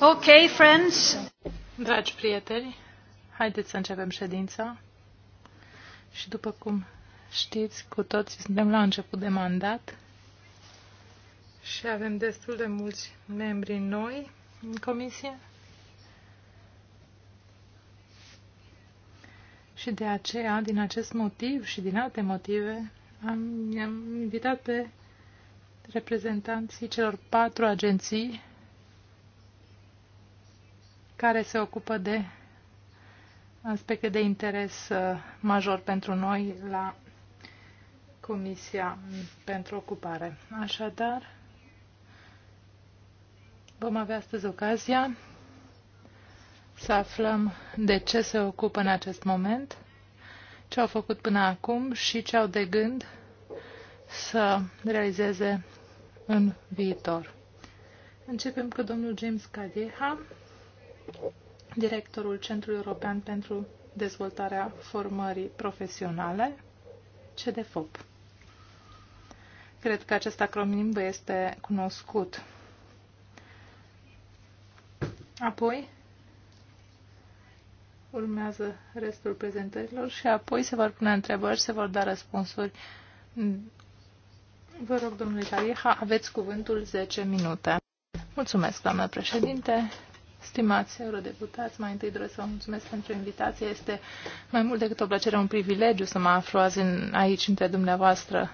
Ok, friends. Dragi prieteni, haideți să începem ședința. Și după cum știți, cu toții suntem la început de mandat și avem destul de mulți membri noi în comisie. Și de aceea, din acest motiv și din alte motive, am, am invitat pe reprezentanții celor patru agenții care se ocupă de aspecte de interes uh, major pentru noi la Comisia pentru Ocupare. Așadar, vom avea astăzi ocazia să aflăm de ce se ocupă în acest moment, ce au făcut până acum și ce au de gând să realizeze în viitor. Începem cu domnul James Cadieha directorul Centrului European pentru Dezvoltarea Formării Profesionale, CDFOP. Cred că acest acronim vă este cunoscut. Apoi urmează restul prezentărilor și apoi se vor pune întrebări, se vor da răspunsuri. Vă rog, domnule Calieha, aveți cuvântul 10 minute. Mulțumesc, doamnă președinte. Stimați eurodeputați, mai întâi doresc să vă mulțumesc pentru invitație. Este mai mult decât o plăcere, un privilegiu să mă aflu azi în, aici între dumneavoastră.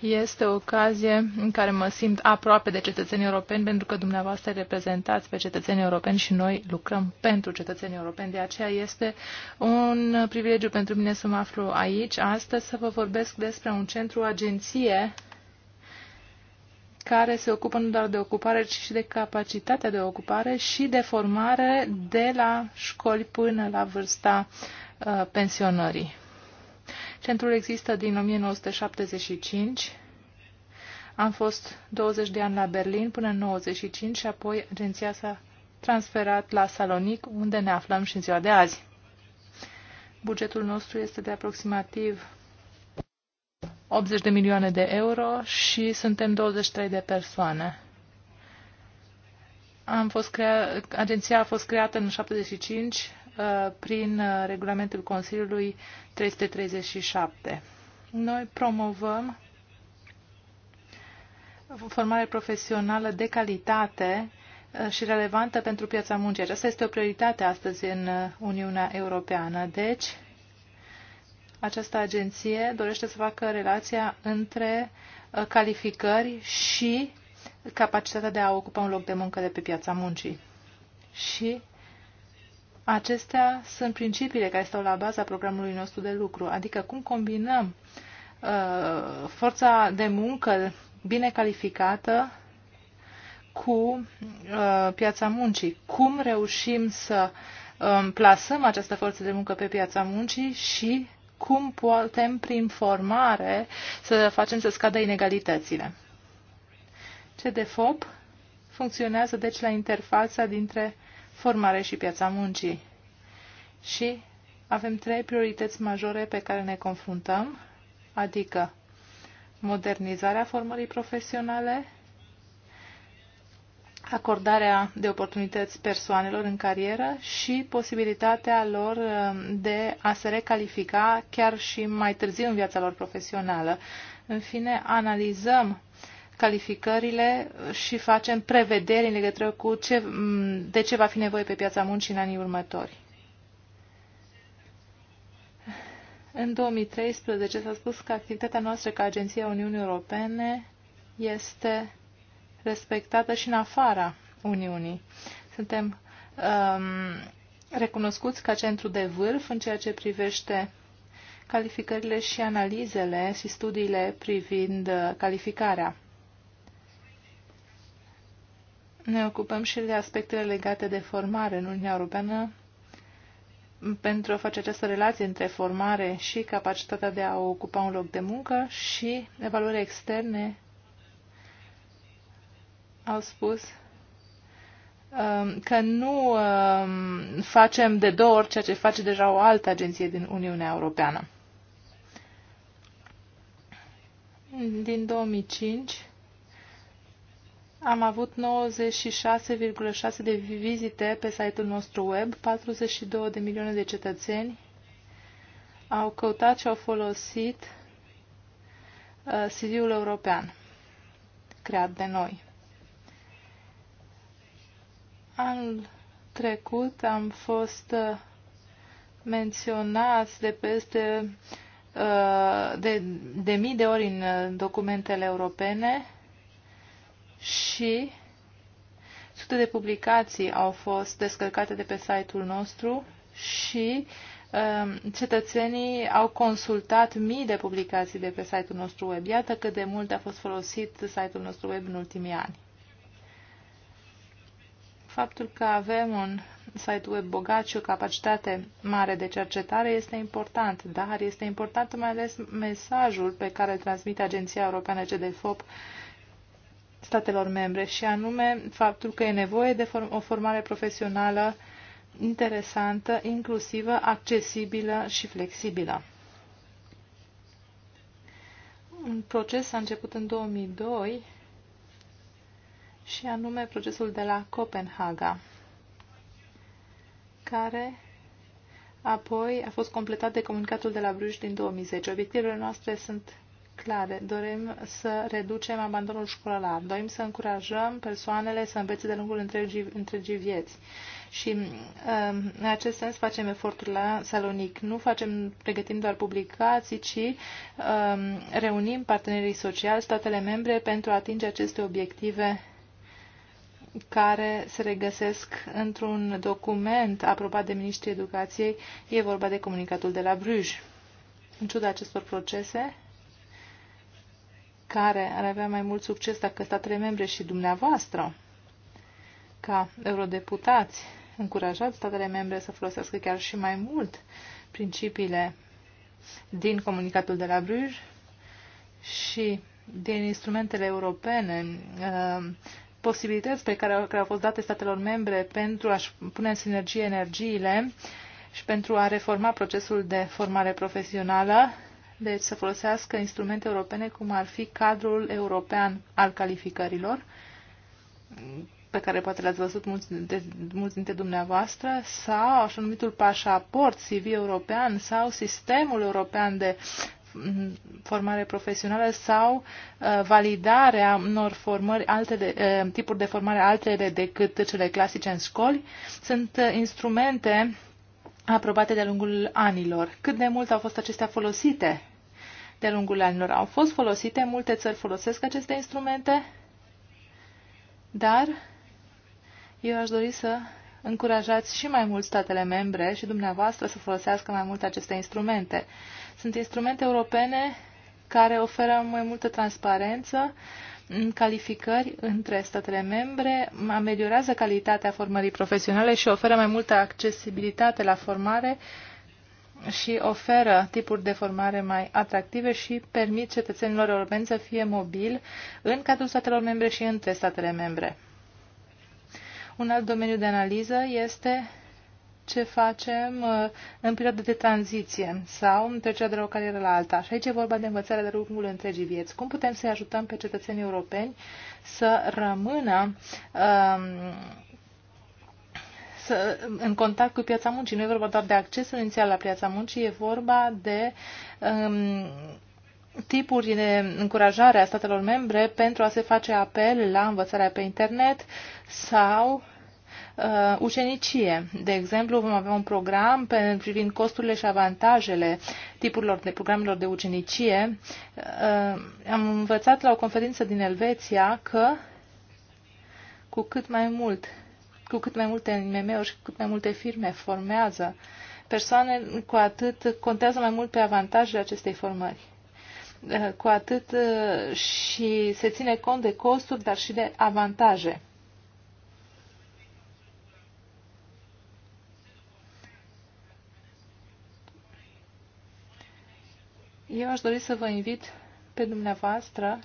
Este o ocazie în care mă simt aproape de cetățenii europeni, pentru că dumneavoastră reprezentați pe cetățenii europeni și noi lucrăm pentru cetățenii europeni. De aceea este un privilegiu pentru mine să mă aflu aici astăzi să vă vorbesc despre un centru agenție care se ocupă nu doar de ocupare, ci și de capacitatea de ocupare și de formare de la școli până la vârsta uh, pensionării. Centrul există din 1975. Am fost 20 de ani la Berlin până în 95 și apoi agenția s-a transferat la Salonic, unde ne aflăm și în ziua de azi. Bugetul nostru este de aproximativ 80 de milioane de euro și suntem 23 de persoane. Am fost crea... Agenția a fost creată în 75 uh, prin uh, regulamentul Consiliului 337. Noi promovăm formare profesională de calitate uh, și relevantă pentru piața muncii. Aceasta este o prioritate astăzi în Uniunea Europeană. Deci, această agenție dorește să facă relația între uh, calificări și capacitatea de a ocupa un loc de muncă de pe piața muncii. Și acestea sunt principiile care stau la baza programului nostru de lucru, adică cum combinăm uh, forța de muncă bine calificată cu uh, piața muncii, cum reușim să uh, plasăm această forță de muncă pe piața muncii și cum putem prin formare să facem să scadă inegalitățile. CDFOP funcționează deci la interfața dintre formare și piața muncii. Și avem trei priorități majore pe care ne confruntăm, adică modernizarea formării profesionale, acordarea de oportunități persoanelor în carieră și posibilitatea lor uh, de a se recalifica chiar și mai târziu în viața lor profesională. În fine, analizăm calificările și facem prevederi în legătură cu ce, de ce va fi nevoie pe piața muncii în anii următori. În 2013 s-a spus că activitatea noastră ca Agenția Uniunii Europene este respectată și în afara Uniunii. Suntem um, recunoscuți ca centru de vârf în ceea ce privește calificările și analizele și studiile privind uh, calificarea. Ne ocupăm și de aspectele legate de formare în Uniunea Europeană pentru a face această relație între formare și capacitatea de a ocupa un loc de muncă și evaluări externe au spus um, că nu um, facem de două ori ceea ce face deja o altă agenție din Uniunea Europeană. Din 2005 am avut 96,6 de vizite pe site-ul nostru web, 42 de milioane de cetățeni au căutat și au folosit uh, CV-ul european creat de noi. Anul trecut am fost uh, menționați de peste uh, de, de mii de ori în uh, documentele europene și sute de publicații au fost descărcate de pe site-ul nostru și um, cetățenii au consultat mii de publicații de pe site-ul nostru web. Iată cât de mult a fost folosit site-ul nostru web în ultimii ani. Faptul că avem un site web bogat și o capacitate mare de cercetare este important, dar este important mai ales mesajul pe care îl transmite Agenția Europeană CDFOP statelor membre și anume faptul că e nevoie de form o formare profesională interesantă, inclusivă, accesibilă și flexibilă. Un proces a început în 2002 și anume procesul de la Copenhaga, care apoi a fost completat de comunicatul de la Bruges din 2010. Obiectivele noastre sunt clare. Dorim să reducem abandonul școlar, dorim să încurajăm persoanele să învețe de lungul întregii, întregii vieți. Și um, în acest sens facem eforturi la Salonic. Nu facem, pregătim doar publicații, ci um, reunim partenerii sociali, statele membre pentru a atinge aceste obiective care se regăsesc într-un document aprobat de Ministrii Educației. E vorba de comunicatul de la Bruges. În ciuda acestor procese, care ar avea mai mult succes dacă statele membre și dumneavoastră, ca eurodeputați, încurajați statele membre să folosească chiar și mai mult principiile din comunicatul de la Bruges și din instrumentele europene uh, posibilități pe care, care au fost date statelor membre pentru a-și pune în sinergie energiile și pentru a reforma procesul de formare profesională, deci să folosească instrumente europene cum ar fi cadrul european al calificărilor, pe care poate l-ați văzut mulți, de, mulți dintre dumneavoastră, sau așa numitul pașaport CV european sau sistemul european de formare profesională sau uh, validarea unor formări alte de, uh, tipuri de formare altele decât cele clasice în școli sunt uh, instrumente aprobate de-a lungul anilor. Cât de mult au fost acestea folosite de-a lungul anilor? Au fost folosite, multe țări folosesc aceste instrumente, dar eu aș dori să încurajați și mai mult statele membre și dumneavoastră să folosească mai mult aceste instrumente. Sunt instrumente europene care oferă mai multă transparență în calificări între statele membre, ameliorează calitatea formării profesionale și oferă mai multă accesibilitate la formare și oferă tipuri de formare mai atractive și permit cetățenilor europeni să fie mobili în cadrul statelor membre și între statele membre. Un alt domeniu de analiză este ce facem uh, în perioada de tranziție sau în trecerea de la o carieră la alta. Și aici e vorba de învățarea de lungul întregii vieți. Cum putem să-i ajutăm pe cetățenii europeni să rămână um, să, în contact cu piața muncii? Nu e vorba doar de accesul inițial la piața muncii, e vorba de um, tipuri de încurajare a statelor membre pentru a se face apel la învățarea pe internet sau uh, ucenicie. De exemplu, vom avea un program pe, privind costurile și avantajele tipurilor de programelor de ucenicie. Uh, am învățat la o conferință din Elveția că cu cât mai mult, cu cât mai multe IMM-uri și cu cât mai multe firme formează persoane, cu atât contează mai mult pe avantajele acestei formări uh, cu atât uh, și se ține cont de costuri, dar și de avantaje. eu aș dori să vă invit pe dumneavoastră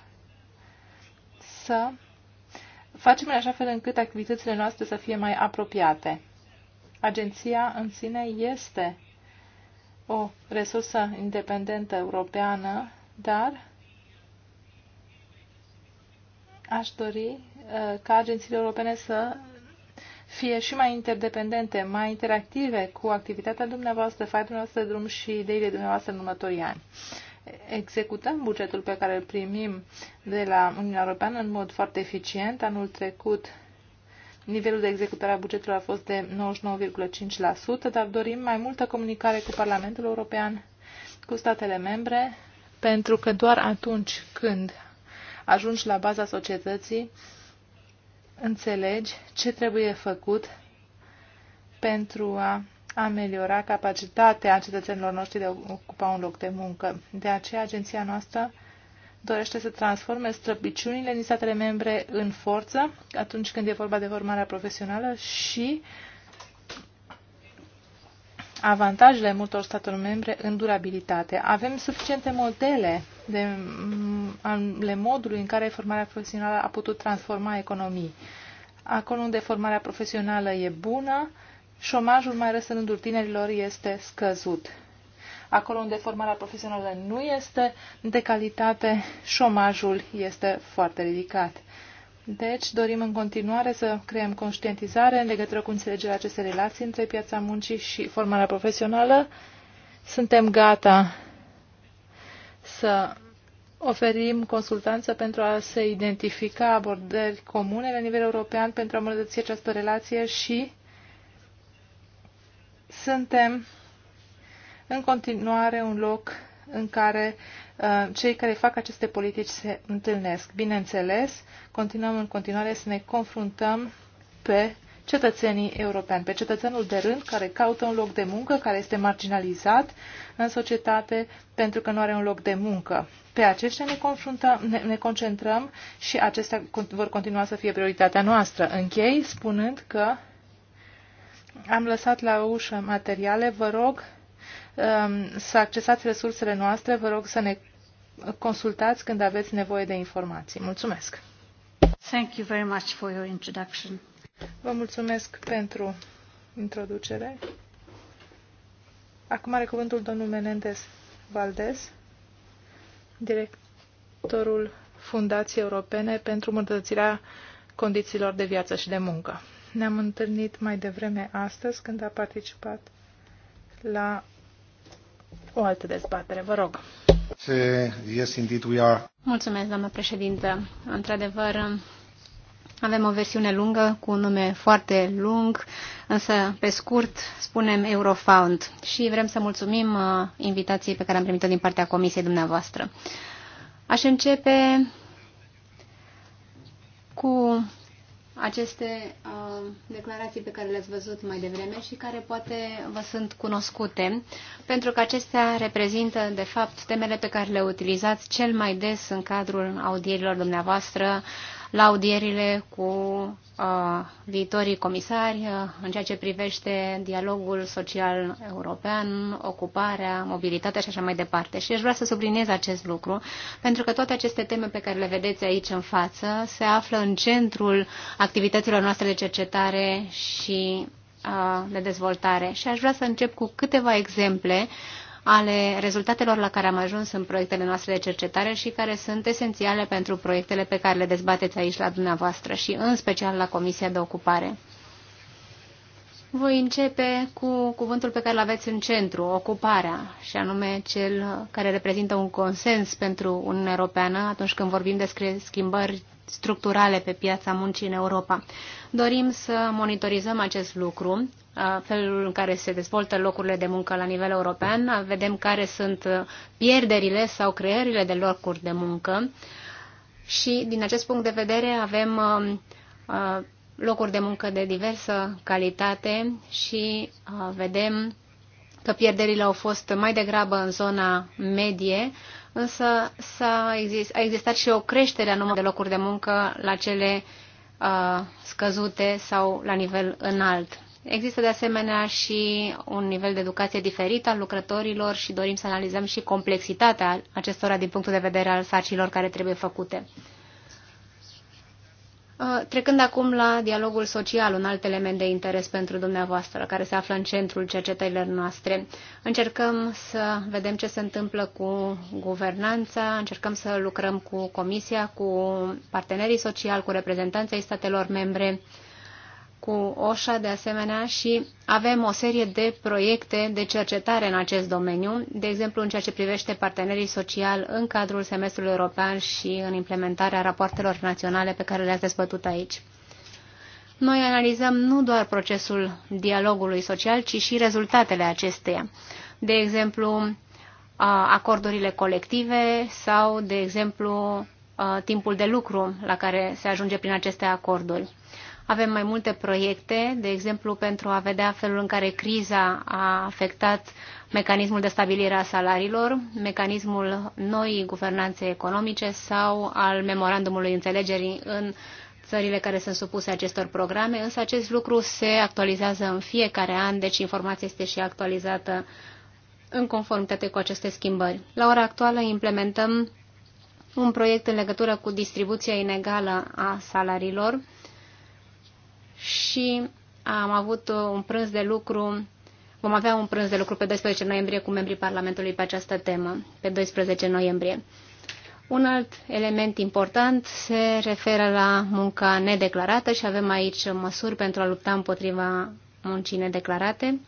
să facem în așa fel încât activitățile noastre să fie mai apropiate. Agenția în sine este o resursă independentă europeană, dar aș dori uh, ca agențiile europene să fie și mai interdependente, mai interactive cu activitatea dumneavoastră, faptul dumneavoastră drum și ideile dumneavoastră în următorii ani. Executăm bugetul pe care îl primim de la Uniunea Europeană în mod foarte eficient. Anul trecut nivelul de executare a bugetului a fost de 99,5%, dar dorim mai multă comunicare cu Parlamentul European, cu statele membre, pentru că doar atunci când ajungi la baza societății, înțelegi ce trebuie făcut pentru a ameliora capacitatea cetățenilor noștri de a ocupa un loc de muncă. De aceea, agenția noastră dorește să transforme străbiciunile din statele membre în forță atunci când e vorba de formarea profesională și avantajele multor statelor membre în durabilitate. Avem suficiente modele de, mm, ale modului în care formarea profesională a putut transforma economii. Acolo unde formarea profesională e bună, șomajul, mai ales în rândul tinerilor, este scăzut. Acolo unde formarea profesională nu este de calitate, șomajul este foarte ridicat. Deci, dorim în continuare să creăm conștientizare în legătură cu înțelegerea acestei relații între piața muncii și formarea profesională. Suntem gata să oferim consultanță pentru a se identifica abordări comune la nivel european pentru a îmbunătăți această relație și suntem în continuare un loc în care uh, cei care fac aceste politici se întâlnesc. Bineînțeles, continuăm în continuare să ne confruntăm pe cetățenii europeni, pe cetățenul de rând care caută un loc de muncă, care este marginalizat în societate pentru că nu are un loc de muncă. Pe aceștia ne, confruntăm, ne, ne concentrăm și acestea vor continua să fie prioritatea noastră. Închei spunând că am lăsat la ușă materiale, vă rog um, să accesați resursele noastre, vă rog să ne consultați când aveți nevoie de informații. Mulțumesc! Thank you very much for your introduction. Vă mulțumesc pentru introducere. Acum are cuvântul domnul Menendez Valdez, directorul Fundației Europene pentru îmbunătățirea condițiilor de viață și de muncă. Ne-am întâlnit mai devreme astăzi când a participat la o altă dezbatere. Vă rog. Mulțumesc, doamnă președintă. Într-adevăr, avem o versiune lungă cu un nume foarte lung, însă pe scurt spunem Eurofound și vrem să mulțumim uh, invitației pe care am primit-o din partea comisiei dumneavoastră. Aș începe cu aceste uh, declarații pe care le-ați văzut mai devreme și care poate vă sunt cunoscute, pentru că acestea reprezintă, de fapt, temele pe care le utilizați cel mai des în cadrul audierilor dumneavoastră, la audierile cu uh, viitorii comisari uh, în ceea ce privește dialogul social european, ocuparea, mobilitatea și așa mai departe. Și aș vrea să subliniez acest lucru, pentru că toate aceste teme pe care le vedeți aici în față se află în centrul activităților noastre de cercetare și uh, de dezvoltare. Și aș vrea să încep cu câteva exemple uh, ale rezultatelor la care am ajuns în proiectele noastre de cercetare și care sunt esențiale pentru proiectele pe care le dezbateți aici la dumneavoastră și în special la Comisia de Ocupare. Voi începe cu cuvântul pe care îl aveți în centru, ocuparea, și anume cel care reprezintă un consens pentru Uniunea Europeană atunci când vorbim despre schimbări structurale pe piața muncii în Europa. Dorim să monitorizăm acest lucru, felul în care se dezvoltă locurile de muncă la nivel european, vedem care sunt pierderile sau creările de locuri de muncă și din acest punct de vedere avem locuri de muncă de diversă calitate și uh, vedem că pierderile au fost mai degrabă în zona medie, însă -a, exist, a existat și o creștere a numărului de locuri de muncă la cele uh, scăzute sau la nivel înalt. Există de asemenea și un nivel de educație diferit al lucrătorilor și dorim să analizăm și complexitatea acestora din punctul de vedere al sarcilor care trebuie făcute. Uh, trecând acum la dialogul social, un alt element de interes pentru dumneavoastră, care se află în centrul cercetărilor noastre, încercăm să vedem ce se întâmplă cu guvernanța, încercăm să lucrăm cu Comisia, cu partenerii sociali, cu reprezentanții statelor membre, cu OSHA de asemenea și avem o serie de proiecte de cercetare în acest domeniu, de exemplu în ceea ce privește partenerii sociali în cadrul semestrului european și în implementarea rapoartelor naționale pe care le-ați dezbătut aici. Noi analizăm nu doar procesul dialogului social, ci și rezultatele acesteia. De exemplu, acordurile colective sau, de exemplu, timpul de lucru la care se ajunge prin aceste acorduri. Avem mai multe proiecte, de exemplu, pentru a vedea felul în care criza a afectat mecanismul de stabilire a salariilor, mecanismul noii guvernanțe economice sau al memorandumului înțelegerii în țările care sunt supuse acestor programe, însă acest lucru se actualizează în fiecare an, deci informația este și actualizată în conformitate cu aceste schimbări. La ora actuală implementăm un proiect în legătură cu distribuția inegală a salariilor, și am avut un prânz de lucru, vom avea un prânz de lucru pe 12 noiembrie cu membrii Parlamentului pe această temă, pe 12 noiembrie. Un alt element important se referă la munca nedeclarată și avem aici măsuri pentru a lupta împotriva muncii nedeclarate.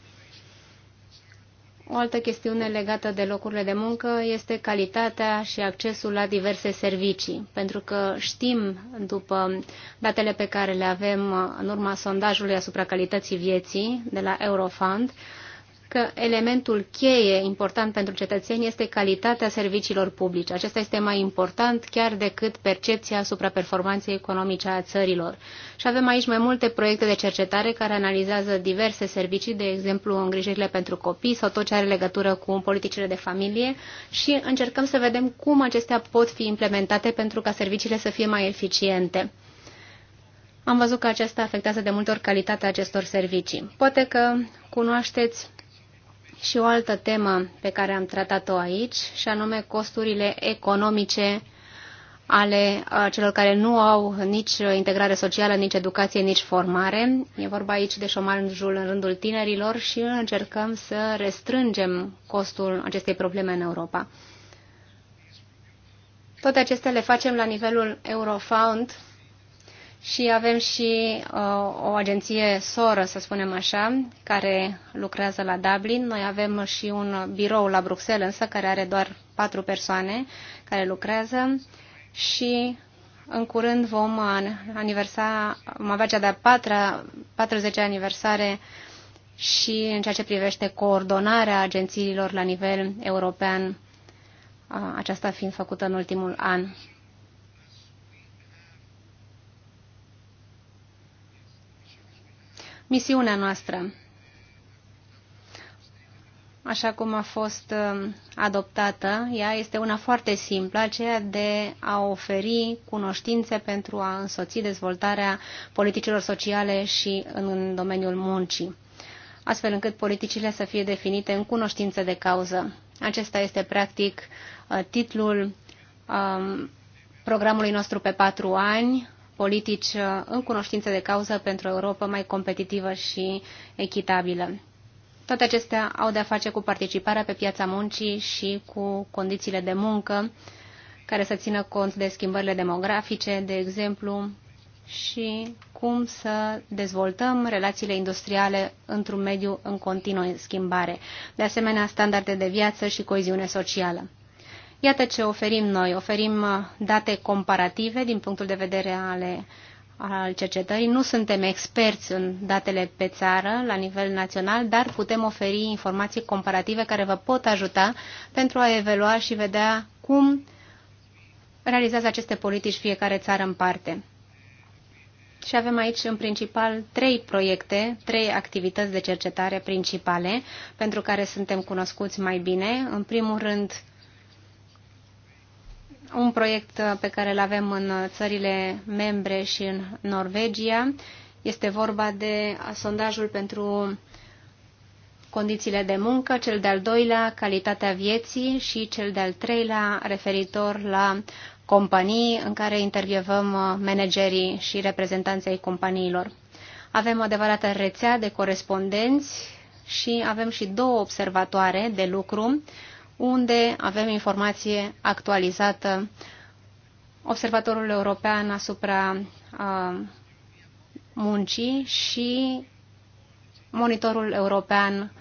O altă chestiune legată de locurile de muncă este calitatea și accesul la diverse servicii, pentru că știm, după datele pe care le avem în urma sondajului asupra calității vieții de la Eurofund, că elementul cheie important pentru cetățeni este calitatea serviciilor publice. Acesta este mai important chiar decât percepția asupra performanței economice a țărilor. Și avem aici mai multe proiecte de cercetare care analizează diverse servicii, de exemplu îngrijirile pentru copii sau tot ce are legătură cu politicile de familie și încercăm să vedem cum acestea pot fi implementate pentru ca serviciile să fie mai eficiente. Am văzut că aceasta afectează de multe ori calitatea acestor servicii. Poate că cunoașteți și o altă temă pe care am tratat-o aici, și anume costurile economice ale celor care nu au nici integrare socială, nici educație, nici formare. E vorba aici de șomajul în rândul tinerilor și încercăm să restrângem costul acestei probleme în Europa. Toate acestea le facem la nivelul Eurofound, și avem și uh, o agenție soră, să spunem așa, care lucrează la Dublin. Noi avem și un birou la Bruxelles, însă, care are doar patru persoane care lucrează și în curând vom aniversa, vom avea cea de-a 40 aniversare și în ceea ce privește coordonarea agențiilor la nivel european, uh, aceasta fiind făcută în ultimul an. misiunea noastră, așa cum a fost uh, adoptată. Ea este una foarte simplă, aceea de a oferi cunoștințe pentru a însoți dezvoltarea politicilor sociale și în domeniul muncii astfel încât politicile să fie definite în cunoștință de cauză. Acesta este, practic, uh, titlul um, programului nostru pe patru ani, politici uh, în cunoștință de cauză pentru o Europa mai competitivă și echitabilă. Toate acestea au de-a face cu participarea pe piața muncii și cu condițiile de muncă care să țină cont de schimbările demografice, de exemplu, și cum să dezvoltăm relațiile industriale într-un mediu în continuă schimbare. De asemenea, standarde de viață și coeziune socială. Iată ce oferim noi. Oferim uh, date comparative din punctul de vedere ale al cercetării. Nu suntem experți în datele pe țară la nivel național, dar putem oferi informații comparative care vă pot ajuta pentru a evalua și vedea cum realizează aceste politici fiecare țară în parte. Și avem aici în principal trei proiecte, trei activități de cercetare principale pentru care suntem cunoscuți mai bine. În primul rând, un proiect uh, pe care îl avem în uh, țările membre și în Norvegia. Este vorba de uh, sondajul pentru condițiile de muncă, cel de-al doilea, calitatea vieții și cel de-al treilea, referitor la companii în care intervievăm managerii și reprezentanții companiilor. Avem o adevărată rețea de corespondenți și avem și două observatoare de lucru, unde avem informație actualizată. Observatorul European asupra muncii și monitorul european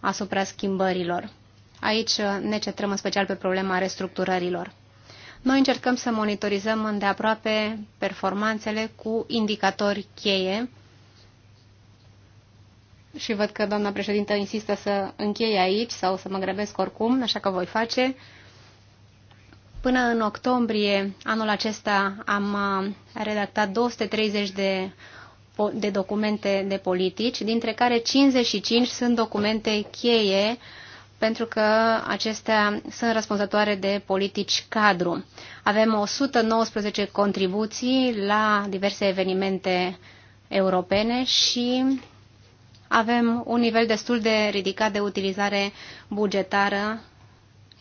asupra schimbărilor. Aici ne centrăm în special pe problema restructurărilor. Noi încercăm să monitorizăm îndeaproape performanțele cu indicatori cheie și văd că doamna președintă insistă să închei aici sau să mă grăbesc oricum, așa că voi face. Până în octombrie anul acesta am uh, redactat 230 de, de documente de politici, dintre care 55 sunt documente cheie pentru că acestea sunt răspunzătoare de politici cadru. Avem 119 contribuții la diverse evenimente europene și avem un nivel destul de ridicat de utilizare bugetară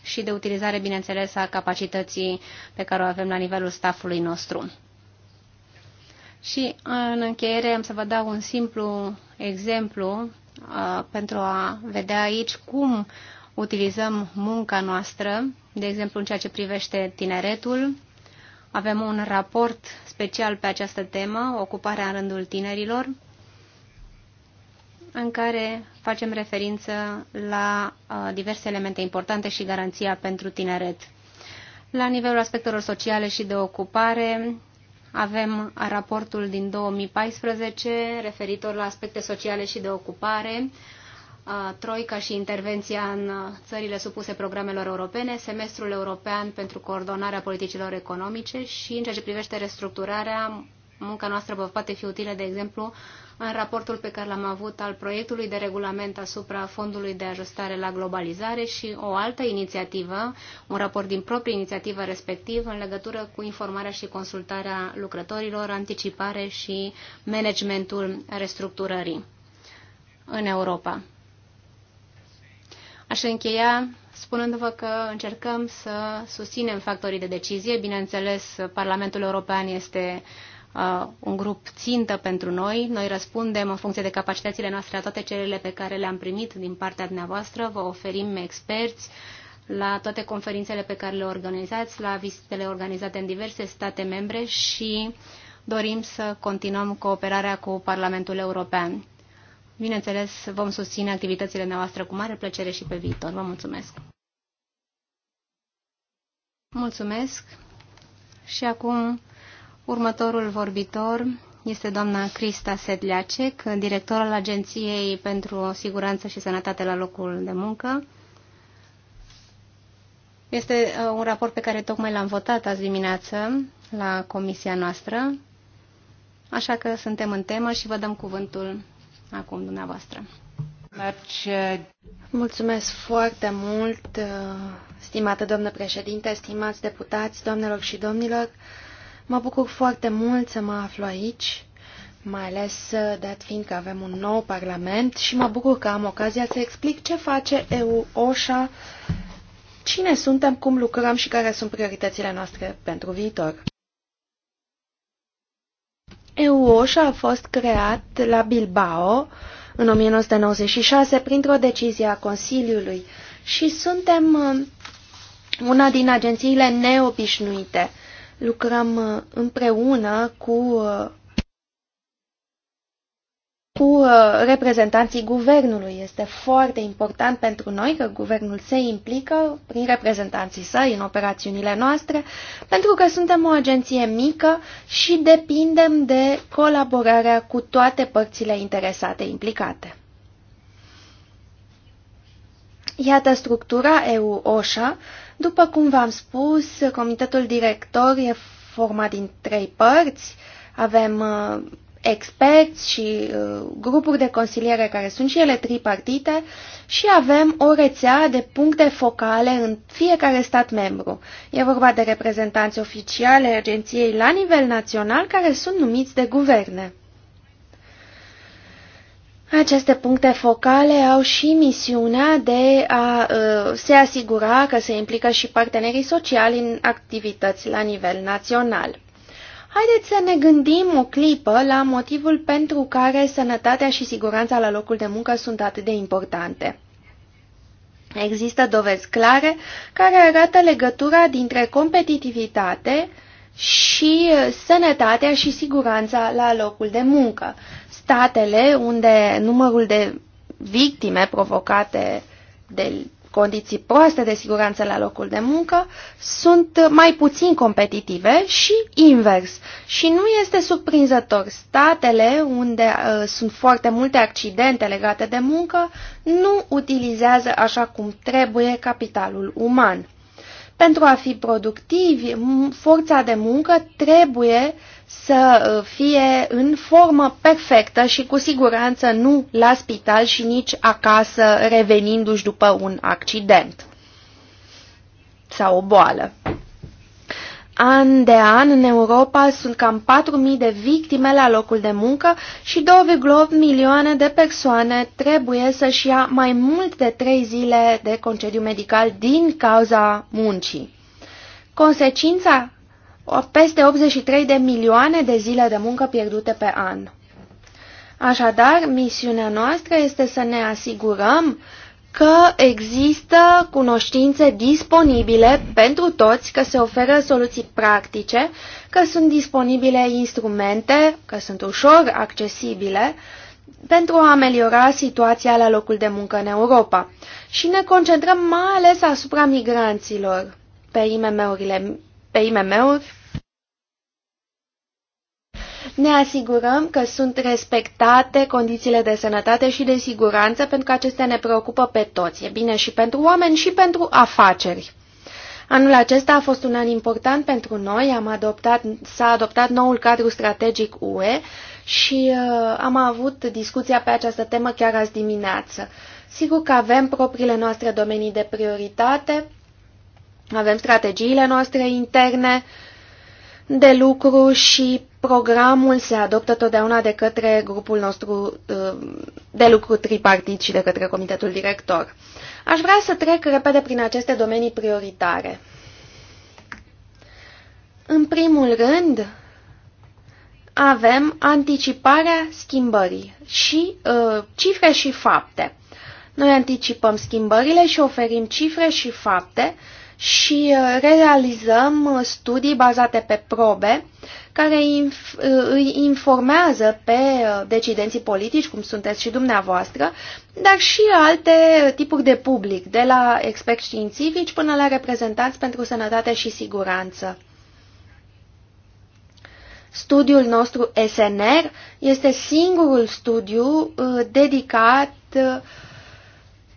și de utilizare, bineînțeles, a capacității pe care o avem la nivelul staffului nostru. Și în încheiere am să vă dau un simplu exemplu uh, pentru a vedea aici cum utilizăm munca noastră, de exemplu în ceea ce privește tineretul. Avem un raport special pe această temă, ocuparea în rândul tinerilor, în care facem referință la uh, diverse elemente importante și garanția pentru tineret. La nivelul aspectelor sociale și de ocupare, avem raportul din 2014 referitor la aspecte sociale și de ocupare, uh, Troica și intervenția în uh, țările supuse programelor europene, semestrul european pentru coordonarea politicilor economice și, în ceea ce privește restructurarea, munca noastră vă poate fi utilă, de exemplu, în raportul pe care l-am avut al proiectului de regulament asupra Fondului de Ajustare la Globalizare și o altă inițiativă, un raport din proprie inițiativă respectiv în legătură cu informarea și consultarea lucrătorilor, anticipare și managementul restructurării în Europa. Aș încheia spunându-vă că încercăm să susținem factorii de decizie. Bineînțeles, Parlamentul European este un grup țintă pentru noi. Noi răspundem în funcție de capacitățile noastre la toate cererile pe care le-am primit din partea dumneavoastră. Vă oferim experți la toate conferințele pe care le organizați, la vizitele organizate în diverse state membre și dorim să continuăm cooperarea cu Parlamentul European. Bineînțeles, vom susține activitățile noastre cu mare plăcere și pe viitor. Vă mulțumesc! Mulțumesc! Și acum Următorul vorbitor este doamna Crista Sedliacek, director al Agenției pentru Siguranță și Sănătate la locul de muncă. Este uh, un raport pe care tocmai l-am votat azi dimineață la comisia noastră, așa că suntem în temă și vă dăm cuvântul acum dumneavoastră. Mulțumesc foarte mult, uh, stimată doamnă președinte, stimați deputați, doamnelor și domnilor. Mă bucur foarte mult să mă aflu aici, mai ales uh, dat fiind că avem un nou parlament și mă bucur că am ocazia să explic ce face EU OSHA, cine suntem, cum lucrăm și care sunt prioritățile noastre pentru viitor. EU OSHA a fost creat la Bilbao în 1996 printr-o decizie a Consiliului și suntem uh, una din agențiile neobișnuite – lucrăm uh, împreună cu, uh, cu uh, reprezentanții guvernului. Este foarte important pentru noi că guvernul se implică prin reprezentanții săi în operațiunile noastre, pentru că suntem o agenție mică și depindem de colaborarea cu toate părțile interesate implicate. Iată structura EU-OSHA, după cum v-am spus, comitetul director e format din trei părți. Avem uh, experți și uh, grupuri de consiliere care sunt și ele tripartite și avem o rețea de puncte focale în fiecare stat membru. E vorba de reprezentanți oficiale agenției la nivel național care sunt numiți de guverne. Aceste puncte focale au și misiunea de a uh, se asigura că se implică și partenerii sociali în activități la nivel național. Haideți să ne gândim o clipă la motivul pentru care sănătatea și siguranța la locul de muncă sunt atât de importante. Există dovezi clare care arată legătura dintre competitivitate, și uh, sănătatea și siguranța la locul de muncă. Statele unde numărul de victime provocate de condiții proaste de siguranță la locul de muncă sunt uh, mai puțin competitive și invers. Și nu este surprinzător. Statele unde uh, sunt foarte multe accidente legate de muncă nu utilizează așa cum trebuie capitalul uman. Pentru a fi productivi, forța de muncă trebuie să uh, fie în formă perfectă și cu siguranță nu la spital și nici acasă revenindu-și după un accident sau o boală an de an în Europa sunt cam 4.000 de victime la locul de muncă și 2,8 milioane de persoane trebuie să-și ia mai mult de 3 zile de concediu medical din cauza muncii. Consecința? Peste 83 de milioane de zile de muncă pierdute pe an. Așadar, misiunea noastră este să ne asigurăm că există cunoștințe disponibile pentru toți, că se oferă soluții practice, că sunt disponibile instrumente, că sunt ușor accesibile, pentru a ameliora situația la locul de muncă în Europa. Și ne concentrăm mai ales asupra migranților, pe imm urile pe IMM ne asigurăm că sunt respectate condițiile de sănătate și de siguranță, pentru că acestea ne preocupă pe toți. E bine și pentru oameni și pentru afaceri. Anul acesta a fost un an important pentru noi, am adoptat, s-a adoptat noul cadru strategic UE și uh, am avut discuția pe această temă chiar azi dimineață. Sigur că avem propriile noastre domenii de prioritate, avem strategiile noastre interne de lucru și Programul se adoptă totdeauna de către grupul nostru de lucru tripartit și de către comitetul director. Aș vrea să trec repede prin aceste domenii prioritare. În primul rând, avem anticiparea schimbării și uh, cifre și fapte. Noi anticipăm schimbările și oferim cifre și fapte și uh, realizăm uh, studii bazate pe probe care uh, îi informează pe decidenții politici, cum sunteți și dumneavoastră, dar și alte tipuri de public, de la experți științifici până la reprezentanți pentru sănătate și siguranță. Studiul nostru SNR este singurul studiu dedicat uh,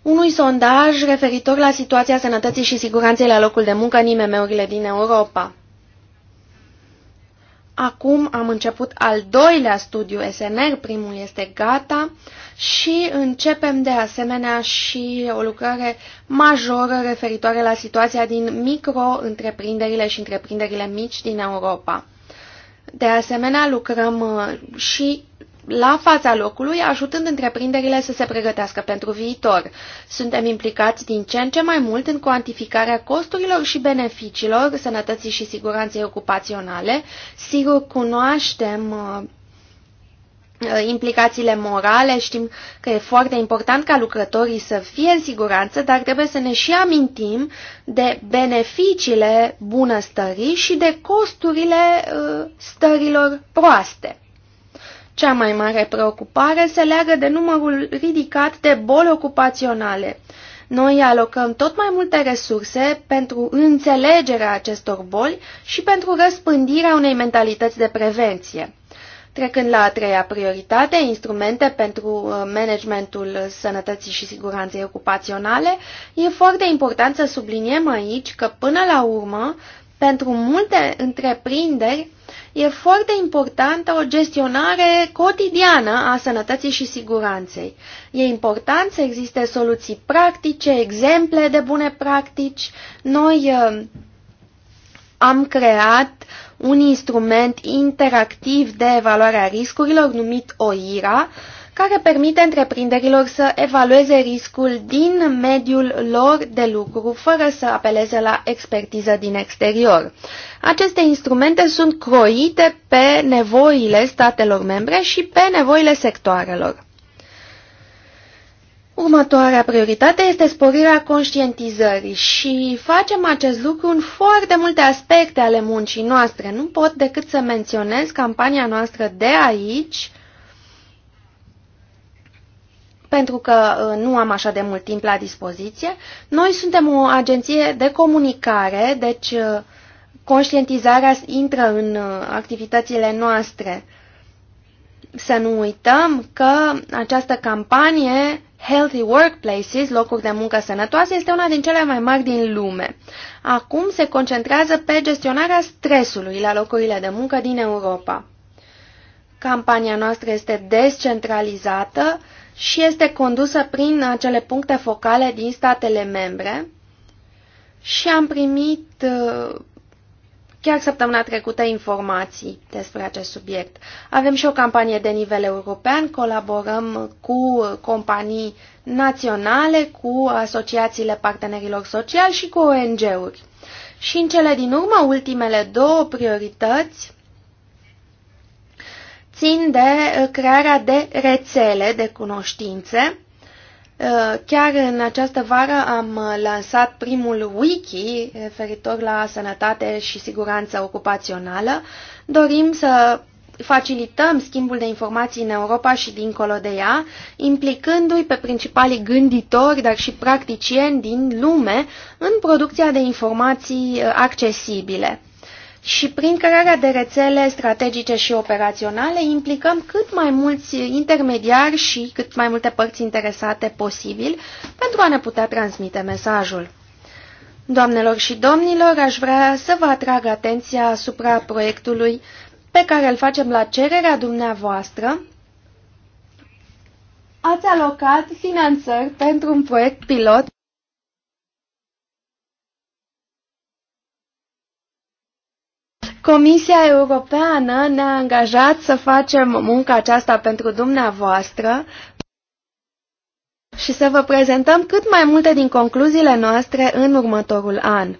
unui sondaj referitor la situația sănătății și siguranței la locul de muncă în IMM-urile din Europa. Acum am început al doilea studiu SNR, primul este gata și începem de asemenea și o lucrare majoră referitoare la situația din micro-întreprinderile și întreprinderile mici din Europa. De asemenea, lucrăm uh, și la fața locului, ajutând întreprinderile să se pregătească pentru viitor. Suntem implicați din ce în ce mai mult în cuantificarea costurilor și beneficiilor sănătății și siguranței ocupaționale. Sigur, cunoaștem uh, uh, implicațiile morale, știm că e foarte important ca lucrătorii să fie în siguranță, dar trebuie să ne și amintim de beneficiile bunăstării și de costurile uh, stărilor proaste. Cea mai mare preocupare se leagă de numărul ridicat de boli ocupaționale. Noi alocăm tot mai multe resurse pentru înțelegerea acestor boli și pentru răspândirea unei mentalități de prevenție. Trecând la a treia prioritate, instrumente pentru uh, managementul sănătății și siguranței ocupaționale, e foarte important să subliniem aici că, până la urmă, pentru multe întreprinderi e foarte importantă o gestionare cotidiană a sănătății și siguranței. E important să existe soluții practice, exemple de bune practici. Noi uh, am creat un instrument interactiv de evaluare a riscurilor numit OIRA, uh, care permite întreprinderilor să evalueze riscul din mediul lor de lucru, fără să apeleze la expertiză din exterior. Aceste instrumente sunt croite pe nevoile statelor membre și pe nevoile sectoarelor. Următoarea prioritate este sporirea conștientizării și facem acest lucru în foarte multe aspecte ale muncii noastre. Nu pot decât să menționez campania noastră de aici, pentru că uh, nu am așa de mult timp la dispoziție. Noi suntem o agenție de comunicare, deci uh, conștientizarea intră în uh, activitățile noastre. Să nu uităm că această campanie Healthy Workplaces, locuri de muncă sănătoase, este una din cele mai mari din lume. Acum se concentrează pe gestionarea stresului la locurile de muncă din Europa. Campania noastră este descentralizată, și este condusă prin acele puncte focale din statele membre și am primit uh, chiar săptămâna trecută informații despre acest subiect. Avem și o campanie de nivel european, colaborăm cu companii naționale, cu asociațiile partenerilor sociali și cu ONG-uri. Și în cele din urmă, ultimele două priorități țin de uh, crearea de rețele de cunoștințe. Uh, chiar în această vară am uh, lansat primul wiki referitor la sănătate și siguranță ocupațională. Dorim să facilităm schimbul de informații în Europa și dincolo de ea, implicându-i pe principalii gânditori, dar și practicieni din lume, în producția de informații accesibile și prin crearea de rețele strategice și operaționale implicăm cât mai mulți intermediari și cât mai multe părți interesate posibil pentru a ne putea transmite mesajul. Doamnelor și domnilor, aș vrea să vă atrag atenția asupra proiectului pe care îl facem la cererea dumneavoastră. Ați alocat finanțări pentru un proiect pilot Comisia Europeană ne-a angajat să facem munca aceasta pentru dumneavoastră și să vă prezentăm cât mai multe din concluziile noastre în următorul an.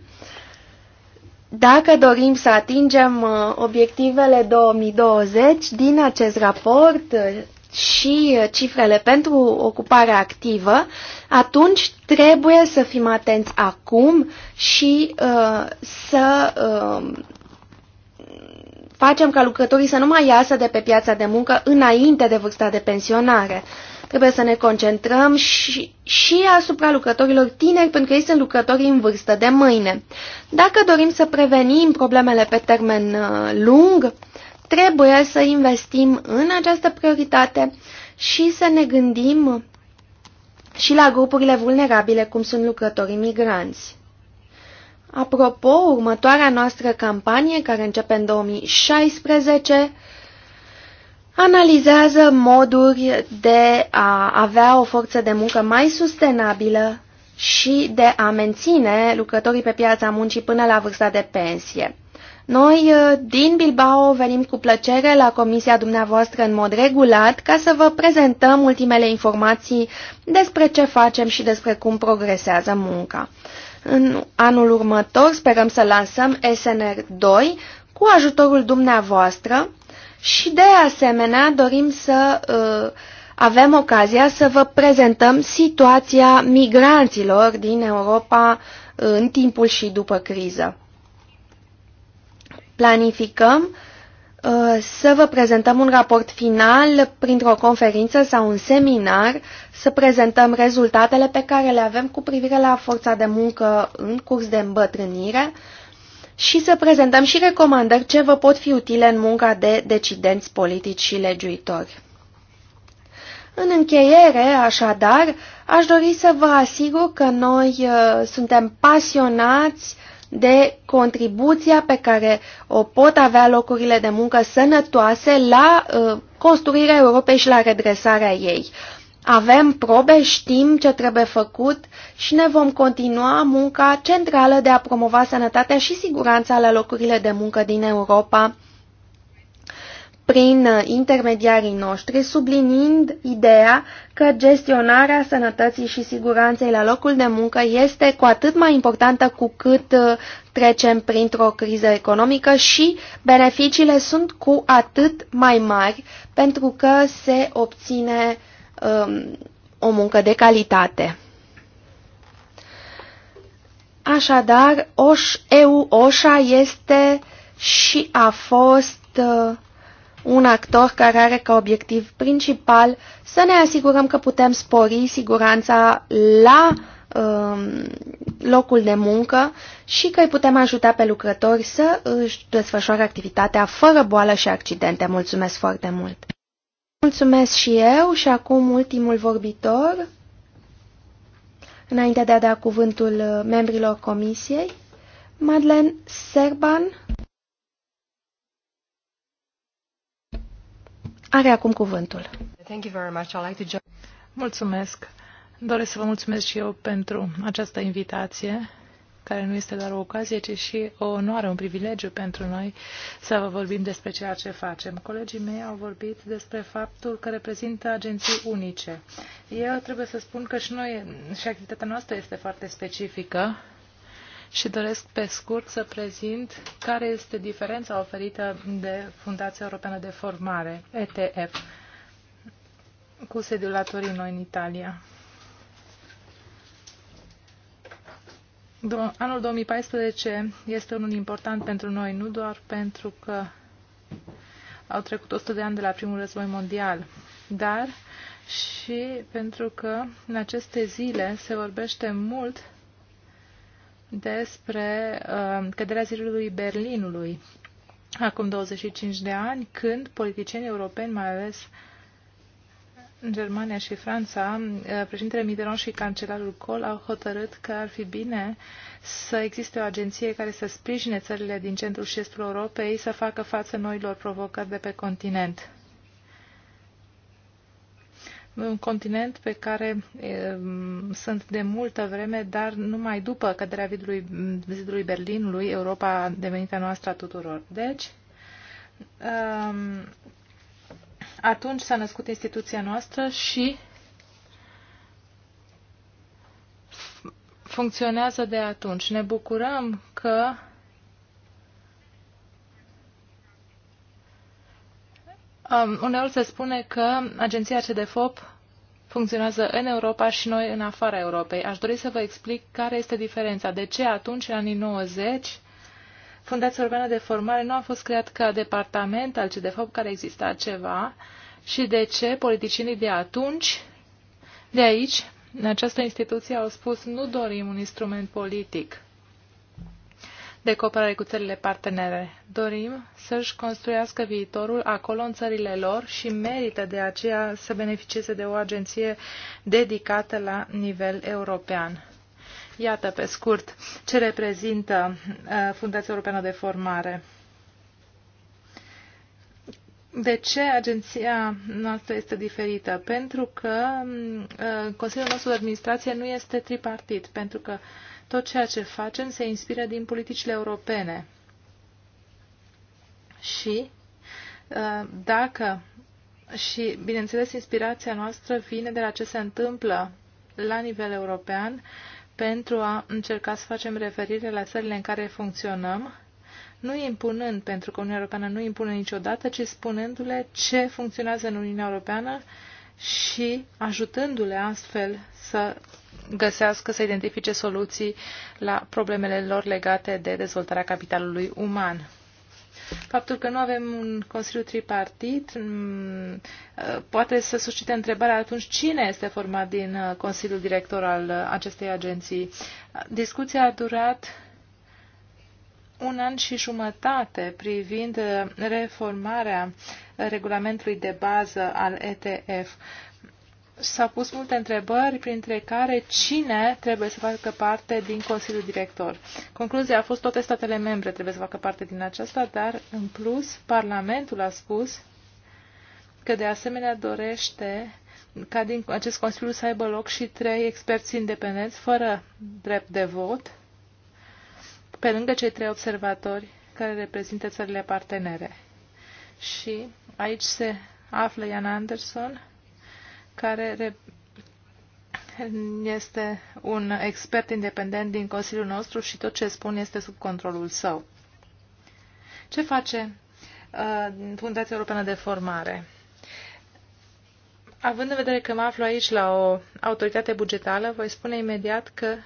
Dacă dorim să atingem uh, obiectivele 2020 din acest raport uh, și uh, cifrele pentru ocuparea activă, atunci trebuie să fim atenți acum și uh, să uh, facem ca lucrătorii să nu mai iasă de pe piața de muncă înainte de vârsta de pensionare. Trebuie să ne concentrăm și, și asupra lucrătorilor tineri, pentru că ei sunt lucrătorii în vârstă de mâine. Dacă dorim să prevenim problemele pe termen uh, lung, trebuie să investim în această prioritate și să ne gândim și la grupurile vulnerabile, cum sunt lucrătorii migranți. Apropo, următoarea noastră campanie, care începe în 2016, analizează moduri de a avea o forță de muncă mai sustenabilă și de a menține lucrătorii pe piața muncii până la vârsta de pensie. Noi uh, din Bilbao venim cu plăcere la comisia dumneavoastră în mod regulat ca să vă prezentăm ultimele informații despre ce facem și despre cum progresează munca. În anul următor sperăm să lansăm SNR2 cu ajutorul dumneavoastră și de asemenea dorim să uh, avem ocazia să vă prezentăm situația migranților din Europa uh, în timpul și după criză. Planificăm uh, Uh, să vă prezentăm un raport final printr-o conferință sau un seminar, să prezentăm rezultatele pe care le avem cu privire la forța de muncă în curs de îmbătrânire și să prezentăm și recomandări ce vă pot fi utile în munca de decidenți politici și legiuitori. În încheiere, așadar, aș dori să vă asigur că noi uh, suntem pasionați uh, de contribuția pe care o pot avea locurile de muncă sănătoase la uh, construirea Europei și la redresarea ei. Avem probe, știm ce trebuie făcut și ne vom continua munca centrală de a promova sănătatea și siguranța la locurile de muncă din Europa prin uh, intermediarii noștri, sublinind ideea că gestionarea sănătății și siguranței la locul de muncă este cu atât mai importantă cu cât uh, trecem printr-o criză economică și beneficiile sunt cu atât mai mari pentru că se obține um, o muncă de calitate. Așadar, EU-OSHA este și a fost uh, un actor care are ca obiectiv principal să ne asigurăm că putem spori siguranța la um, locul de muncă și că îi putem ajuta pe lucrători să își desfășoare activitatea fără boală și accidente. Mulțumesc foarte mult! Mulțumesc și eu și acum ultimul vorbitor, înainte de a da cuvântul membrilor comisiei, Madeleine Serban. Are acum cuvântul. Thank you very much. like to... Mulțumesc. Doresc să vă mulțumesc și eu pentru această invitație, care nu este doar o ocazie, ci și o onoare, un privilegiu pentru noi să vă vorbim despre ceea ce facem. Colegii mei au vorbit despre faptul că reprezintă agenții unice. Eu trebuie să spun că și noi, și activitatea noastră este foarte specifică și doresc pe scurt să prezint care este diferența oferită de Fundația Europeană de Formare, ETF, cu sediul la Torino, în Italia. Anul 2014 este unul important pentru noi, nu doar pentru că au trecut 100 de ani de la primul război mondial, dar și pentru că în aceste zile se vorbește mult despre uh, căderea zilului Berlinului acum 25 de ani, când politicienii europeni, mai ales în Germania și Franța, uh, președintele Mitterrand și cancelarul Kohl au hotărât că ar fi bine să existe o agenție care să sprijine țările din centrul și estul Europei să facă față noilor provocări de pe continent un continent pe care e, ehm, sunt de multă vreme, dar numai după căderea vidului, vizitului Berlinului, Europa a devenit a noastră a tuturor. Deci, um, atunci s-a născut instituția noastră și funcționează de atunci. Ne bucurăm că Um, uneori se spune că agenția CDFOP funcționează în Europa și noi în afara Europei. Aș dori să vă explic care este diferența. De ce atunci, în anii 90, Fundația Urbană de Formare nu a fost creat ca departament al CDFOP care exista ceva și de ce politicienii de atunci, de aici, în această instituție, au spus nu dorim un instrument politic de cooperare cu țările partenere. Dorim să-și construiască viitorul acolo în țările lor și merită de aceea să beneficieze de o agenție dedicată la nivel european. Iată, pe scurt, ce reprezintă uh, Fundația Europeană de Formare. De ce agenția noastră este diferită? Pentru că uh, Consiliul nostru de administrație nu este tripartit, pentru că uh, tot ceea ce facem se inspiră din politicile europene. Și uh, dacă și, bineînțeles, inspirația noastră vine de la ce se întâmplă la nivel european pentru a încerca să facem referire la țările în care funcționăm, nu impunând, pentru că Uniunea Europeană nu impune niciodată, ci spunându-le ce funcționează în Uniunea Europeană și ajutându-le astfel să găsească, să identifice soluții la problemele lor legate de dezvoltarea capitalului uman. Faptul că nu avem un Consiliu tripartit mm, uh, poate să suscite întrebarea atunci cine este format din uh, Consiliul Director al uh, acestei agenții. Discuția a durat un an și jumătate privind reformarea regulamentului de bază al ETF s-au pus multe întrebări, printre care cine trebuie să facă parte din Consiliul Director. Concluzia a fost toate statele membre trebuie să facă parte din aceasta, dar în plus Parlamentul a spus că de asemenea dorește ca din acest Consiliu să aibă loc și trei experți independenți fără drept de vot, pe lângă cei trei observatori care reprezintă țările partenere. Și aici se află Ian Anderson, care este un expert independent din Consiliul nostru și tot ce spun este sub controlul său. Ce face uh, Fundația Europeană de Formare? Având în vedere că mă aflu aici la o autoritate bugetală, voi spune imediat că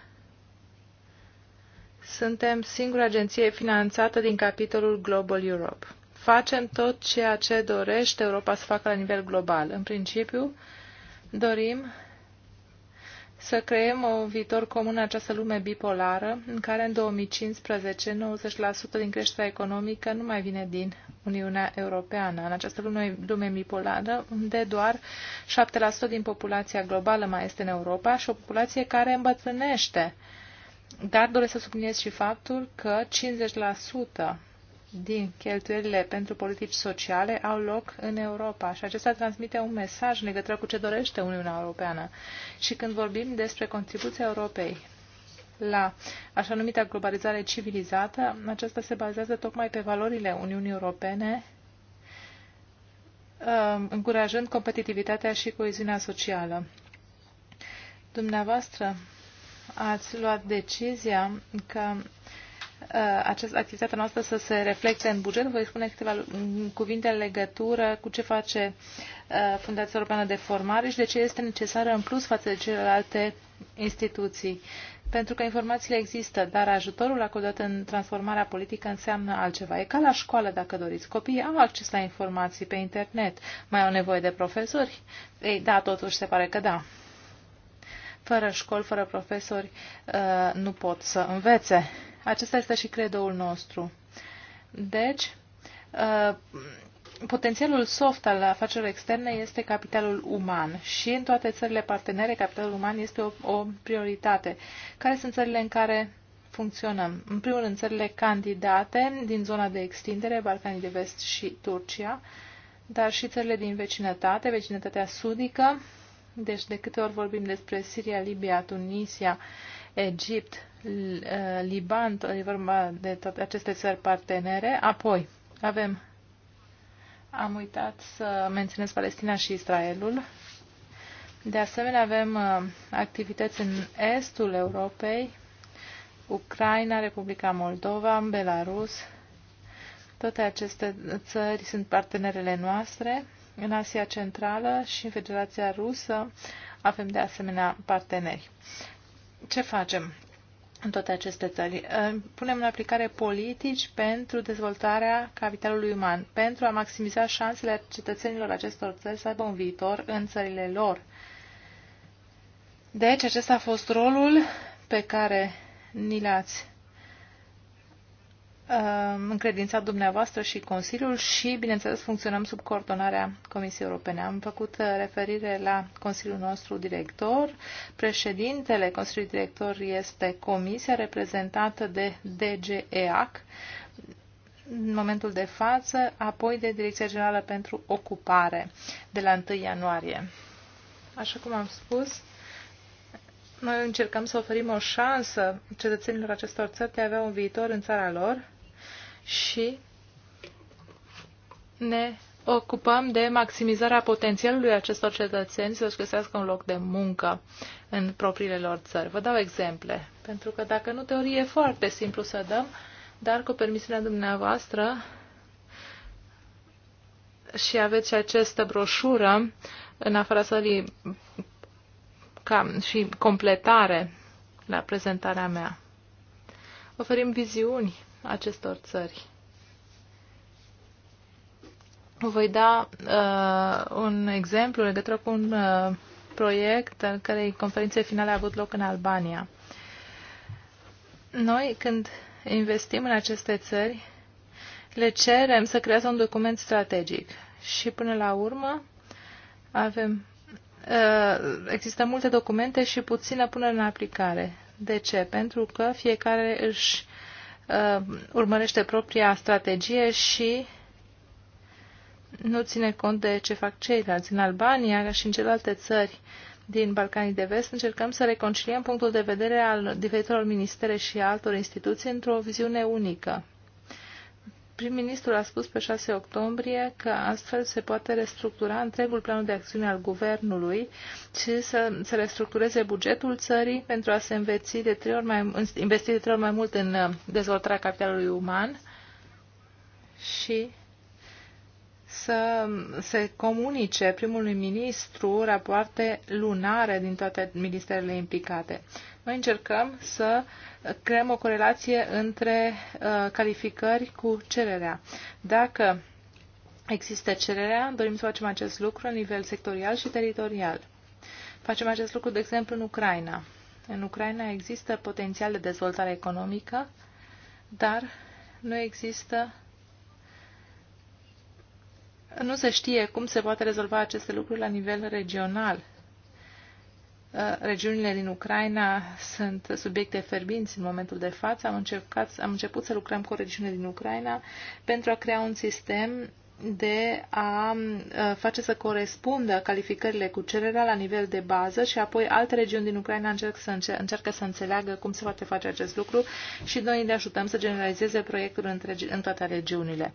suntem singura agenție finanțată din capitolul Global Europe. Facem tot ceea ce dorește Europa să facă la nivel global. În principiu, uh, Dorim să creăm un viitor comun în această lume bipolară, în care în 2015 90% din creșterea economică nu mai vine din Uniunea Europeană. În această lume, lume bipolară, unde doar 7% din populația globală mai este în Europa și o populație care îmbătrânește. Dar doresc să subliniez și faptul că 50% din cheltuielile pentru politici sociale au loc în Europa și acesta transmite un mesaj în legătură cu ce dorește Uniunea Europeană. Și când vorbim despre contribuția Europei la așa numită globalizare civilizată, aceasta se bazează tocmai pe valorile Uniunii Europene, um, încurajând competitivitatea și coeziunea socială. Dumneavoastră ați luat decizia că Uh, această activitatea noastră să se reflecte în buget. Voi spune câteva mm, cuvinte în legătură cu ce face uh, Fundația Europeană de Formare și de ce este necesară în plus față de celelalte instituții. Pentru că informațiile există, dar ajutorul acordat în transformarea politică înseamnă altceva. E ca la școală, dacă doriți. Copiii au acces la informații pe internet. Mai au nevoie de profesori? Ei, da, totuși se pare că da. Fără școli, fără profesori, uh, nu pot să învețe. Acesta este și credoul nostru. Deci, uh, potențialul soft al afacerilor externe este capitalul uman și în toate țările partenere capitalul uman este o, o prioritate. Care sunt țările în care funcționăm? În primul rând, țările candidate din zona de extindere, Balcanii de Vest și Turcia, dar și țările din vecinătate, vecinătatea sudică, deci de câte ori vorbim despre Siria, Libia, Tunisia, Egipt, Uh, Liban, e vorba de toate aceste țări partenere. Apoi avem, am uitat să menționez Palestina și Israelul. De asemenea, avem uh, activități în estul Europei, Ucraina, Republica Moldova, Belarus. Toate aceste țări sunt partenerele noastre. În Asia Centrală și în Federația Rusă avem de asemenea parteneri. Ce facem? în toate aceste țări. Uh, punem în aplicare politici pentru dezvoltarea capitalului uman, pentru a maximiza șansele cetățenilor acestor țări să aibă un viitor în țările lor. Deci, acesta a fost rolul pe care ni l-ați Uh, încredințat dumneavoastră și Consiliul și, bineînțeles, funcționăm sub coordonarea Comisiei Europene. Am făcut uh, referire la Consiliul nostru director. Președintele Consiliului Director este Comisia reprezentată de DGEAC în momentul de față, apoi de Direcția Generală pentru Ocupare de la 1 ianuarie. Așa cum am spus, noi încercăm să oferim o șansă cetățenilor acestor țări de a avea un viitor în țara lor și ne ocupăm de maximizarea potențialului acestor cetățeni să-și găsească un loc de muncă în propriile lor țări. Vă dau exemple, pentru că dacă nu, teorie e foarte simplu să dăm, dar cu permisiunea dumneavoastră și aveți și această broșură în afara sălii ca și completare la prezentarea mea. Oferim viziuni acestor țări. Voi da uh, un exemplu legătură cu un uh, proiect în care conferințe finale a avut loc în Albania. Noi, când investim în aceste țări, le cerem să creează un document strategic și până la urmă avem uh, există multe documente și puțină până în aplicare. De ce? Pentru că fiecare își uh, urmărește propria strategie și nu ține cont de ce fac ceilalți. În Albania, ca și în celelalte țări din Balcanii de Vest, încercăm să reconciliem punctul de vedere al diferitelor ministere și altor instituții într-o viziune unică. Prim-ministrul a spus pe 6 octombrie că astfel se poate restructura întregul plan de acțiune al guvernului și să se restructureze bugetul țării pentru a se înveți de trei ori mai, investi de trei ori mai mult în uh, dezvoltarea capitalului uman și să se comunice primului ministru rapoarte lunare din toate ministerele implicate. Noi încercăm să creăm o corelație între uh, calificări cu cererea. Dacă există cererea, dorim să facem acest lucru la nivel sectorial și teritorial. Facem acest lucru, de exemplu, în Ucraina. În Ucraina există potențial de dezvoltare economică, dar nu există nu se știe cum se poate rezolva aceste lucruri la nivel regional. Uh, regiunile din Ucraina sunt subiecte ferbinți în momentul de față. Am, încercat, am început să lucrăm cu regiunile din Ucraina pentru a crea un sistem de a face să corespundă calificările cu cererea la nivel de bază și apoi alte regiuni din Ucraina încerc să înce încearcă să înțeleagă cum se poate face acest lucru și noi le ajutăm să generalizeze proiectul întregi, în toate regiunile.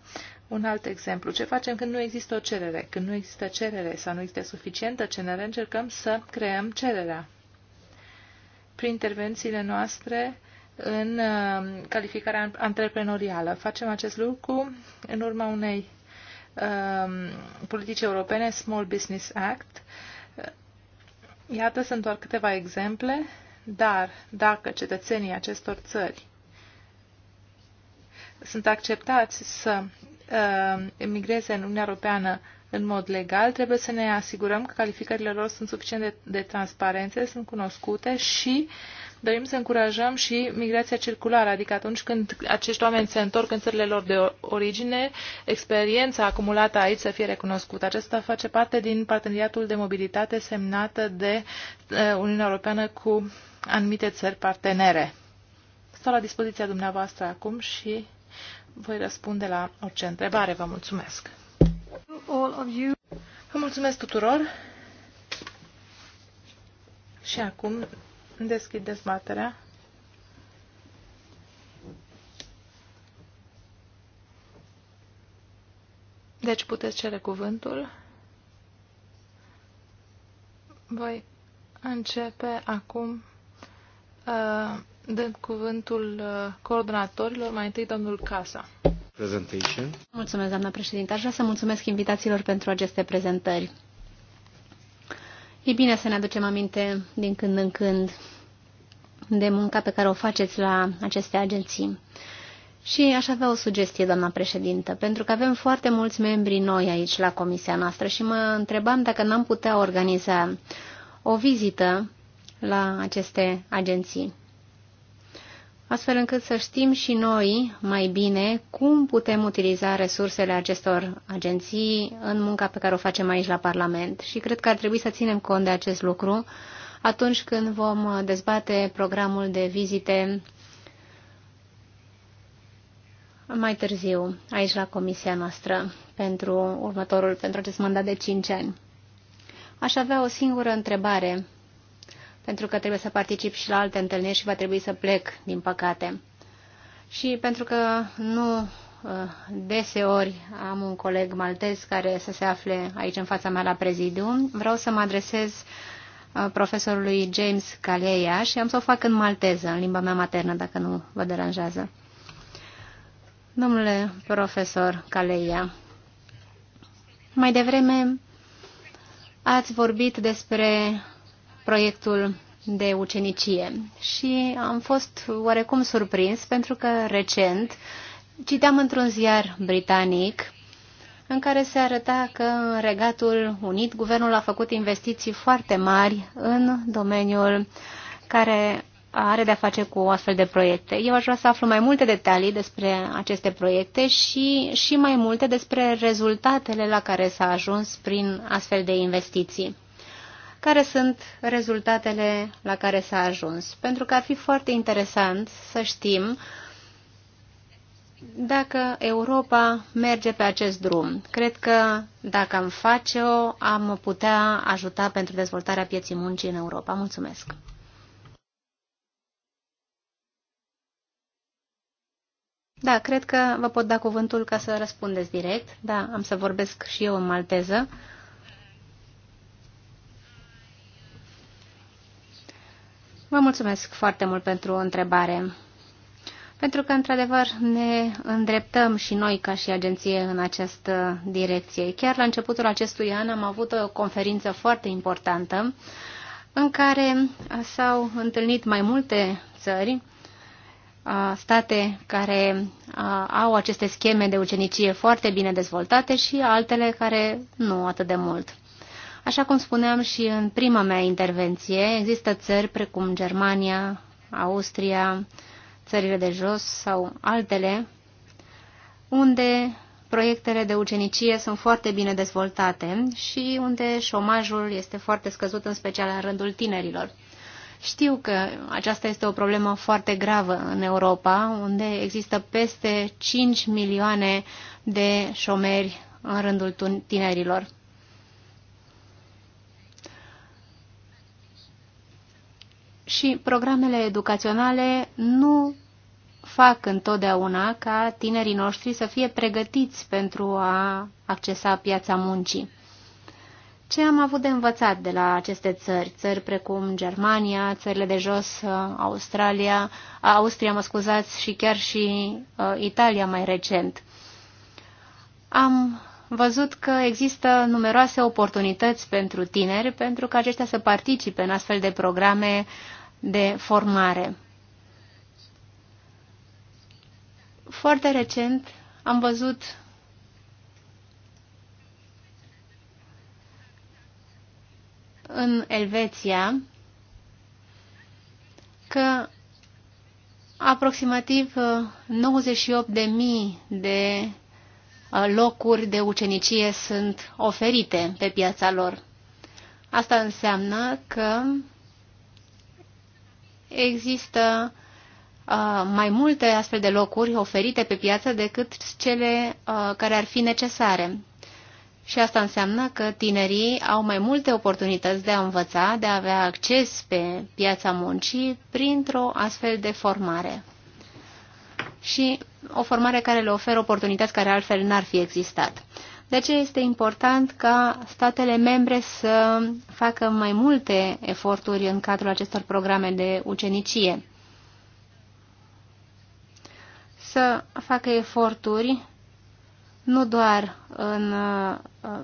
Un alt exemplu, ce facem când nu există o cerere? Când nu există cerere sau nu există suficientă cerere, încercăm să creăm cererea. Prin intervențiile noastre, în uh, calificarea antreprenorială. Facem acest lucru în urma unei Um, politici europene, Small Business Act. Iată, sunt doar câteva exemple, dar dacă cetățenii acestor țări sunt acceptați să um, emigreze în Uniunea Europeană în mod legal, trebuie să ne asigurăm că calificările lor sunt suficient de, de transparente, sunt cunoscute și uh, dorim să încurajăm și migrația circulară, adică atunci când acești oameni se întorc în țările lor de origine, experiența acumulată aici să fie recunoscută. Acesta face parte din parteneriatul de mobilitate semnată de Uniunea Europeană cu anumite țări partenere. Stau la dispoziția dumneavoastră acum și voi răspunde la orice întrebare. Vă mulțumesc! Vă mulțumesc tuturor! Și acum Deschid dezbaterea. Deci puteți cere cuvântul. Voi începe acum uh, dând cuvântul uh, coordonatorilor, mai întâi domnul Casa. Mulțumesc, doamna președinte. Aș vrea să mulțumesc invitațiilor pentru aceste prezentări. E bine să ne aducem aminte din când în când de munca pe care o faceți la aceste agenții. Și aș avea o sugestie, doamna președintă, pentru că avem foarte mulți membri noi aici la comisia noastră și mă întrebam dacă n-am putea organiza o vizită la aceste agenții astfel încât să știm și noi mai bine cum putem utiliza resursele acestor agenții în munca pe care o facem aici la Parlament. Și cred că ar trebui să ținem cont de acest lucru atunci când vom dezbate programul de vizite mai târziu aici la comisia noastră pentru următorul, pentru acest mandat de 5 ani. Aș avea o singură întrebare pentru că trebuie să particip și la alte întâlniri și va trebui să plec, din păcate. Și pentru că nu ă, deseori am un coleg maltez care să se afle aici în fața mea la prezidiu, vreau să mă adresez ă, profesorului James Caleia și am să o fac în malteză, în limba mea maternă, dacă nu vă deranjează. Domnule profesor Caleia, mai devreme ați vorbit despre proiectul de ucenicie și am fost oarecum surprins pentru că recent citeam într-un ziar britanic în care se arăta că în Regatul Unit guvernul a făcut investiții foarte mari în domeniul care are de-a face cu astfel de proiecte. Eu aș vrea să aflu mai multe detalii despre aceste proiecte și, și mai multe despre rezultatele la care s-a ajuns prin astfel de investiții care sunt rezultatele la care s-a ajuns. Pentru că ar fi foarte interesant să știm dacă Europa merge pe acest drum. Cred că dacă am face-o, am putea ajuta pentru dezvoltarea pieții muncii în Europa. Mulțumesc! Da, cred că vă pot da cuvântul ca să răspundeți direct. Da, am să vorbesc și eu în malteză. Vă mulțumesc foarte mult pentru o întrebare. Pentru că, într-adevăr, ne îndreptăm și noi ca și agenție în această direcție. Chiar la începutul acestui an am avut o conferință foarte importantă în care s-au întâlnit mai multe țări, state care au aceste scheme de ucenicie foarte bine dezvoltate și altele care nu atât de mult. Așa cum spuneam și în prima mea intervenție, există țări precum Germania, Austria, țările de jos sau altele, unde proiectele de ucenicie sunt foarte bine dezvoltate și unde șomajul este foarte scăzut, în special în rândul tinerilor. Știu că aceasta este o problemă foarte gravă în Europa, unde există peste 5 milioane de șomeri în rândul tinerilor. și programele educaționale nu fac întotdeauna ca tinerii noștri să fie pregătiți pentru a accesa piața muncii. Ce am avut de învățat de la aceste țări? Țări precum Germania, țările de jos, uh, Australia, uh, Austria, mă scuzați, și chiar și uh, Italia mai recent. Am văzut că există numeroase oportunități pentru tineri pentru că aceștia să participe în astfel de programe de formare. Foarte recent am văzut în Elveția că aproximativ 98.000 uh, de uh, locuri de ucenicie sunt oferite pe piața lor. Asta înseamnă că există uh, mai multe astfel de locuri oferite pe piață decât cele uh, care ar fi necesare. Și asta înseamnă că tinerii au mai multe oportunități de a învăța, de a avea acces pe piața muncii printr-o astfel de formare. Și o formare care le oferă oportunități care altfel n-ar fi existat. De aceea este important ca statele membre să facă mai multe eforturi în cadrul acestor programe de ucenicie. Să facă eforturi nu doar în uh,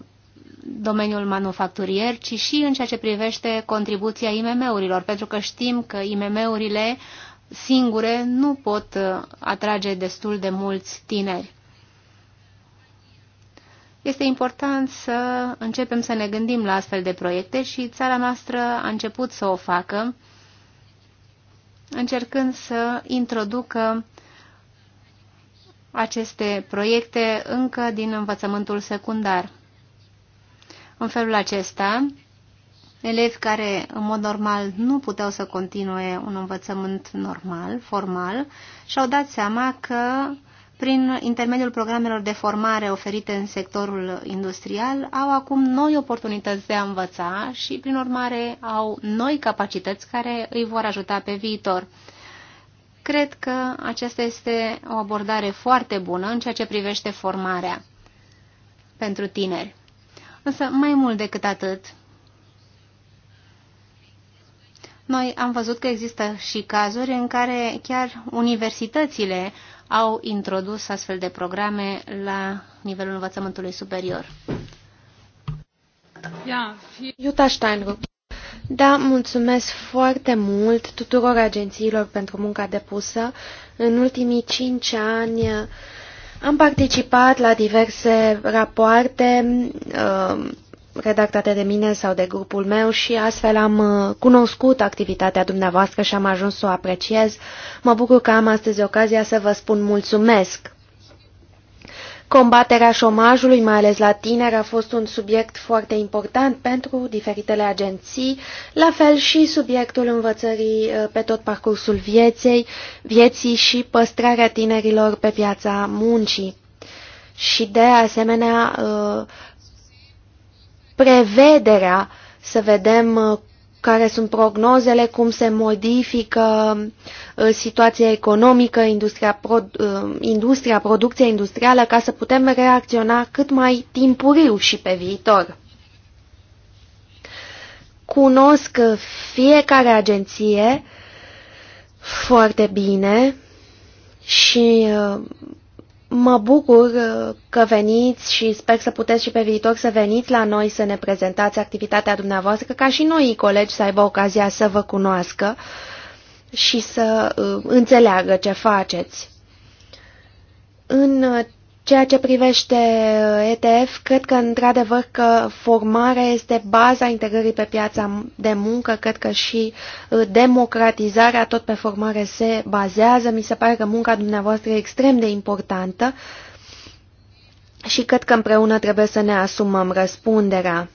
domeniul manufacturier, ci și în ceea ce privește contribuția IMM-urilor, pentru că știm că IMM-urile singure nu pot uh, atrage destul de mulți tineri. Este important să începem să ne gândim la astfel de proiecte și țara noastră a început să o facă, încercând să introducă aceste proiecte încă din învățământul secundar. În felul acesta, elevi care în mod normal nu puteau să continue un învățământ normal, formal, și-au dat seama că prin intermediul programelor de formare oferite în sectorul industrial, au acum noi oportunități de a învăța și, prin urmare, au noi capacități care îi vor ajuta pe viitor. Cred că aceasta este o abordare foarte bună în ceea ce privește formarea pentru tineri. Însă, mai mult decât atât, noi am văzut că există și cazuri în care chiar universitățile au introdus astfel de programe la nivelul învățământului superior. Iuta Steinruck. Da, mulțumesc foarte mult tuturor agențiilor pentru munca depusă. În ultimii cinci ani am participat la diverse rapoarte uh, redactate de mine sau de grupul meu și astfel am uh, cunoscut activitatea dumneavoastră și am ajuns să o apreciez. Mă bucur că am astăzi ocazia să vă spun mulțumesc. Combaterea șomajului, mai ales la tineri, a fost un subiect foarte important pentru diferitele agenții, la fel și subiectul învățării uh, pe tot parcursul vieței, vieții și păstrarea tinerilor pe piața muncii. Și de asemenea, uh, prevederea, să vedem uh, care sunt prognozele, cum se modifică uh, situația economică, industria, uh, industria, producția industrială, ca să putem reacționa cât mai timpuriu și pe viitor. Cunosc fiecare agenție foarte bine și Mă bucur uh, că veniți și sper să puteți și pe viitor să veniți la noi să ne prezentați activitatea dumneavoastră, ca și noi colegi să aibă ocazia să vă cunoască și să uh, înțeleagă ce faceți. În ceea ce privește uh, ETF, cred că într-adevăr că formarea este baza integrării pe piața de muncă, cred că și uh, democratizarea tot pe formare se bazează. Mi se pare că munca dumneavoastră e extrem de importantă și cred că împreună trebuie să ne asumăm răspunderea.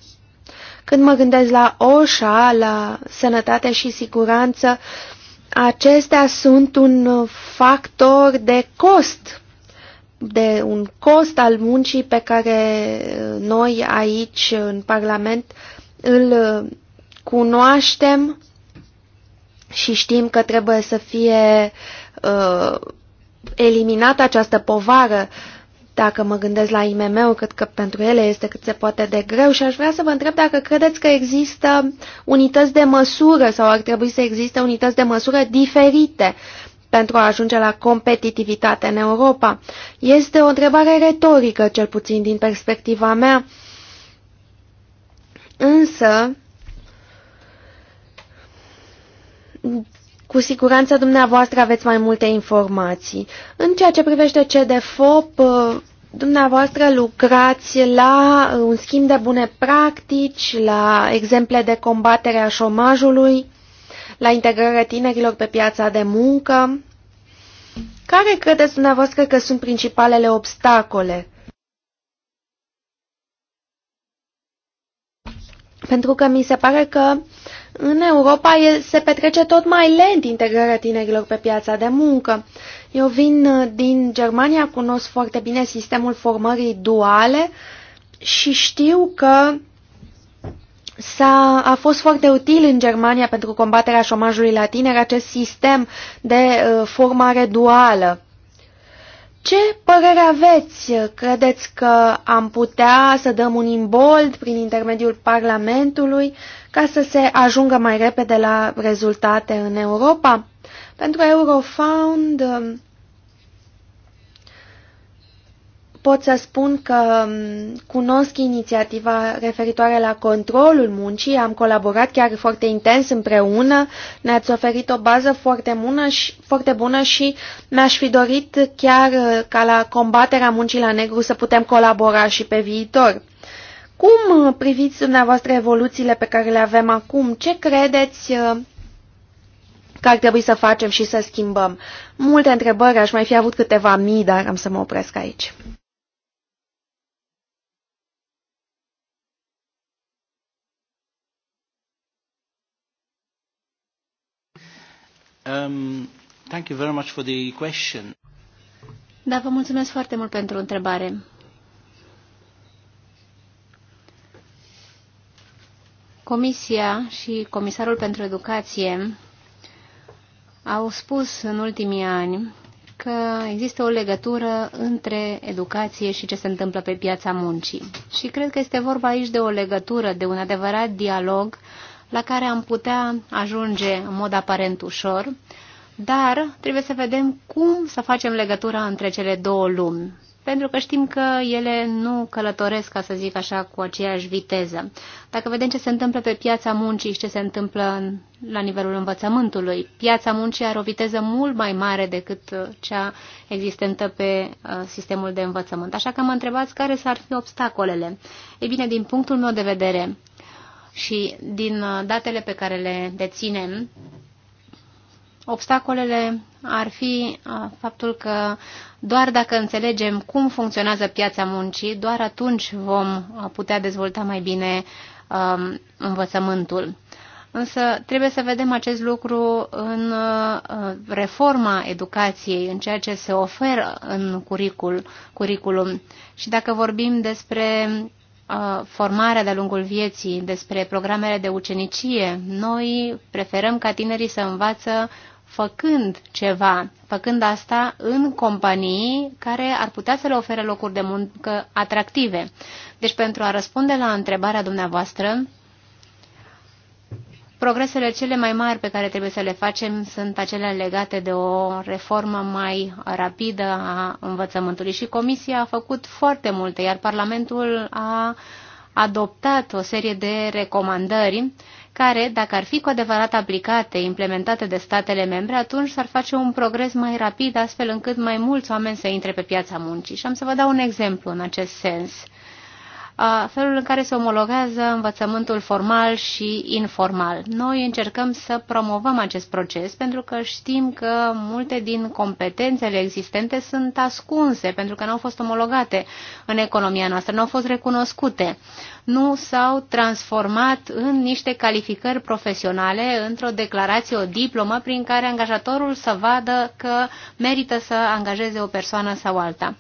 Când mă gândesc la OSHA, la sănătate și siguranță, acestea sunt un uh, factor de cost de un cost al muncii pe care uh, noi aici în Parlament îl uh, cunoaștem și știm că trebuie să fie uh, eliminată această povară. Dacă mă gândesc la imm ul cred că pentru ele este cât se poate de greu și aș vrea să vă întreb dacă credeți că există unități de măsură sau ar trebui să existe unități de măsură diferite pentru a ajunge la competitivitate în Europa? Este o întrebare retorică, cel puțin din perspectiva mea, însă cu siguranță dumneavoastră aveți mai multe informații. În ceea ce privește CDFOP, dumneavoastră lucrați la un schimb de bune practici, la exemple de combatere a șomajului la integrarea tinerilor pe piața de muncă. Care credeți dumneavoastră că sunt principalele obstacole? Pentru că mi se pare că în Europa se petrece tot mai lent integrarea tinerilor pe piața de muncă. Eu vin uh, din Germania, cunosc foarte bine sistemul formării duale și știu că S-a, a fost foarte util în Germania pentru combaterea șomajului la tineri acest sistem de uh, formare duală. Ce părere aveți? Credeți că am putea să dăm un imbold prin intermediul Parlamentului ca să se ajungă mai repede la rezultate în Europa? Pentru Eurofound... Uh, pot să spun că mm, cunosc inițiativa referitoare la controlul muncii, am colaborat chiar foarte intens împreună, ne-ați oferit o bază foarte bună și, foarte bună și mi-aș fi dorit chiar uh, ca la combaterea muncii la negru să putem colabora și pe viitor. Cum uh, priviți dumneavoastră evoluțiile pe care le avem acum? Ce credeți uh, că ar trebui să facem și să schimbăm? Multe întrebări, aș mai fi avut câteva mii, dar am să mă opresc aici. Um, thank you very much for the question. Da, vă mulțumesc foarte mult pentru întrebare. Comisia și Comisarul pentru Educație au spus în ultimii ani că există o legătură între educație și ce se întâmplă pe piața muncii. Și cred că este vorba aici de o legătură, de un adevărat dialog la care am putea ajunge în mod aparent ușor, dar trebuie să vedem cum să facem legătura între cele două lumi, pentru că știm că ele nu călătoresc, ca să zic așa, cu aceeași viteză. Dacă vedem ce se întâmplă pe piața muncii și ce se întâmplă la nivelul învățământului, piața muncii are o viteză mult mai mare decât uh, cea existentă pe uh, sistemul de învățământ. Așa că mă întrebați care s-ar fi obstacolele. Ei bine, din punctul meu de vedere, și din uh, datele pe care le deținem, obstacolele ar fi uh, faptul că doar dacă înțelegem cum funcționează piața muncii, doar atunci vom uh, putea dezvolta mai bine um, învățământul. Însă trebuie să vedem acest lucru în reforma educației, în ceea ce se oferă în curicul, curiculum. Și dacă vorbim despre formarea de-a lungul vieții, despre programele de ucenicie. Noi preferăm ca tinerii să învață făcând ceva, făcând asta în companii care ar putea să le ofere locuri de muncă atractive. Deci, pentru a răspunde la întrebarea dumneavoastră, Progresele cele mai mari pe care trebuie să le facem sunt acele legate de o reformă mai rapidă a învățământului și Comisia a făcut foarte multe, iar Parlamentul a adoptat o serie de recomandări care, dacă ar fi cu adevărat aplicate, implementate de statele membre, atunci s-ar face un progres mai rapid, astfel încât mai mulți oameni să intre pe piața muncii. Și am să vă dau un exemplu în acest sens felul în care se omologează învățământul formal și informal. Noi încercăm să promovăm acest proces pentru că știm că multe din competențele existente sunt ascunse pentru că nu au fost omologate în economia noastră, nu au fost recunoscute, nu s-au transformat în niște calificări profesionale, într-o declarație, o diplomă prin care angajatorul să vadă că merită să angajeze o persoană sau alta.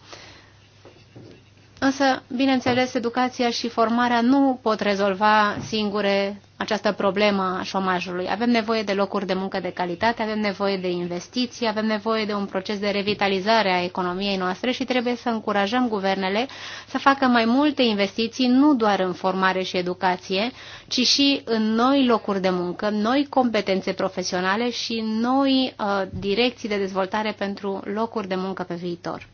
Însă, bineînțeles, educația și formarea nu pot rezolva singure această problemă a șomajului. Avem nevoie de locuri de muncă de calitate, avem nevoie de investiții, avem nevoie de un proces de revitalizare a economiei noastre și trebuie să încurajăm guvernele să facă mai multe investiții, nu doar în formare și educație, ci și în noi locuri de muncă, noi competențe profesionale și noi uh, direcții de dezvoltare pentru locuri de muncă pe viitor.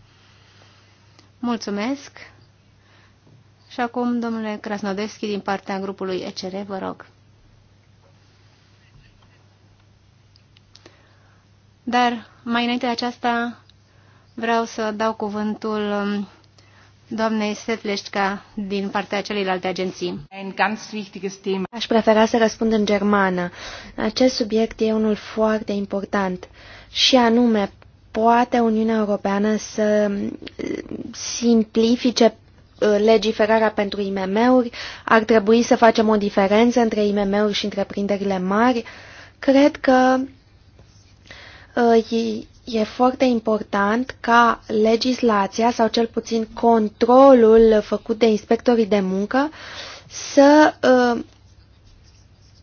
Mulțumesc! Și acum, domnule Krasnodeschi, din partea grupului ECR, vă rog. Dar, mai înainte de aceasta, vreau să dau cuvântul um, doamnei Setleșca din partea celeilalte agenții. Aș prefera să răspund în germană. Acest subiect e unul foarte important și anume poate Uniunea Europeană să simplifice Uh, legiferarea pentru IMM-uri, ar trebui să facem o diferență între IMM-uri și întreprinderile mari. Cred că uh, e foarte important ca legislația sau cel puțin controlul făcut de inspectorii de muncă să uh,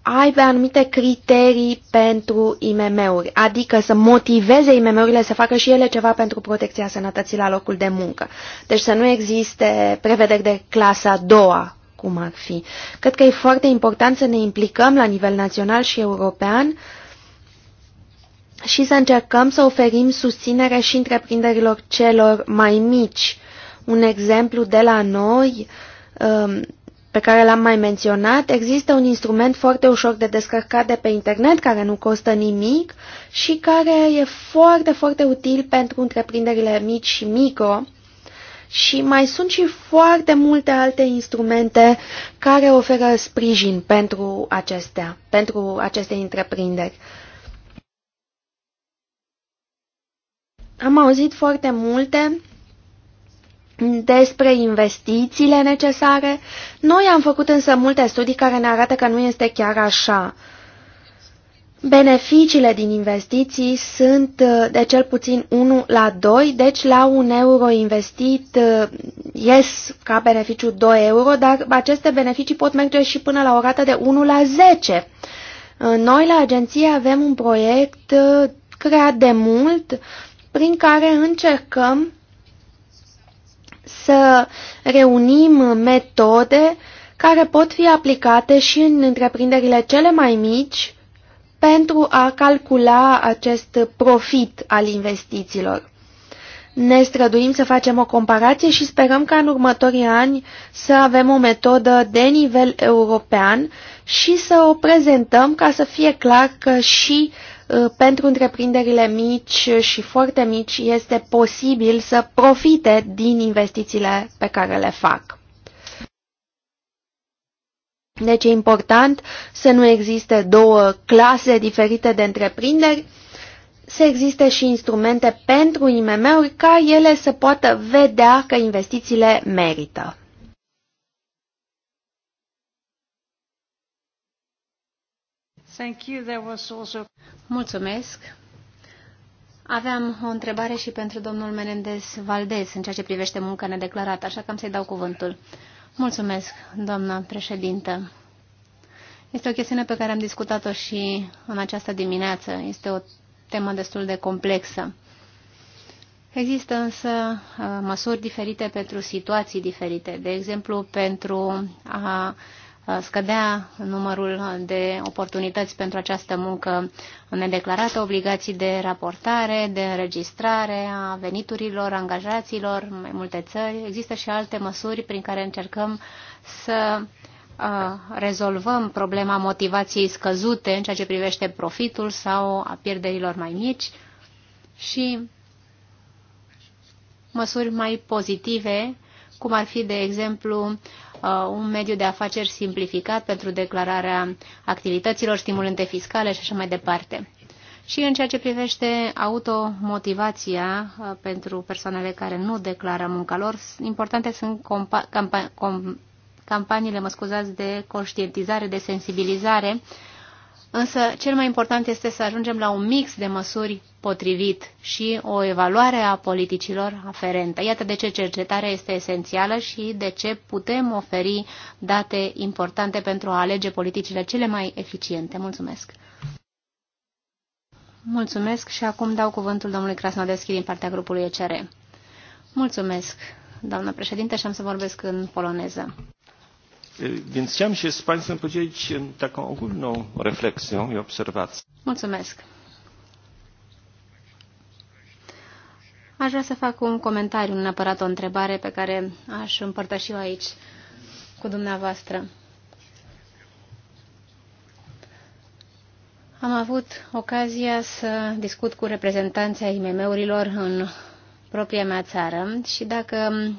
aibă anumite criterii pentru IMM-uri, adică să motiveze IMM-urile să facă și ele ceva pentru protecția sănătății la locul de muncă. Deci să nu existe prevederi de clasa a doua, cum ar fi. Cred că e foarte important să ne implicăm la nivel național și european și să încercăm să oferim susținere și întreprinderilor celor mai mici. Un exemplu de la noi um, pe care l-am mai menționat, există un instrument foarte ușor de descărcat de pe internet, care nu costă nimic și care e foarte, foarte util pentru întreprinderile mici și micro. Și mai sunt și foarte multe alte instrumente care oferă sprijin pentru acestea, pentru aceste întreprinderi. Am auzit foarte multe despre investițiile necesare. Noi am făcut însă multe studii care ne arată că nu este chiar așa. Beneficiile din investiții sunt uh, de cel puțin 1 la 2, deci la un euro investit uh, ies ca beneficiu 2 euro, dar aceste beneficii pot merge și până la o rată de 1 la 10. Uh, noi la agenție avem un proiect creat de mult prin care încercăm să reunim metode care pot fi aplicate și în întreprinderile cele mai mici pentru a calcula acest profit al investițiilor. Ne străduim să facem o comparație și sperăm ca în următorii ani să avem o metodă de nivel european și să o prezentăm ca să fie clar că și uh, Uh, pentru întreprinderile mici și foarte mici este posibil să profite din investițiile pe care le fac. Deci e important să nu existe două clase diferite de întreprinderi, să existe și instrumente pentru IMM-uri ca ele să poată vedea că investițiile merită. Mulțumesc. Aveam o întrebare și pentru domnul Menendez Valdez în ceea ce privește munca nedeclarată, așa că am să-i dau cuvântul. Mulțumesc, doamna președintă. Este o chestiune pe care am discutat-o și în această dimineață. Este o temă destul de complexă. Există însă uh, măsuri diferite pentru situații diferite. De exemplu, pentru a Uh, scădea numărul de oportunități pentru această muncă nedeclarată, obligații de raportare, de înregistrare a veniturilor, angajaților mai multe țări. Există și alte măsuri prin care încercăm să uh, rezolvăm problema motivației scăzute în ceea ce privește profitul sau a pierderilor mai mici și măsuri mai pozitive, cum ar fi, de exemplu, Uh, un mediu de afaceri simplificat pentru declararea activităților, stimulente fiscale și așa mai departe. Și în ceea ce privește automotivația uh, pentru persoanele care nu declară munca lor, importante sunt campaniile, mă scuzați, de conștientizare, de sensibilizare, însă cel mai important este să ajungem la un mix de măsuri potrivit și o evaluare a politicilor aferente. Iată de ce cercetarea este esențială și de ce putem oferi date importante pentru a alege politicile cele mai eficiente. Mulțumesc! Mulțumesc și acum dau cuvântul domnului Krasnodeschi din partea grupului ECR. Mulțumesc, doamnă președinte, și am să vorbesc în poloneză. Więc chciałem się z Państwem podzielić taką ogólną refleksją i obserwacją. Mulțumesc. Aș vrea să fac un comentariu, un neapărat o întrebare pe care aș împărtăși eu aici cu dumneavoastră. Am avut ocazia să discut cu reprezentanții IMM-urilor în propria mea țară și dacă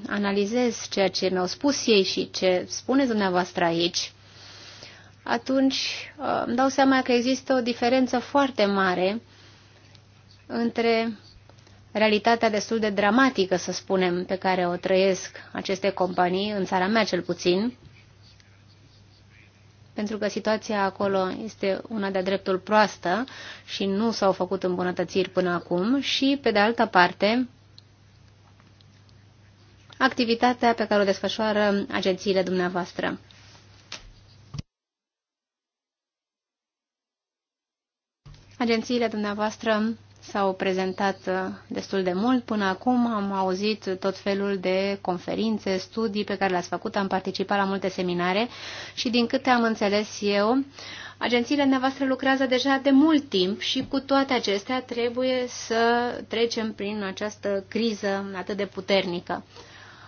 analizez ceea ce mi-au spus ei și ce spuneți dumneavoastră aici, atunci uh, îmi dau seama că există o diferență foarte mare între realitatea destul de dramatică, să spunem, pe care o trăiesc aceste companii, în țara mea cel puțin, pentru că situația acolo este una de-a dreptul proastă și nu s-au făcut îmbunătățiri până acum și, pe de altă parte, activitatea pe care o desfășoară agențiile dumneavoastră. Agențiile dumneavoastră s-au prezentat uh, destul de mult. Până acum am auzit tot felul de conferințe, studii pe care le-ați făcut, am participat la multe seminare și din câte am înțeles eu, agențiile noastre lucrează deja de mult timp și cu toate acestea trebuie să trecem prin această criză atât de puternică.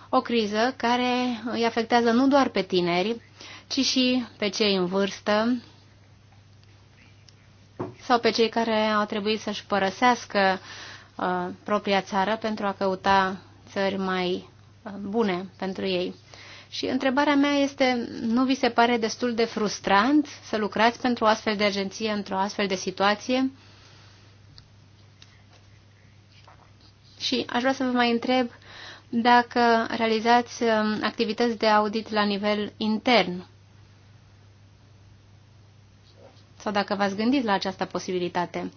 O criză care îi afectează nu doar pe tineri, ci și pe cei în vârstă, sau pe cei care au trebuit să-și părăsească uh, propria țară pentru a căuta țări mai uh, bune pentru ei. Și întrebarea mea este, nu vi se pare destul de frustrant să lucrați pentru o astfel de agenție, într-o astfel de situație? Și aș vrea să vă mai întreb dacă realizați um, activități de audit la nivel intern sau dacă v-ați gândit la această posibilitate.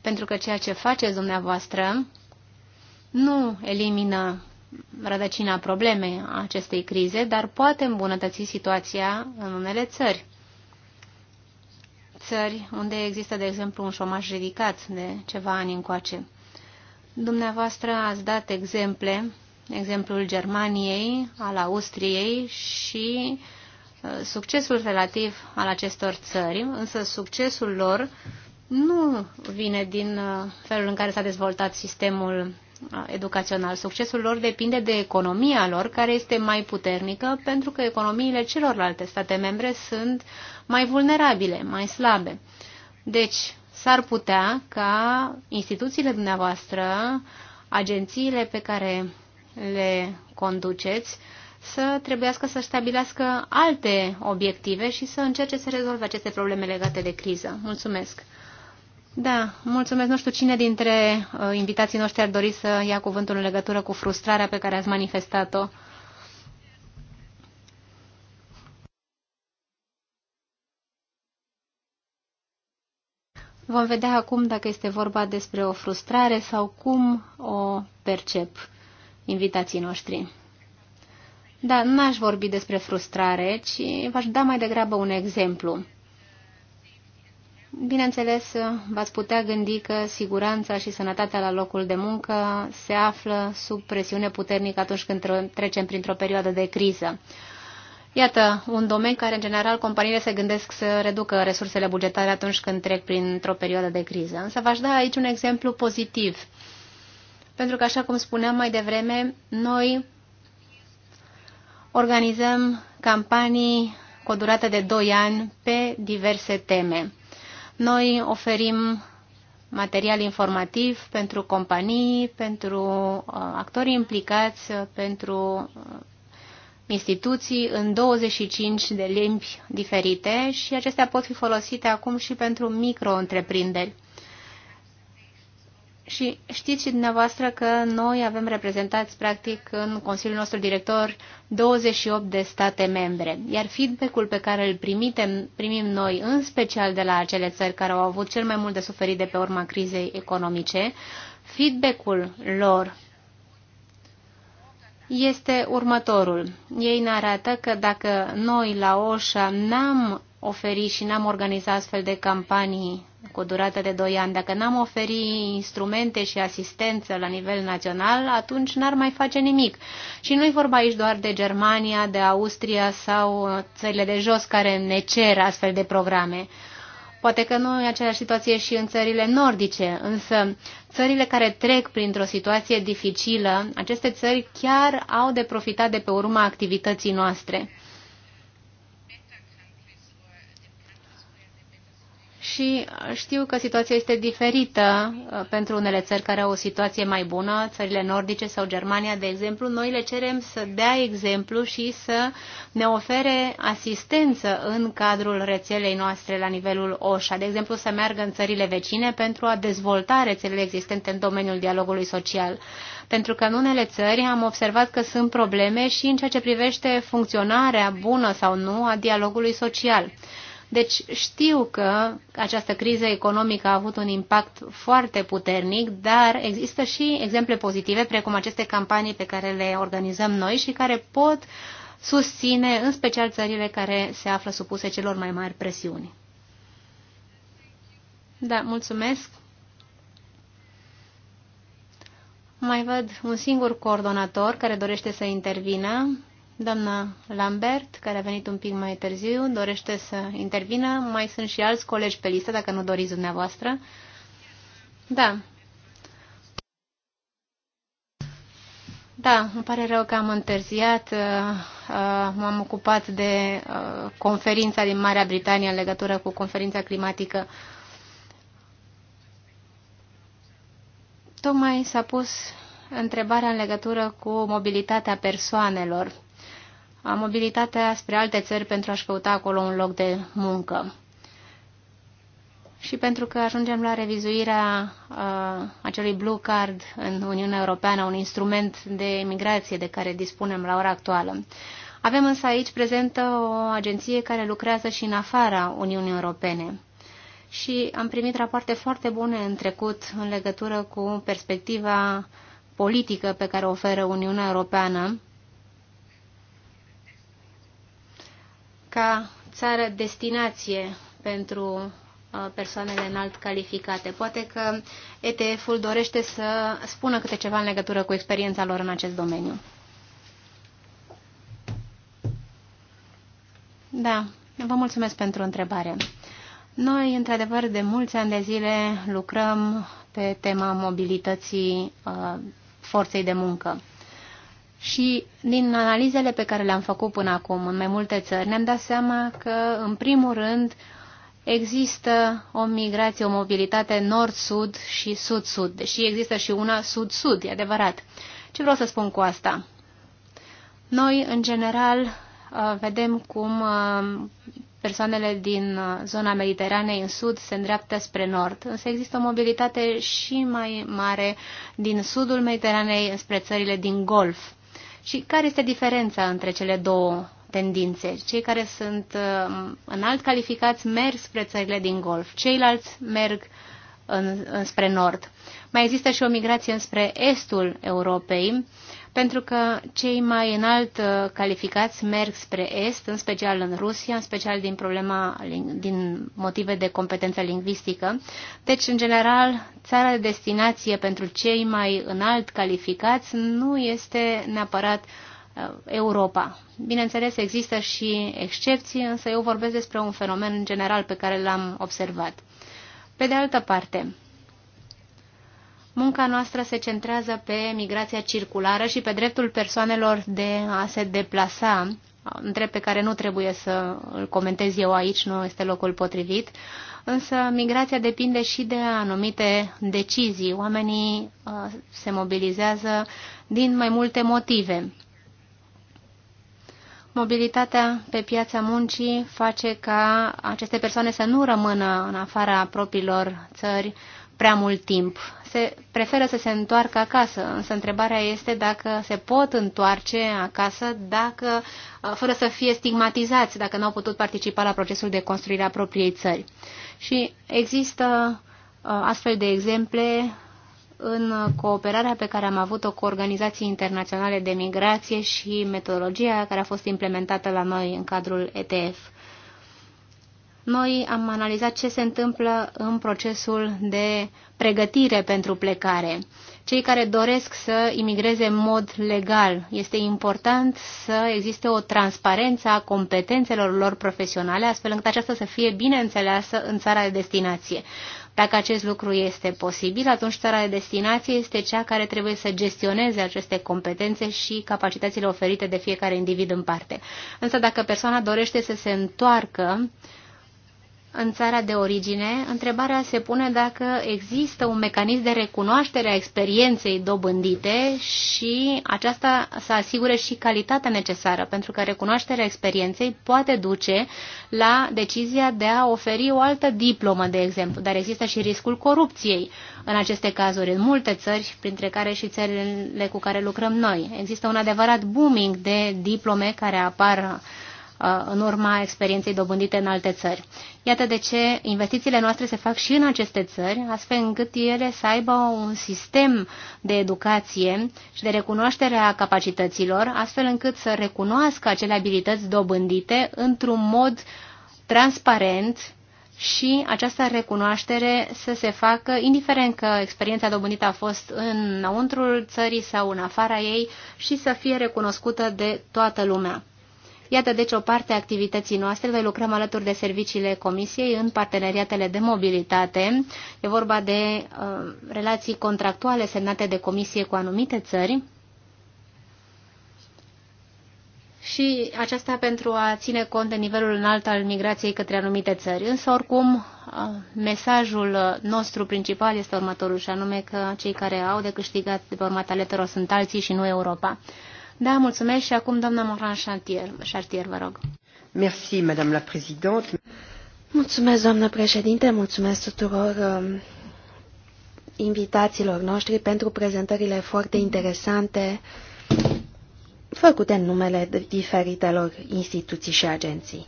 Pentru că ceea ce faceți dumneavoastră nu elimină rădăcina problemei acestei crize, dar poate îmbunătăți situația în unele țări. Țări unde există, de exemplu, un șomaj ridicat de ceva ani încoace. Dumneavoastră ați dat exemple, exemplul Germaniei, al Austriei și uh, succesul relativ al acestor țări, însă succesul lor nu vine din uh, felul în care s-a dezvoltat sistemul uh, educațional. Succesul lor depinde de economia lor, care este mai puternică, pentru că economiile celorlalte state membre sunt mai vulnerabile, mai slabe. Deci, s-ar putea ca instituțiile dumneavoastră, agențiile pe care le conduceți, uh, să trebuiască să stabilească alte obiective și să încerce să rezolve aceste probleme legate de criză. Mulțumesc! Da, mulțumesc. Nu știu cine dintre uh, invitații noștri ar dori să ia cuvântul în legătură cu frustrarea pe care ați manifestat-o. Vom vedea acum dacă este vorba despre o frustrare sau cum o percep invitații noștri. Da, n-aș vorbi despre frustrare, ci v-aș da mai degrabă un exemplu. Bineînțeles, v-ați putea gândi că siguranța și sănătatea la locul de muncă se află sub presiune puternică atunci când trecem printr-o perioadă de criză. Iată, un domeniu care, în general, companiile se gândesc să reducă resursele bugetare atunci când trec printr-o perioadă de criză. Însă v-aș da aici un exemplu pozitiv. Pentru că, așa cum spuneam mai devreme, noi organizăm campanii cu o durată de 2 ani pe diverse teme. Noi oferim material informativ pentru companii, pentru uh, actorii implicați, uh, pentru uh, instituții în 25 de limbi diferite și acestea pot fi folosite acum și pentru micro-întreprinderi. Și știți și dumneavoastră că noi avem reprezentați, practic, în Consiliul nostru director 28 de state membre, iar feedback-ul pe care îl primitem, primim noi, în special de la acele țări care au avut cel mai mult de suferit de pe urma crizei economice, feedback-ul lor este următorul. Ei ne arată că dacă noi la OSHA n-am oferi și n-am organizat astfel de campanii cu o durată de 2 ani, dacă n-am oferi instrumente și asistență la nivel național, atunci n-ar mai face nimic. Și nu-i vorba aici doar de Germania, de Austria sau țările de jos care ne cer astfel de programe. Poate că nu e aceeași situație și în țările nordice, însă țările care trec printr-o situație dificilă, aceste țări chiar au de profitat de pe urma activității noastre. și știu că situația este diferită uh, pentru unele țări care au o situație mai bună, țările nordice sau Germania, de exemplu. Noi le cerem să dea exemplu și să ne ofere asistență în cadrul rețelei noastre la nivelul OSHA. De exemplu, să meargă în țările vecine pentru a dezvolta rețelele existente în domeniul dialogului social. Pentru că în unele țări am observat că sunt probleme și în ceea ce privește funcționarea bună sau nu a dialogului social. Deci știu că această criză economică a avut un impact foarte puternic, dar există și exemple pozitive, precum aceste campanii pe care le organizăm noi și care pot susține în special țările care se află supuse celor mai mari presiuni. Da, mulțumesc. Mai văd un singur coordonator care dorește să intervină. Doamna Lambert, care a venit un pic mai târziu, dorește să intervină. Mai sunt și alți colegi pe listă, dacă nu doriți dumneavoastră. Da. Da, îmi pare rău că am întârziat. Uh, uh, m-am ocupat de uh, conferința din Marea Britanie în legătură cu conferința climatică. Tocmai s-a pus întrebarea în legătură cu mobilitatea persoanelor a mobilitatea spre alte țări pentru a-și căuta acolo un loc de muncă. Și pentru că ajungem la revizuirea uh, acelui blue card în Uniunea Europeană, un instrument de migrație de care dispunem la ora actuală. Avem însă aici prezentă o agenție care lucrează și în afara Uniunii Europene. Și am primit rapoarte foarte bune în trecut în legătură cu perspectiva politică pe care o oferă Uniunea Europeană ca țară destinație pentru uh, persoanele înalt calificate. Poate că ETF-ul dorește să spună câte ceva în legătură cu experiența lor în acest domeniu. Da, vă mulțumesc pentru întrebare. Noi, într-adevăr, de mulți ani de zile lucrăm pe tema mobilității uh, forței de muncă. Și din analizele pe care le-am făcut până acum în mai multe țări, ne-am dat seama că, în primul rând, există o migrație, o mobilitate nord-sud și sud-sud, deși există și una sud-sud, e adevărat. Ce vreau să spun cu asta? Noi, în general, uh, vedem cum uh, persoanele din uh, zona Mediteranei în sud se îndreaptă spre nord, însă există o mobilitate și mai mare din sudul Mediteranei spre țările din Golf. Și care este diferența între cele două tendințe? Cei care sunt uh, înalt calificați merg spre țările din Golf, ceilalți merg în, înspre nord. Mai există și o migrație înspre estul Europei, pentru că cei mai înalt uh, calificați merg spre Est, în special în Rusia, în special din problema din motive de competență lingvistică. Deci, în general, țara de destinație pentru cei mai înalt calificați nu este neapărat uh, Europa. Bineînțeles, există și excepții, însă eu vorbesc despre un fenomen în general pe care l-am observat. Pe de altă parte, Munca noastră se centrează pe migrația circulară și pe dreptul persoanelor de a se deplasa, între drept pe care nu trebuie să îl comentez eu aici, nu este locul potrivit, însă migrația depinde și de anumite decizii. Oamenii uh, se mobilizează din mai multe motive. Mobilitatea pe piața muncii face ca aceste persoane să nu rămână în afara propriilor țări, prea mult timp. Se preferă să se întoarcă acasă, însă întrebarea este dacă se pot întoarce acasă dacă, uh, fără să fie stigmatizați, dacă nu au putut participa la procesul de construire a propriei țări. Și există uh, astfel de exemple în cooperarea pe care am avut-o cu organizații internaționale de migrație și metodologia care a fost implementată la noi în cadrul ETF. Noi am analizat ce se întâmplă în procesul de pregătire pentru plecare. Cei care doresc să imigreze în mod legal, este important să existe o transparență a competențelor lor profesionale, astfel încât aceasta să fie bine înțeleasă în țara de destinație. Dacă acest lucru este posibil, atunci țara de destinație este cea care trebuie să gestioneze aceste competențe și capacitățile oferite de fiecare individ în parte. Însă dacă persoana dorește să se întoarcă, în țara de origine, întrebarea se pune dacă există un mecanism de recunoaștere a experienței dobândite și aceasta să asigure și calitatea necesară, pentru că recunoașterea experienței poate duce la decizia de a oferi o altă diplomă, de exemplu, dar există și riscul corupției în aceste cazuri, în multe țări, printre care și țările cu care lucrăm noi. Există un adevărat booming de diplome care apar Uh, în urma experienței dobândite în alte țări. Iată de ce investițiile noastre se fac și în aceste țări, astfel încât ele să aibă un sistem de educație și de recunoaștere a capacităților, astfel încât să recunoască acele abilități dobândite într-un mod transparent și această recunoaștere să se facă, indiferent că experiența dobândită a fost înăuntrul țării sau în afara ei, și să fie recunoscută de toată lumea. Iată deci o parte a activității noastre. Noi lucrăm alături de serviciile Comisiei în parteneriatele de mobilitate. E vorba de uh, relații contractuale semnate de Comisie cu anumite țări. Și aceasta pentru a ține cont de nivelul înalt al migrației către anumite țări. Însă, oricum, uh, mesajul nostru principal este următorul, și anume că cei care au de câștigat de pe urma sunt alții și nu Europa. Da, mulțumesc și acum doamna Moran Chartier, Chartier vă rog. Merci, madame la présidente. Mulțumesc, doamnă președinte, mulțumesc tuturor uh, invitațiilor noștri pentru prezentările foarte interesante făcute în numele diferitelor instituții și agenții.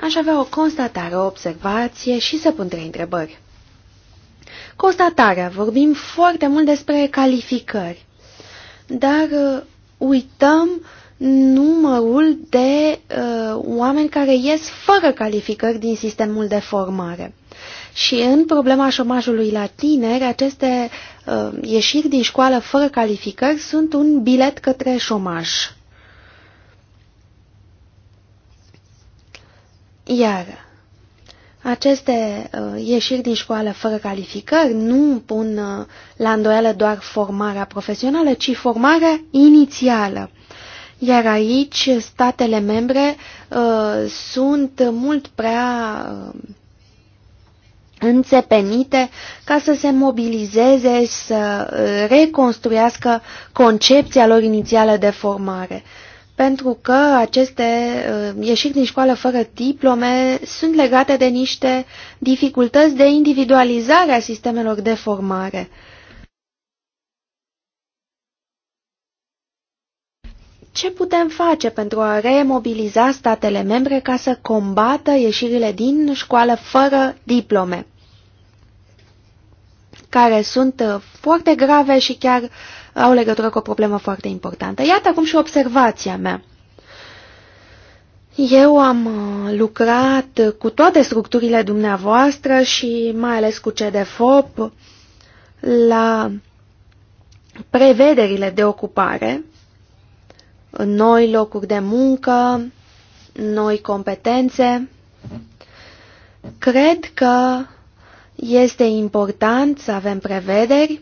Aș avea o constatare, o observație și să pun trei întrebări. Constatarea. Vorbim foarte mult despre calificări. Dar uh, uităm numărul de uh, oameni care ies fără calificări din sistemul de formare. Și în problema șomajului la tineri, aceste uh, ieșiri din școală fără calificări sunt un bilet către șomaj. Iar aceste uh, ieșiri din școală fără calificări nu pun uh, la îndoială doar formarea profesională, ci formarea inițială. Iar aici statele membre uh, sunt mult prea uh, înțepenite ca să se mobilizeze și să uh, reconstruiască concepția lor inițială de formare. Uh, pentru că aceste uh, ieșiri din școală fără diplome sunt legate de niște dificultăți de individualizare a sistemelor de formare. Ce putem face pentru a remobiliza statele membre ca să combată ieșirile din școală fără diplome, care sunt uh, foarte grave și chiar au legătură cu o problemă foarte importantă. Iată acum și observația mea. Eu am uh, lucrat cu toate structurile dumneavoastră și mai ales cu CDFOP la prevederile de ocupare, noi locuri de muncă, noi competențe. Cred că este important să avem prevederi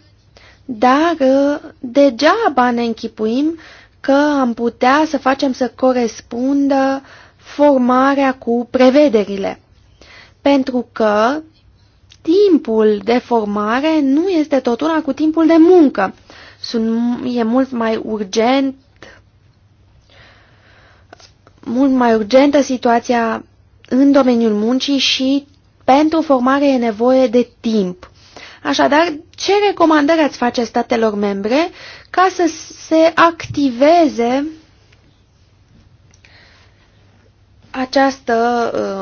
dar uh, degeaba ne închipuim că am putea să facem să corespundă formarea cu prevederile. Pentru că timpul de formare nu este totuna cu timpul de muncă. Sunt, e mult mai urgent mult mai urgentă situația în domeniul muncii și pentru formare e nevoie de timp. Așadar, ce recomandări ați face statelor membre ca să se activeze această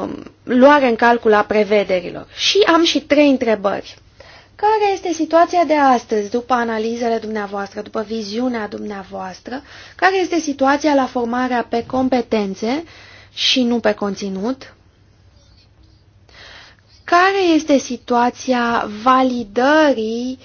uh, luare în calcul a prevederilor? Și am și trei întrebări. Care este situația de astăzi, după analizele dumneavoastră, după viziunea dumneavoastră? Care este situația la formarea pe competențe și nu pe conținut? Care este situația validării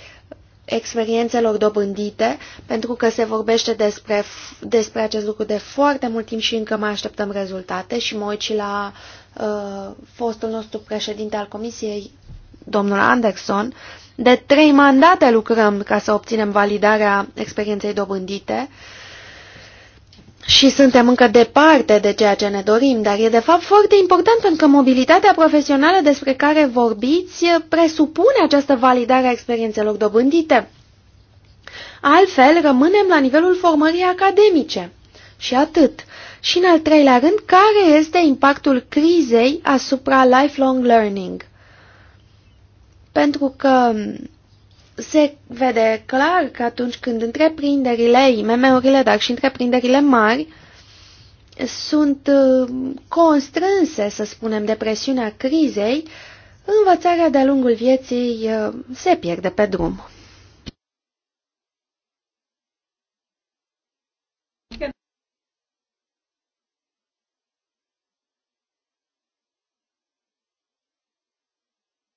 experiențelor dobândite, pentru că se vorbește despre, despre acest lucru de foarte mult timp și încă mai așteptăm rezultate și mă uit și la uh, fostul nostru președinte al comisiei, domnul Anderson, de trei mandate lucrăm ca să obținem validarea experienței dobândite uh, și suntem încă departe de ceea ce ne dorim, dar e de fapt foarte important pentru că mobilitatea profesională despre care vorbiți presupune această validare a experiențelor dobândite. Altfel, rămânem la nivelul formării academice. Și atât. Și în al treilea rând, care este impactul crizei asupra lifelong learning? Pentru că se vede clar că atunci când întreprinderile, IMM-urile, dar și întreprinderile mari, sunt uh, constrânse, să spunem, de presiunea crizei, învățarea de-a lungul vieții uh, se pierde pe drum.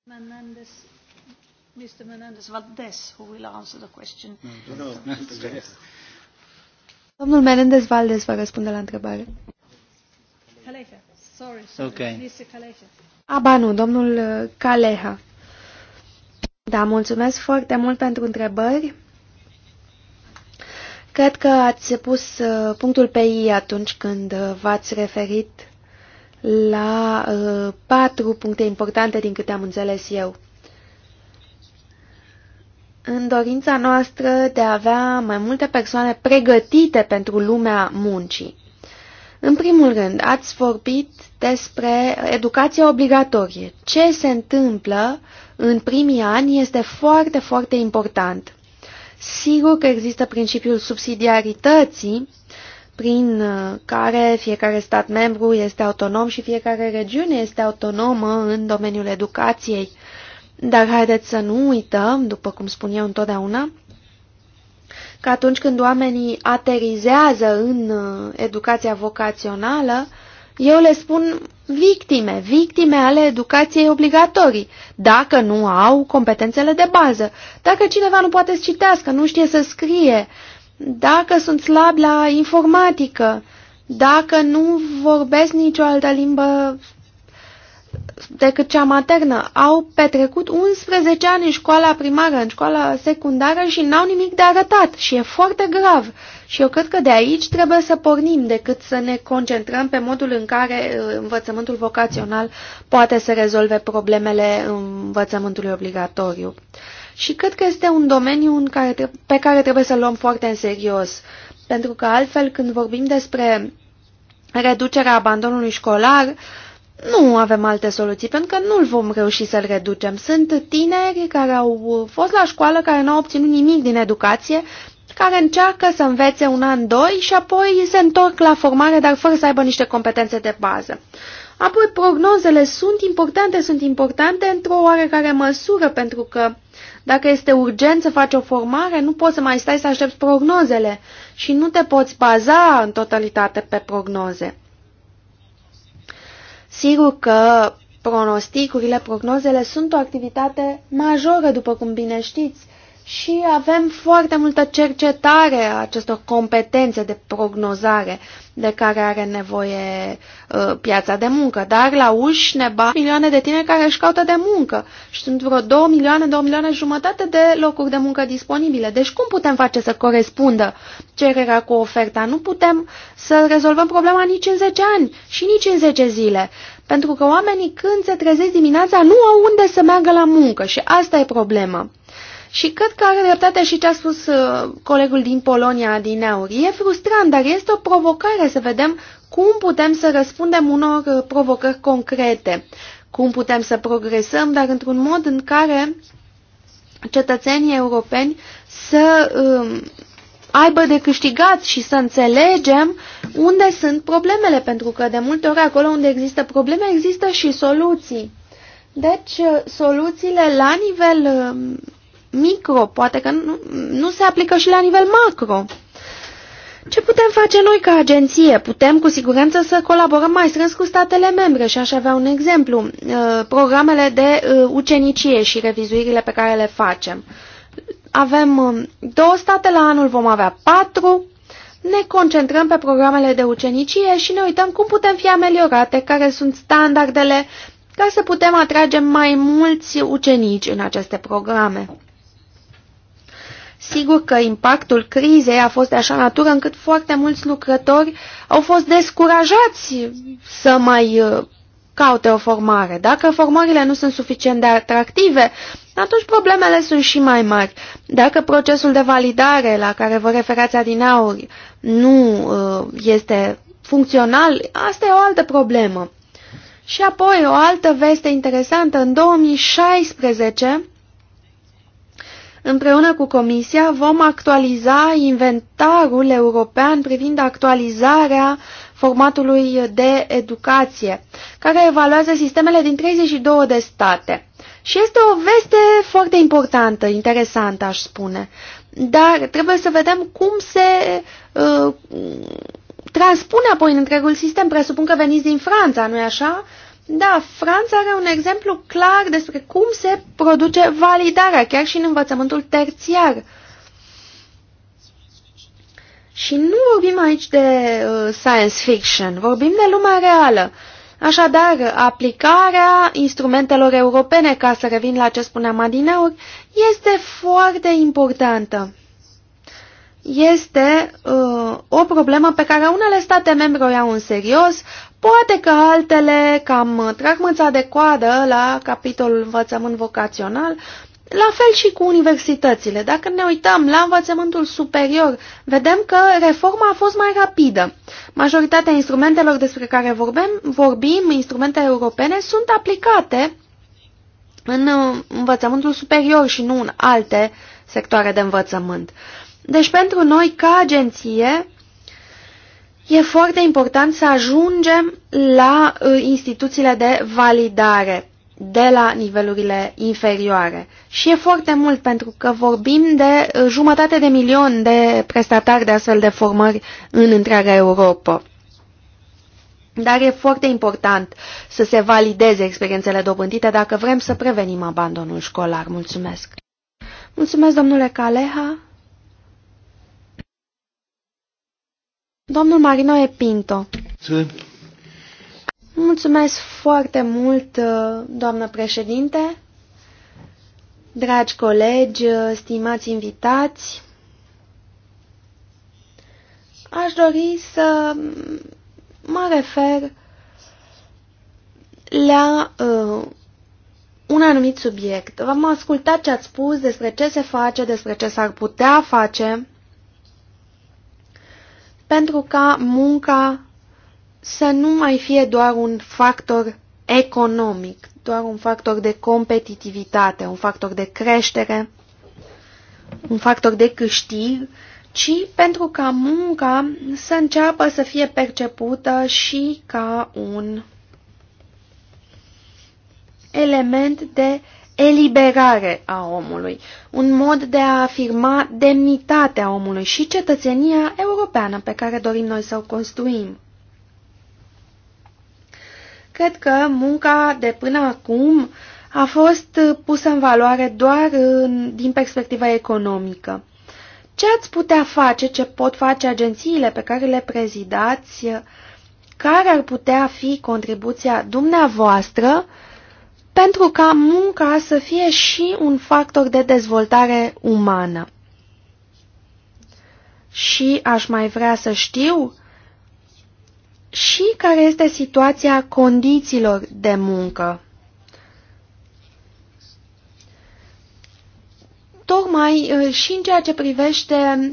Manandes Mr. Menendez Valdez, who will answer the question. No, no, Domnul Menendez Valdez va răspunde la întrebare. Caleja. Sorry, sorry. Okay. Mr. Caleja. A, ba nu, domnul uh, Caleha. Da, mulțumesc foarte mult pentru întrebări. Cred că ați pus uh, punctul pe I atunci când uh, v-ați referit la patru puncte importante din câte am înțeles eu în dorința noastră de a avea mai multe persoane pregătite pentru lumea muncii. În primul rând, ați vorbit despre educația obligatorie. Ce se întâmplă în primii ani este foarte, foarte important. Sigur că există principiul subsidiarității, prin uh, care fiecare stat membru este autonom și fiecare regiune este autonomă în domeniul educației. Dar haideți să nu uităm, după cum spun eu întotdeauna, că atunci când oamenii aterizează în uh, educația vocațională, eu le spun victime, victime ale educației obligatorii, dacă nu au competențele de bază, dacă cineva nu poate să citească, nu știe să scrie, dacă sunt slabi la informatică, dacă nu vorbesc nicio altă limbă decât cea maternă. Au petrecut 11 ani în școala primară, în școala secundară și n-au nimic de arătat și e foarte grav. Și eu cred că de aici trebuie să pornim decât să ne concentrăm pe modul în care uh, învățământul vocațional poate să rezolve problemele învățământului obligatoriu. Și cred că este un domeniu în care, pe care trebuie să l luăm foarte în serios, pentru că altfel când vorbim despre reducerea abandonului școlar, uh, nu avem alte soluții, pentru că nu-l vom reuși să-l reducem. Sunt tineri care au fost la școală, care nu au obținut nimic din educație, care încearcă să învețe un an, doi și apoi se întorc la formare, dar fără să aibă niște competențe de bază. Apoi, prognozele sunt importante, sunt importante într-o oarecare măsură, pentru că dacă este urgent să faci o formare, nu poți să mai stai să aștepți prognozele și nu te poți baza în totalitate pe prognoze. Sigur că pronosticurile, prognozele sunt o activitate majoră, după cum bine știți, și avem foarte multă cercetare a acestor competențe de prognozare de care are nevoie uh, piața de muncă. Dar la uși ne bat milioane de tineri care își caută de muncă și sunt vreo 2 milioane, 2 milioane jumătate de locuri de muncă disponibile. Deci cum putem face să corespundă cererea cu oferta? Nu putem să rezolvăm problema nici în 10 ani și nici în 10 zile. Pentru că oamenii când se trezesc dimineața nu au unde să meargă la muncă și asta e problema. Și cred că are dreptate și ce a spus uh, colegul din Polonia adineauri. E frustrant, dar este o provocare să vedem cum putem să răspundem unor uh, provocări concrete, cum putem să progresăm, dar într-un mod în care cetățenii europeni să um, aibă de câștigat și să înțelegem unde sunt problemele, pentru că de multe ori acolo unde există probleme există și soluții. Deci, uh, soluțiile la nivel um, micro, poate că nu, nu se aplică și la nivel macro. Ce putem face noi ca agenție? Putem cu siguranță să colaborăm mai strâns cu statele membre și aș avea un exemplu, uh, programele de uh, ucenicie și revizuirile pe care le facem. Avem uh, două state, la anul vom avea patru, ne concentrăm pe programele de ucenicie și ne uităm cum putem fi ameliorate, care sunt standardele, ca să putem atrage mai mulți ucenici în aceste programe. Sigur că impactul crizei a fost de așa natură încât foarte mulți lucrători au fost descurajați să mai uh, caute o formare. Dacă formările nu sunt suficient de atractive, atunci problemele sunt și mai mari. Dacă procesul de validare la care vă referați adineauri nu uh, este funcțional, asta e o altă problemă. Și apoi o altă veste interesantă, în 2016 Împreună cu Comisia vom actualiza inventarul european privind actualizarea formatului de educație, care evaluează sistemele din 32 de state. Și este o veste foarte importantă, interesantă, aș spune. Dar trebuie să vedem cum se uh, transpune apoi în întregul sistem. Presupun că veniți din Franța, nu-i așa? Da, Franța are un exemplu clar despre cum se produce validarea, chiar și în învățământul terțiar. Și nu vorbim aici de uh, science fiction, vorbim de lumea reală. Așadar, aplicarea instrumentelor europene, ca să revin la ce spuneam adineauri, este foarte importantă. Este uh, o problemă pe care unele state membre o iau în serios, Poate că altele cam trag mâța de coadă la capitolul învățământ vocațional, la fel și cu universitățile. Dacă ne uităm la învățământul superior, vedem că reforma a fost mai rapidă. Majoritatea instrumentelor despre care vorbim, vorbim instrumente europene, sunt aplicate în uh, învățământul superior și nu în alte sectoare de învățământ. Deci pentru noi, ca agenție, E foarte important să ajungem la uh, instituțiile de validare de la nivelurile inferioare. Și e foarte mult pentru că vorbim de uh, jumătate de milion de prestatari de astfel de formări în întreaga Europa. Dar e foarte important să se valideze experiențele dobândite dacă vrem să prevenim abandonul școlar. Mulțumesc! Mulțumesc, domnule Caleha! Domnul Marino Epinto. Mulțumesc foarte mult, uh, doamnă președinte, dragi colegi, uh, stimați invitați. Aș dori să mă refer la uh, un anumit subiect. V-am ascultat ce ați spus despre ce se face, despre ce s-ar putea face pentru ca munca să nu mai fie doar un factor economic, doar un factor de competitivitate, un factor de creștere, un factor de câștig, ci pentru ca munca să înceapă să fie percepută și ca un element de eliberare a omului, un mod de a afirma demnitatea omului și cetățenia europeană pe care dorim noi să o construim. Cred că munca de până acum a fost pusă în valoare doar în, din perspectiva economică. Ce ați putea face, ce pot face agențiile pe care le prezidați, care ar putea fi contribuția dumneavoastră uh, pentru ca munca să fie și un factor de dezvoltare umană. Și aș mai vrea să știu și care este situația condițiilor de muncă. Tocmai ă, și în ceea ce privește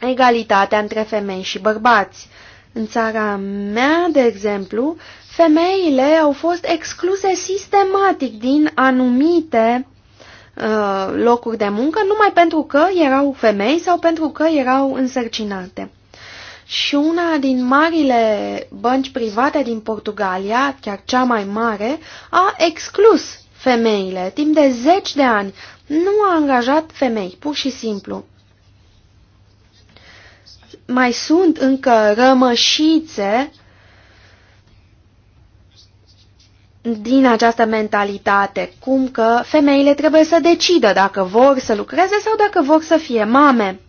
egalitatea între femei și bărbați. În țara mea, de exemplu, femeile au fost excluse sistematic din anumite uh, locuri de muncă numai pentru că erau femei sau pentru că erau însărcinate. Și una din marile bănci private din Portugalia, chiar cea mai mare, a exclus femeile timp de zeci de ani. Nu a angajat femei, pur și simplu. Mai sunt încă rămășițe din această mentalitate, cum că femeile trebuie să decidă dacă vor să lucreze sau dacă vor să fie mame.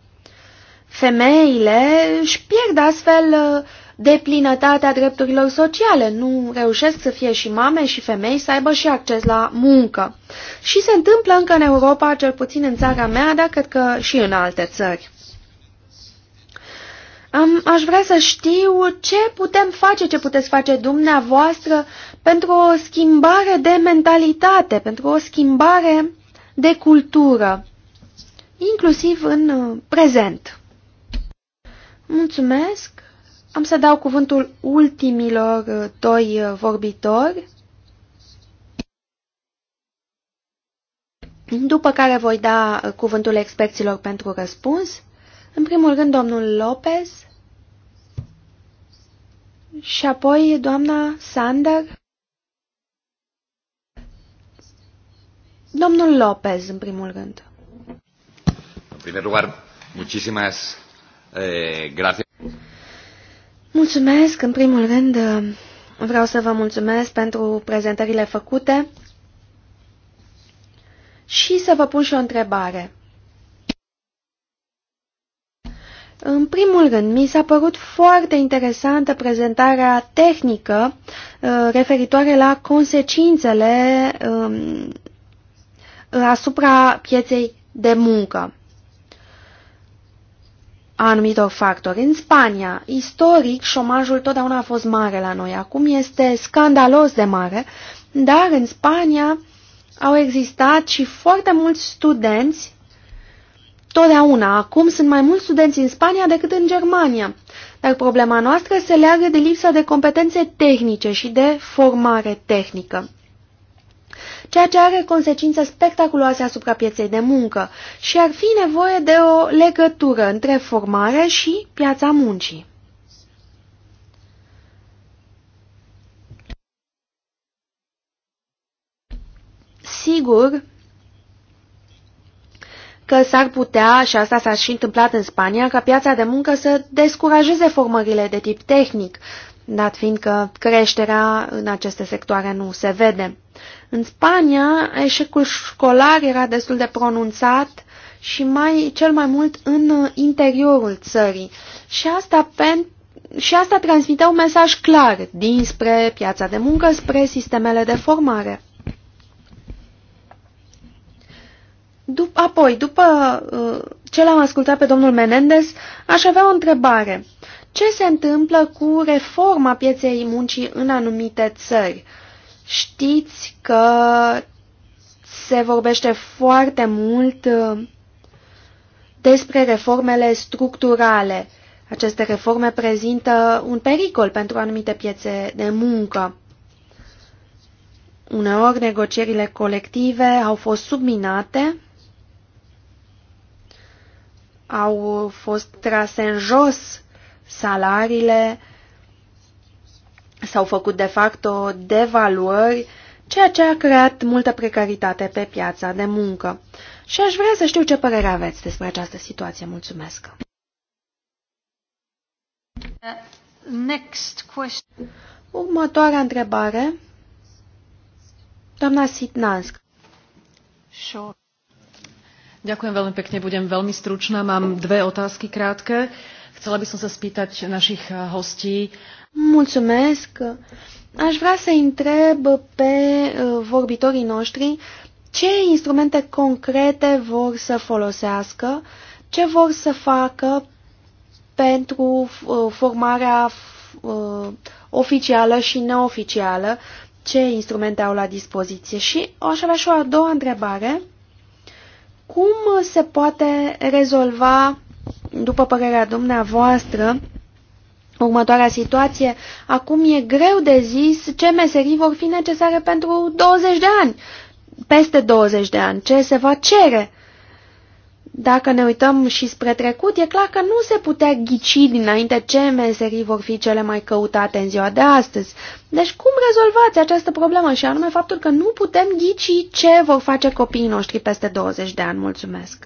Femeile își pierd astfel uh, deplinătatea drepturilor sociale, nu reușesc să fie și mame și femei să aibă și acces la muncă. Și se întâmplă încă în Europa, cel puțin în țara mea, dar cred că și în alte țări. Am, aș vrea să știu ce putem face, ce puteți face dumneavoastră pentru o schimbare de mentalitate, pentru o schimbare de cultură, inclusiv în uh, prezent. Mulțumesc! Am să dau cuvântul ultimilor uh, doi uh, vorbitori, după care voi da cuvântul experților pentru răspuns. În primul rând, domnul Lopez și apoi doamna Sander. Domnul Lopez, în primul rând. În primul lugar, muchísimas eh, gracias. Mulțumesc, în primul rând, eh, vreau să vă mulțumesc pentru prezentările făcute și să vă pun și o întrebare. În primul rând, mi s-a părut foarte interesantă prezentarea tehnică eh, referitoare la consecințele asupra pieței de muncă a anumitor factori. În Spania, istoric, șomajul totdeauna a fost mare la noi. Acum este scandalos de mare, dar în Spania au existat și foarte mulți studenți totdeauna. Acum sunt mai mulți studenți în Spania decât în Germania. Dar problema noastră se leagă de lipsa de competențe tehnice și de formare tehnică ceea ce are consecințe spectaculoase asupra pieței de muncă și ar fi nevoie de o legătură între formare și piața muncii. Sigur, că s-ar putea, și asta s-a și întâmplat în Spania, ca piața de muncă să descurajeze formările de tip tehnic, dat fiindcă creșterea în aceste sectoare nu se vede. În Spania, eșecul școlar era destul de pronunțat și mai, cel mai mult în interiorul țării. Și asta, pen, și asta transmitea un mesaj clar dinspre piața de muncă, spre sistemele de formare. Dup apoi, după uh, ce l-am ascultat pe domnul Menendez, aș avea o întrebare. Ce se întâmplă cu reforma pieței muncii în anumite țări? Uh, Știți că se vorbește foarte mult uh, despre reformele structurale. Aceste reforme prezintă un pericol pentru anumite piețe de muncă. Uneori negocierile colective au fost subminate, au fost trase în jos salariile, S-au făcut de facto devaluări, ceea ce a creat multă precaritate pe piața de muncă. Și aș vrea să știu ce părere aveți despre această situație. Mulțumesc! Next question. Următoarea întrebare. Doamna Sitnansk. Sure. Ďakujem veľmi pekne, budem veľmi stručná. Mám dve otázky krátke. Chcela by som sa spýtať našich hostí, Mulțumesc! Aș vrea să întreb pe uh, vorbitorii noștri ce instrumente concrete vor să folosească, ce vor să facă pentru uh, formarea uh, oficială și neoficială, ce instrumente au la dispoziție. Și aș avea și o a doua întrebare. Cum se poate rezolva, după părerea dumneavoastră, Următoarea situație, acum e greu de zis ce meserii vor fi necesare pentru 20 de ani, peste 20 de ani, ce se va cere. Dacă ne uităm și spre trecut, e clar că nu se putea ghici dinainte ce meserii vor fi cele mai căutate în ziua de astăzi. Deci cum rezolvați această problemă și anume faptul că nu putem ghici ce vor face copiii noștri peste 20 de ani? Mulțumesc!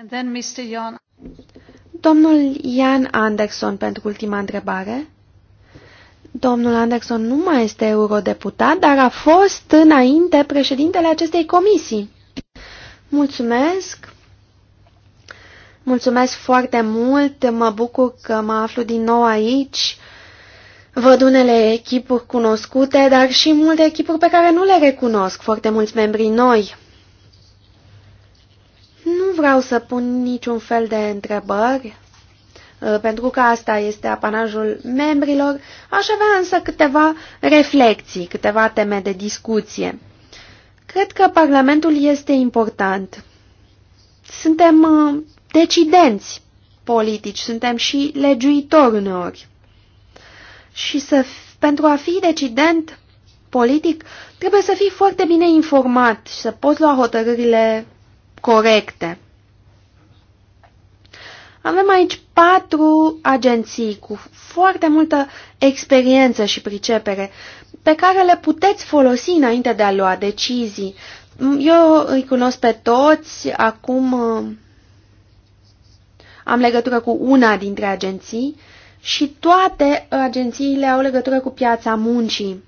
And then Mr. Domnul Ian Anderson pentru ultima întrebare. Domnul Anderson nu mai este eurodeputat, dar a fost înainte președintele acestei comisii. Mulțumesc! Mulțumesc foarte mult, mă bucur că mă aflu din nou aici. Văd unele echipuri cunoscute, dar și multe echipuri pe care nu le recunosc, foarte mulți membri noi. Nu vreau să pun niciun fel de întrebări, uh, pentru că asta este apanajul membrilor, aș avea însă câteva reflexii, câteva teme de discuție. Cred că Parlamentul este important. Suntem uh, decidenți politici, suntem și legiuitori uneori. Și să, pentru a fi decident politic, trebuie să fii foarte bine informat și să poți lua hotărârile corecte. Avem aici patru agenții cu foarte multă experiență și pricepere pe care le puteți folosi înainte de a lua decizii. Eu îi cunosc pe toți, acum uh, am legătură cu una dintre agenții și toate agențiile au legătură cu piața muncii.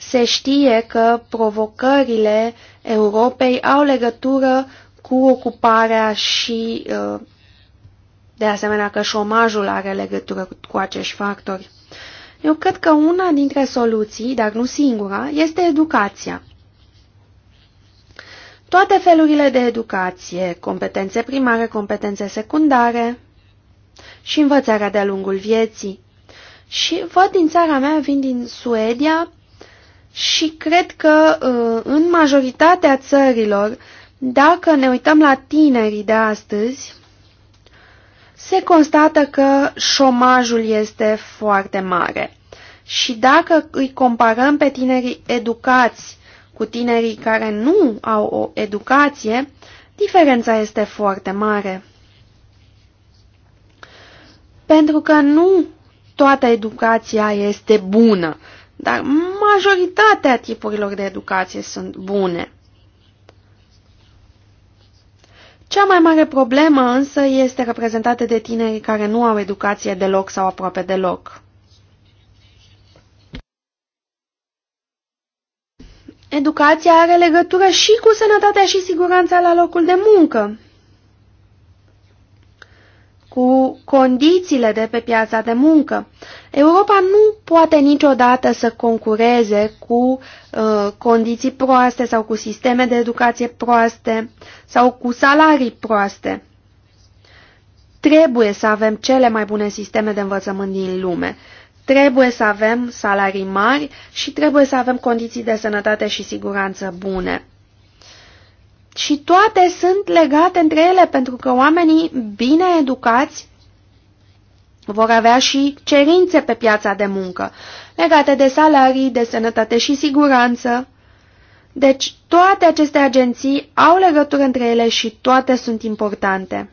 Se știe că provocările Europei au legătură cu ocuparea și, uh, de asemenea, că șomajul are legătură cu acești factori. Eu cred că una dintre soluții, dar nu singura, este educația. Toate felurile de educație, competențe primare, competențe secundare și învățarea de-a lungul vieții. Și văd din țara mea, vin din Suedia, și cred că uh, în majoritatea țărilor, dacă ne uităm la tinerii de astăzi, se constată că șomajul este foarte mare. Și dacă îi comparăm pe tinerii educați cu tinerii care nu au o educație, diferența este foarte mare. Pentru că nu toată educația este bună dar majoritatea tipurilor de educație sunt bune. Cea mai mare problemă însă este reprezentată de tinerii care nu au educație deloc sau aproape deloc. Educația are legătură și cu sănătatea și siguranța la locul de muncă cu condițiile de pe piața de muncă. Europa nu poate niciodată să concureze cu uh, condiții proaste sau cu sisteme de educație proaste sau cu salarii proaste. Trebuie să avem cele mai bune sisteme de învățământ din lume. Trebuie să avem salarii mari și trebuie să avem condiții de sănătate și siguranță bune. Și toate sunt legate între ele, pentru că oamenii bine educați vor avea și cerințe pe piața de muncă, legate de salarii, de sănătate și siguranță. Deci, toate aceste agenții au legătură între ele și toate sunt importante.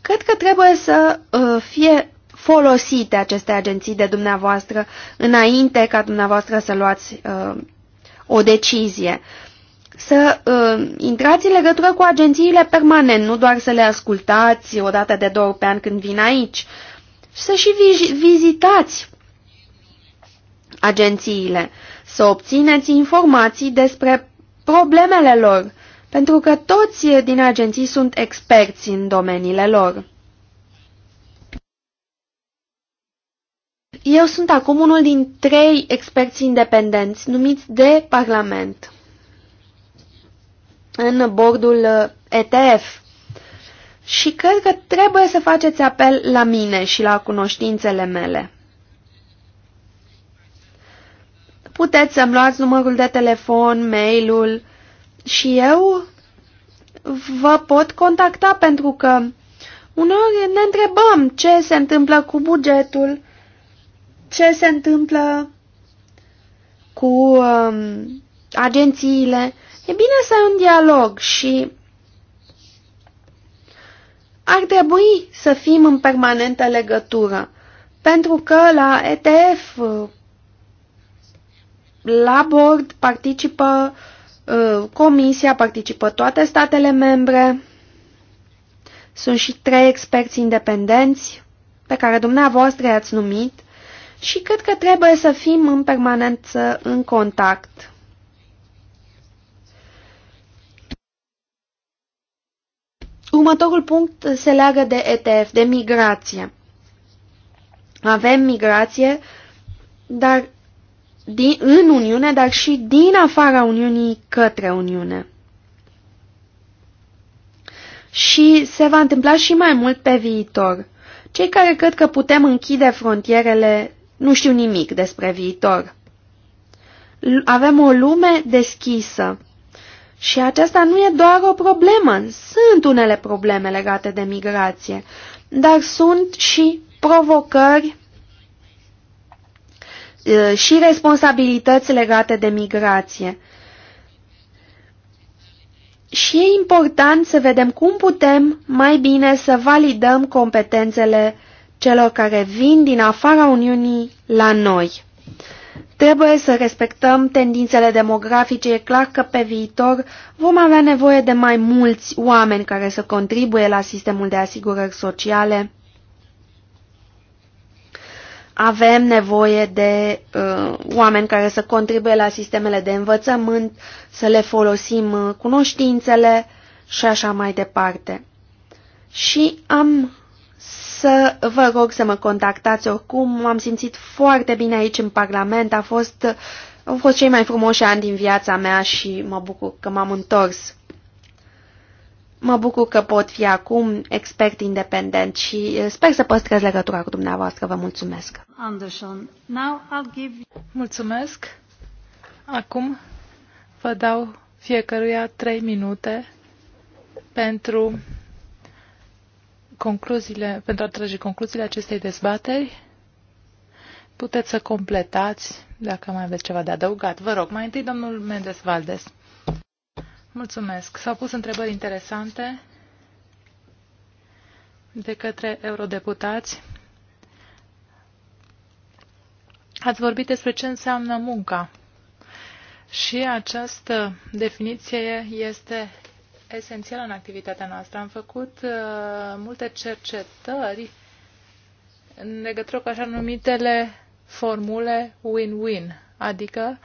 Cred că trebuie să uh, fie folosite aceste agenții de dumneavoastră înainte ca dumneavoastră să luați uh, o decizie. Uh, să uh, intrați în legătură cu agențiile permanent, nu doar să le ascultați o dată de două ori pe an când vin aici, să și vizitați agențiile, să obțineți informații despre problemele lor, pentru că toți din agenții sunt experți în domeniile lor. Eu sunt acum unul din trei experți independenți numiți de Parlament în bordul uh, ETF. Și cred că trebuie să faceți apel la mine și la cunoștințele mele. Puteți să-mi luați numărul de telefon, mail-ul și eu vă pot contacta pentru că uneori ne întrebăm ce se întâmplă cu bugetul, ce se întâmplă cu um, agențiile E bine să ai un dialog și ar trebui să fim în permanentă legătură, pentru că la ETF, la board, participă uh, comisia, participă toate statele membre, sunt și trei experți independenți pe care dumneavoastră i-ați numit și cred că trebuie să fim în permanență în contact. Următorul punct se leagă de ETF, de migrație. Avem migrație dar din, în Uniune, dar și din afara Uniunii către Uniune. Și se va întâmpla și mai mult pe viitor. Cei care cred că putem închide frontierele nu știu nimic despre viitor. Avem o lume deschisă și aceasta nu e doar o problemă, sunt unele probleme legate de migrație, dar sunt și provocări uh, și responsabilități legate de migrație. Și e important să vedem cum putem mai bine să validăm competențele celor care vin din afara Uniunii la noi. Trebuie să respectăm tendințele demografice. E clar că pe viitor vom avea nevoie de mai mulți oameni care să contribuie la sistemul de asigurări sociale. Avem nevoie de uh, oameni care să contribuie la sistemele de învățământ, să le folosim uh, cunoștințele și așa mai departe. Și am Însă vă rog să mă contactați oricum, m-am simțit foarte bine aici în Parlament, a fost, au fost cei mai frumoși ani din viața mea și mă bucur că m-am întors. Mă bucur că pot fi acum expert independent și eh, sper să păstrez legătura cu dumneavoastră. Vă mulțumesc. Anderson, now I'll give you... Mulțumesc. Acum vă dau fiecăruia trei minute pentru concluziile, pentru a trage concluziile acestei dezbateri, puteți să completați dacă mai aveți ceva de adăugat. Vă rog, mai întâi domnul Mendes Valdes. Mulțumesc. S-au pus întrebări interesante de către eurodeputați. Ați vorbit despre ce înseamnă munca. Și această definiție este esențială în activitatea noastră. Am făcut uh, multe cercetări în legătură cu așa numitele formule win-win, adică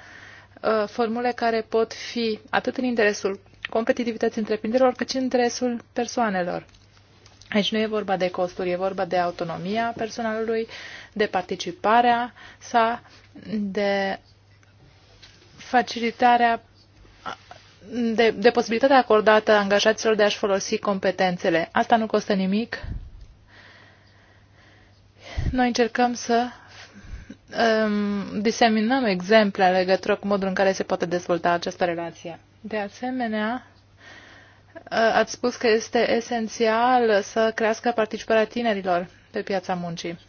uh, formule care pot fi atât în interesul competitivității întreprinderilor, cât și în interesul persoanelor. Aici nu e vorba de costuri, e vorba de autonomia personalului, de participarea sa, de facilitarea de, de posibilitatea acordată angajaților de a-și folosi competențele. Asta nu costă nimic. Noi încercăm să um, diseminăm exemple în legătură cu modul în care se poate dezvolta această relație. De asemenea, uh, ați spus că este esențial să crească participarea tinerilor pe piața muncii.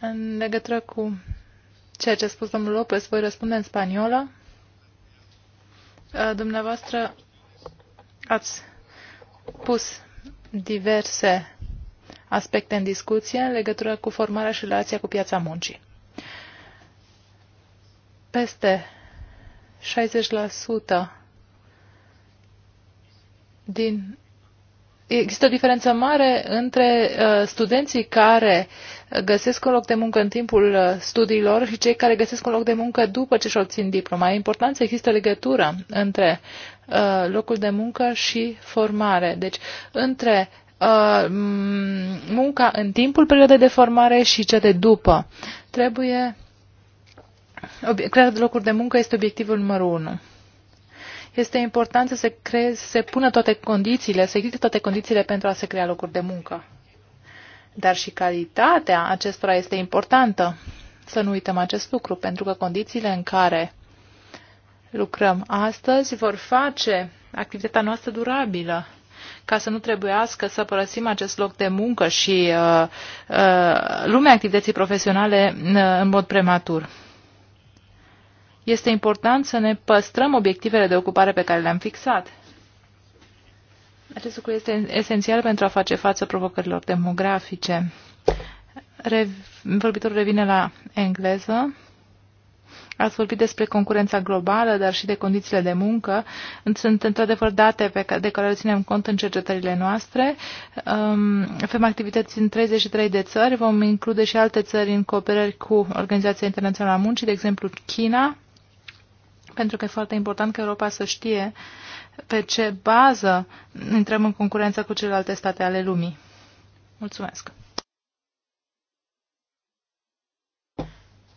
În legătură cu ceea ce a spus domnul Lopez, voi răspunde în spaniolă. Eh, dumneavoastră ați pus diverse aspecte în discuție în legătură cu formarea și relația cu piața muncii. Peste 60% din Există o diferență mare între uh, studenții care găsesc un loc de muncă în timpul uh, studiilor și cei care găsesc un loc de muncă după ce și obțin diploma. E important să există legătură între uh, locul de muncă și formare. Deci, între uh, munca în timpul perioadei de formare și cea de după. Trebuie. Crearea de locuri de muncă este obiectivul numărul 1. Este important să se, cree, să se pună toate condițiile, să existe toate condițiile pentru a se crea locuri de muncă. Dar și calitatea acestora este importantă. Să nu uităm acest lucru, pentru că condițiile în care lucrăm astăzi vor face activitatea noastră durabilă ca să nu trebuiască să părăsim acest loc de muncă și uh, uh, lumea activității profesionale uh, în mod prematur este important să ne păstrăm obiectivele de ocupare pe care le-am fixat. Acest lucru este esențial pentru a face față provocărilor demografice. Re... Vorbitorul revine la engleză. Ați vorbit despre concurența globală, dar și de condițiile de muncă. Sunt într-adevăr date pe care, de care le ținem cont în cercetările noastre. Um, avem activități în 33 de țări, vom include și alte țări în cooperări cu Organizația Internațională a Muncii, de exemplu China pentru că e foarte important că Europa să știe pe ce bază intrăm în concurență cu celelalte state ale lumii. Mulțumesc!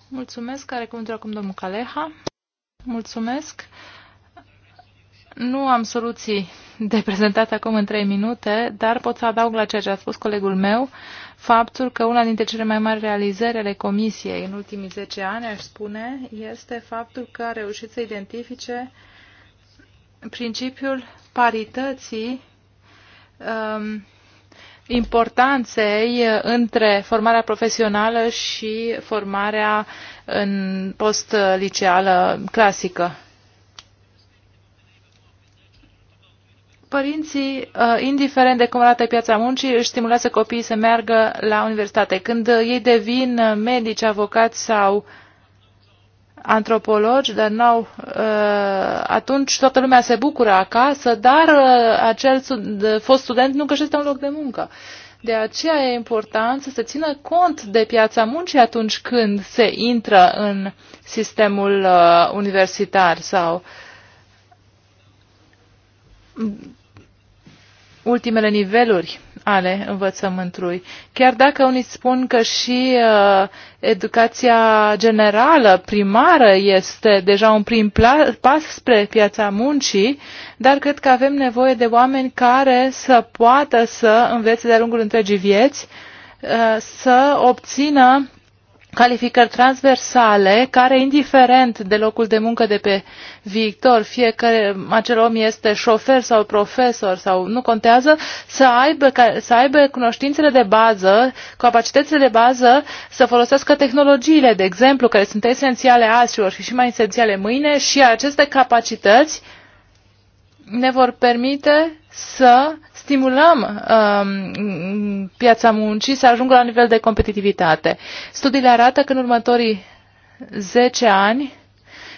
Mulțumesc, care cuvântul acum domnul Caleha. Mulțumesc. Nu am soluții de prezentat acum în trei minute, dar pot să adaug la ceea ce a spus colegul meu faptul că una dintre cele mai mari realizări ale Comisiei în ultimii 10 ani, aș spune, este faptul că a reușit să identifice principiul parității um, importanței uh, între formarea profesională și formarea în post liceală clasică. Părinții, uh, indiferent de cum arată piața muncii, își stimulează copiii să meargă la universitate. Când uh, ei devin uh, medici, avocați sau antropologi, dar nu uh, atunci toată lumea se bucură acasă, dar acel fost student nu găsește un loc de muncă. De aceea e important să se țină cont de piața muncii atunci când se intră în sistemul universitar sau ultimele niveluri ale învățământului. Chiar dacă unii spun că și uh, educația generală, primară, este deja un prim pas spre piața muncii, dar cred că avem nevoie de oameni care să poată să învețe de-a lungul întregii vieți, uh, să obțină calificări transversale care, indiferent de locul de muncă de pe viitor, fie că acel om este șofer sau profesor sau nu contează, să aibă, să aibă cunoștințele de bază, capacitățile de bază, să folosească tehnologiile, de exemplu, care sunt esențiale azi și vor fi și mai esențiale mâine și aceste capacități ne vor permite să stimulăm um, piața muncii să ajungă la nivel de competitivitate. Studiile arată că în următorii 10 ani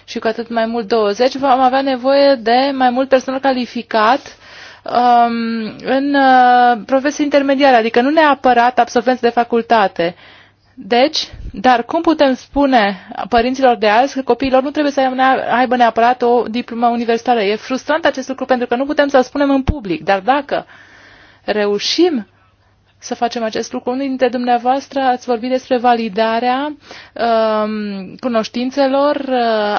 și cu atât mai mult 20 vom avea nevoie de mai mult personal calificat um, în uh, profesii intermediare, adică nu neapărat absolvenți de facultate. Uh, deci, dar cum putem spune părinților de azi că copiilor nu trebuie să aibă neapărat o diplomă universitară? E frustrant acest lucru pentru că nu putem să-l spunem în public. Dar dacă reușim să facem acest lucru. Unii dintre dumneavoastră ați vorbit despre validarea um, cunoștințelor uh,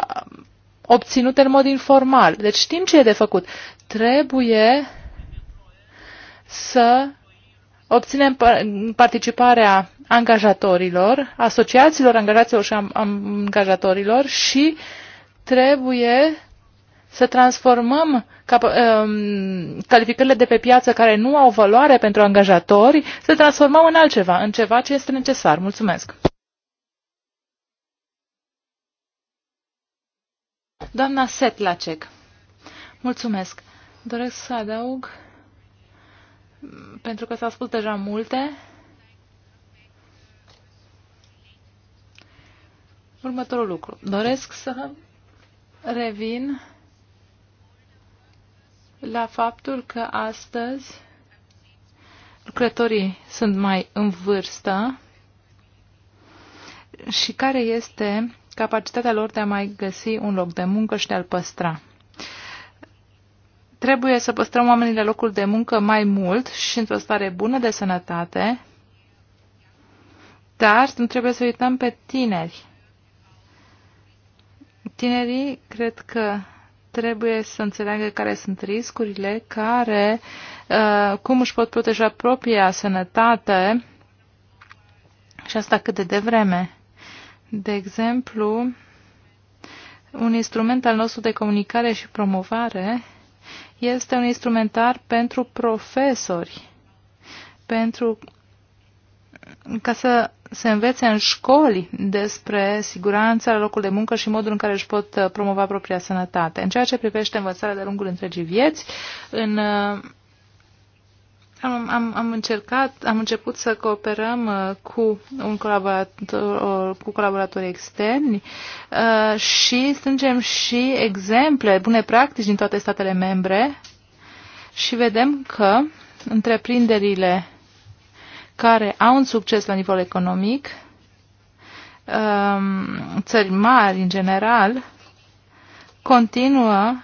obținute în mod informal. Deci știm ce e de făcut. Trebuie să obținem participarea angajatorilor, asociațiilor angajaților și angajatorilor și trebuie să transformăm um, calificările de pe piață care nu au valoare pentru angajatori, să transformăm în altceva, în ceva ce este necesar. Mulțumesc! Doamna Setlacek, mulțumesc! Doresc să adaug pentru că s a spus deja multe. Următorul lucru. Doresc să revin la faptul că astăzi lucrătorii sunt mai în vârstă și care este capacitatea lor de a mai găsi un loc de muncă și de a-l păstra. Trebuie să păstrăm oamenii la locul de muncă mai mult și într-o stare bună de sănătate, dar nu trebuie să uităm pe tineri. Tinerii cred că trebuie să înțeleagă care sunt riscurile, care, uh, cum își pot proteja propria sănătate și asta cât de devreme. De exemplu, un instrument al nostru de comunicare și promovare este un instrumentar pentru profesori, pentru ca să se învețe în școli despre siguranța locul de muncă și modul în care își pot uh, promova propria sănătate. În ceea ce privește învățarea de lungul întregii vieți, în uh, am, am, am încercat, am început să cooperăm uh, cu un colaborator, cu colaboratori externi uh, și strângem și exemple, bune practici din toate statele membre și vedem că întreprinderile care au un succes la nivel economic, um, țări mari în general, continuă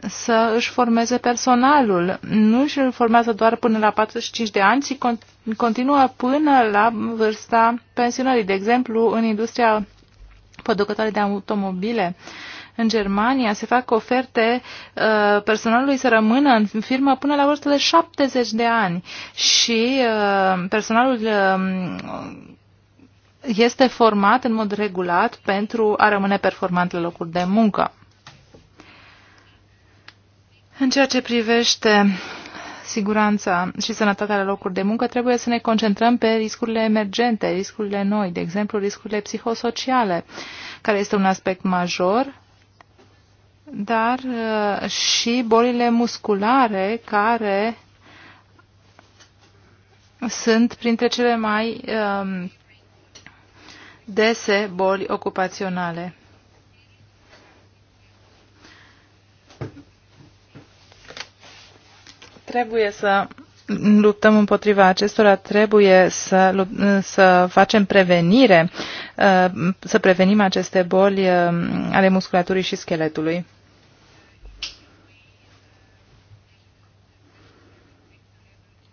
să își formeze personalul. Nu își îl formează doar până la 45 de ani, ci continuă până la vârsta pensionării. De exemplu, în industria producătoare de automobile, în Germania se fac oferte uh, personalului să rămână în firmă până la vârsta de 70 de ani și uh, personalul uh, este format în mod regulat pentru a rămâne performant la locuri de muncă. În ceea ce privește siguranța și sănătatea la locuri de muncă, trebuie să ne concentrăm pe riscurile emergente, riscurile noi, de exemplu riscurile psihosociale, care este un aspect major, dar uh, și bolile musculare care sunt printre cele mai um, dese boli ocupaționale. Trebuie să luptăm împotriva acestora, trebuie să, să facem prevenire, uh, să prevenim aceste boli uh, ale musculaturii și scheletului.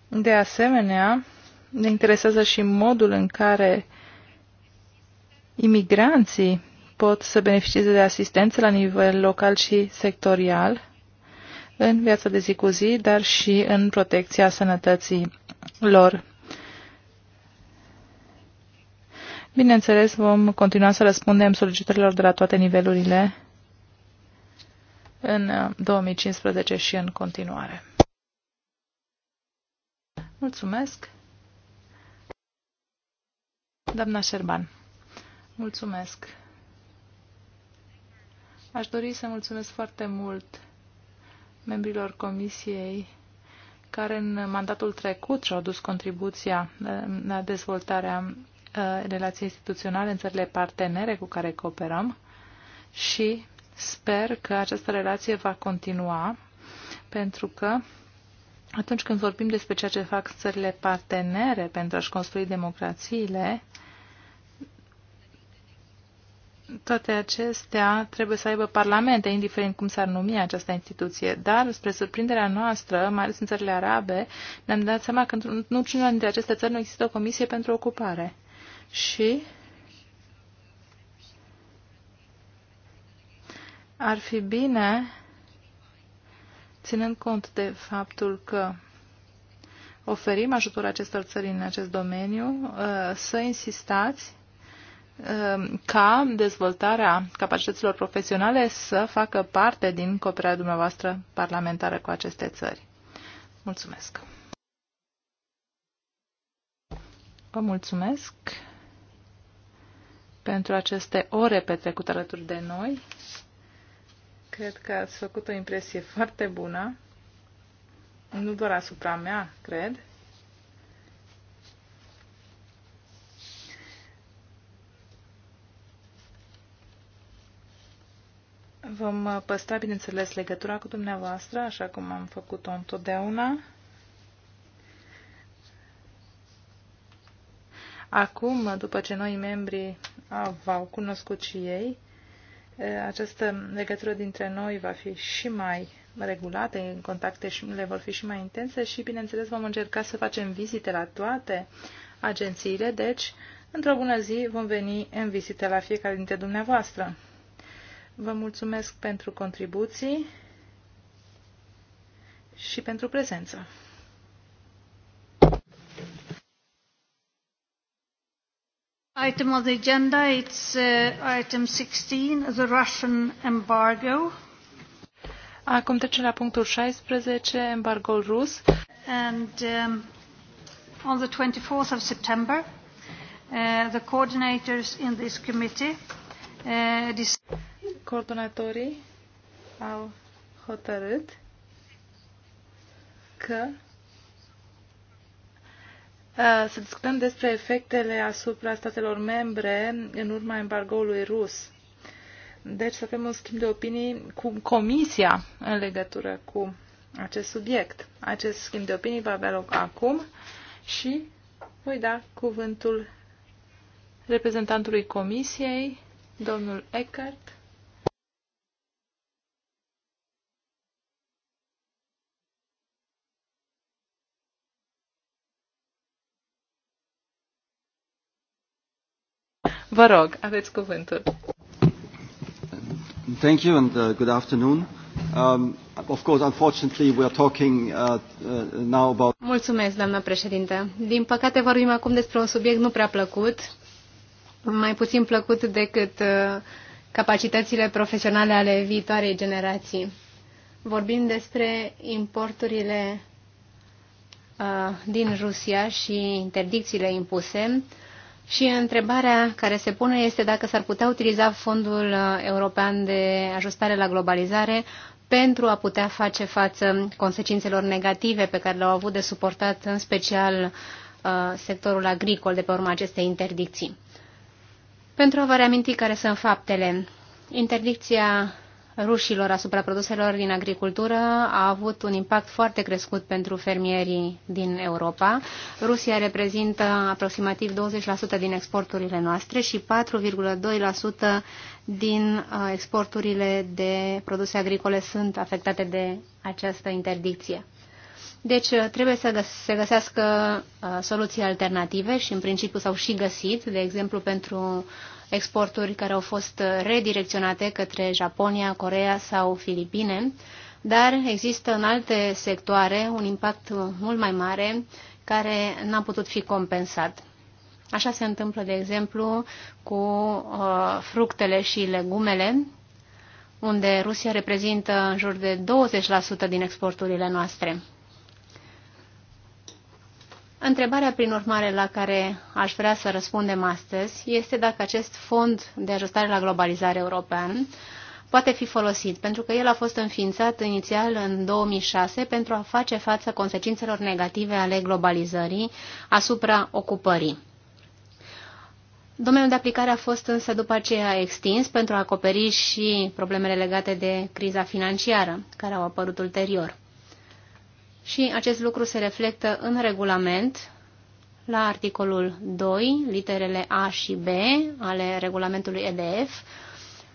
De asemenea, ne interesează și modul în care imigranții pot să beneficieze de asistență la nivel local și sectorial în viața de zi cu zi, dar și în protecția sănătății lor. Bineînțeles, vom continua să răspundem solicitărilor de la toate nivelurile în 2015 uh, și în continuare. Mulțumesc. Doamna Șerban, mulțumesc. Aș dori să mulțumesc foarte mult membrilor comisiei care în mandatul trecut și-au dus contribuția uh, la dezvoltarea uh, relației instituționale în țările partenere cu care cooperăm și sper că această relație va continua pentru că atunci când vorbim despre ceea ce fac țările partenere pentru a-și construi democrațiile, toate acestea trebuie să aibă parlamente, indiferent cum s-ar numi această instituție. Dar, spre surprinderea noastră, mai ales în țările arabe, ne-am dat seama că nu niciuna dintre aceste țări nu există o comisie pentru ocupare. Și ar fi bine, ținând cont de faptul că oferim ajutor acestor țări în acest domeniu, uh, să insistați Um, ca dezvoltarea capacităților profesionale să facă parte din cooperarea dumneavoastră parlamentară cu aceste țări. Mulțumesc! Vă mulțumesc pentru aceste ore petrecute alături de noi. Cred că ați făcut o impresie foarte bună, nu doar asupra mea, cred, Vom uh, păstra, bineînțeles, legătura cu dumneavoastră, așa cum am făcut-o întotdeauna. Acum, după ce noi membrii v-au cunoscut și ei, uh, această legătură dintre noi va fi și mai regulată, în contacte și le vor fi și mai intense și, bineînțeles, vom încerca să facem vizite la toate agențiile, deci, într-o bună zi, vom veni în vizite la fiecare dintre dumneavoastră. Vă mulțumesc pentru contribuții și pentru prezență. Item of the agenda, it's uh, item 16, the Russian embargo. Acum trecem la punctul 16, embargoul rus. And um, on the 24th of September, uh, the coordinators in this committee uh, decided coordonatorii au hotărât că uh, să discutăm despre efectele asupra statelor membre în urma embargoului rus. Deci să avem un schimb de opinii cu Comisia în legătură cu acest subiect. Acest schimb de opinii va avea loc acum și voi da cuvântul reprezentantului Comisiei, domnul Eckert. Vă rog, aveți cuvântul. Thank you and uh, good afternoon. Um, of course, unfortunately, we are talking uh, uh, now about. Mulțumesc, doamnă președinte. Din păcate, vorbim acum despre un subiect nu prea plăcut, mai puțin plăcut decât uh, capacitățile profesionale ale viitoarei generații. Vorbim despre importurile uh, din Rusia și interdicțiile impuse. Uh, și întrebarea care se pune este dacă s-ar putea utiliza Fondul uh, European de Ajustare la Globalizare pentru a putea face față consecințelor negative pe care le-au avut de suportat în special uh, sectorul agricol de pe urma acestei interdicții. Pentru a vă reaminti care sunt faptele, interdicția rușilor asupra produselor din agricultură a avut un impact foarte crescut pentru fermierii din Europa. Rusia reprezintă aproximativ 20% din exporturile noastre și 4,2% din uh, exporturile de produse agricole sunt afectate de această interdicție. Deci uh, trebuie să se găsească uh, soluții alternative și în principiu s-au și găsit, de exemplu pentru uh, exporturi care au fost redirecționate către Japonia, Corea sau Filipine, dar există în alte sectoare un impact mult mai mare care n-a putut fi compensat. Așa se întâmplă, de exemplu, cu uh, fructele și legumele, unde Rusia reprezintă în jur de 20% din exporturile noastre. Întrebarea, prin urmare, la care aș vrea să răspundem astăzi este dacă acest fond de ajustare la globalizare european poate fi folosit, pentru că el a fost înființat inițial în 2006 pentru a face față consecințelor negative ale globalizării asupra ocupării. Domeniul de aplicare a fost însă după aceea extins pentru a acoperi și problemele legate de criza financiară, care au apărut ulterior și acest lucru se reflectă în regulament la articolul 2, literele A și B ale regulamentului EDF,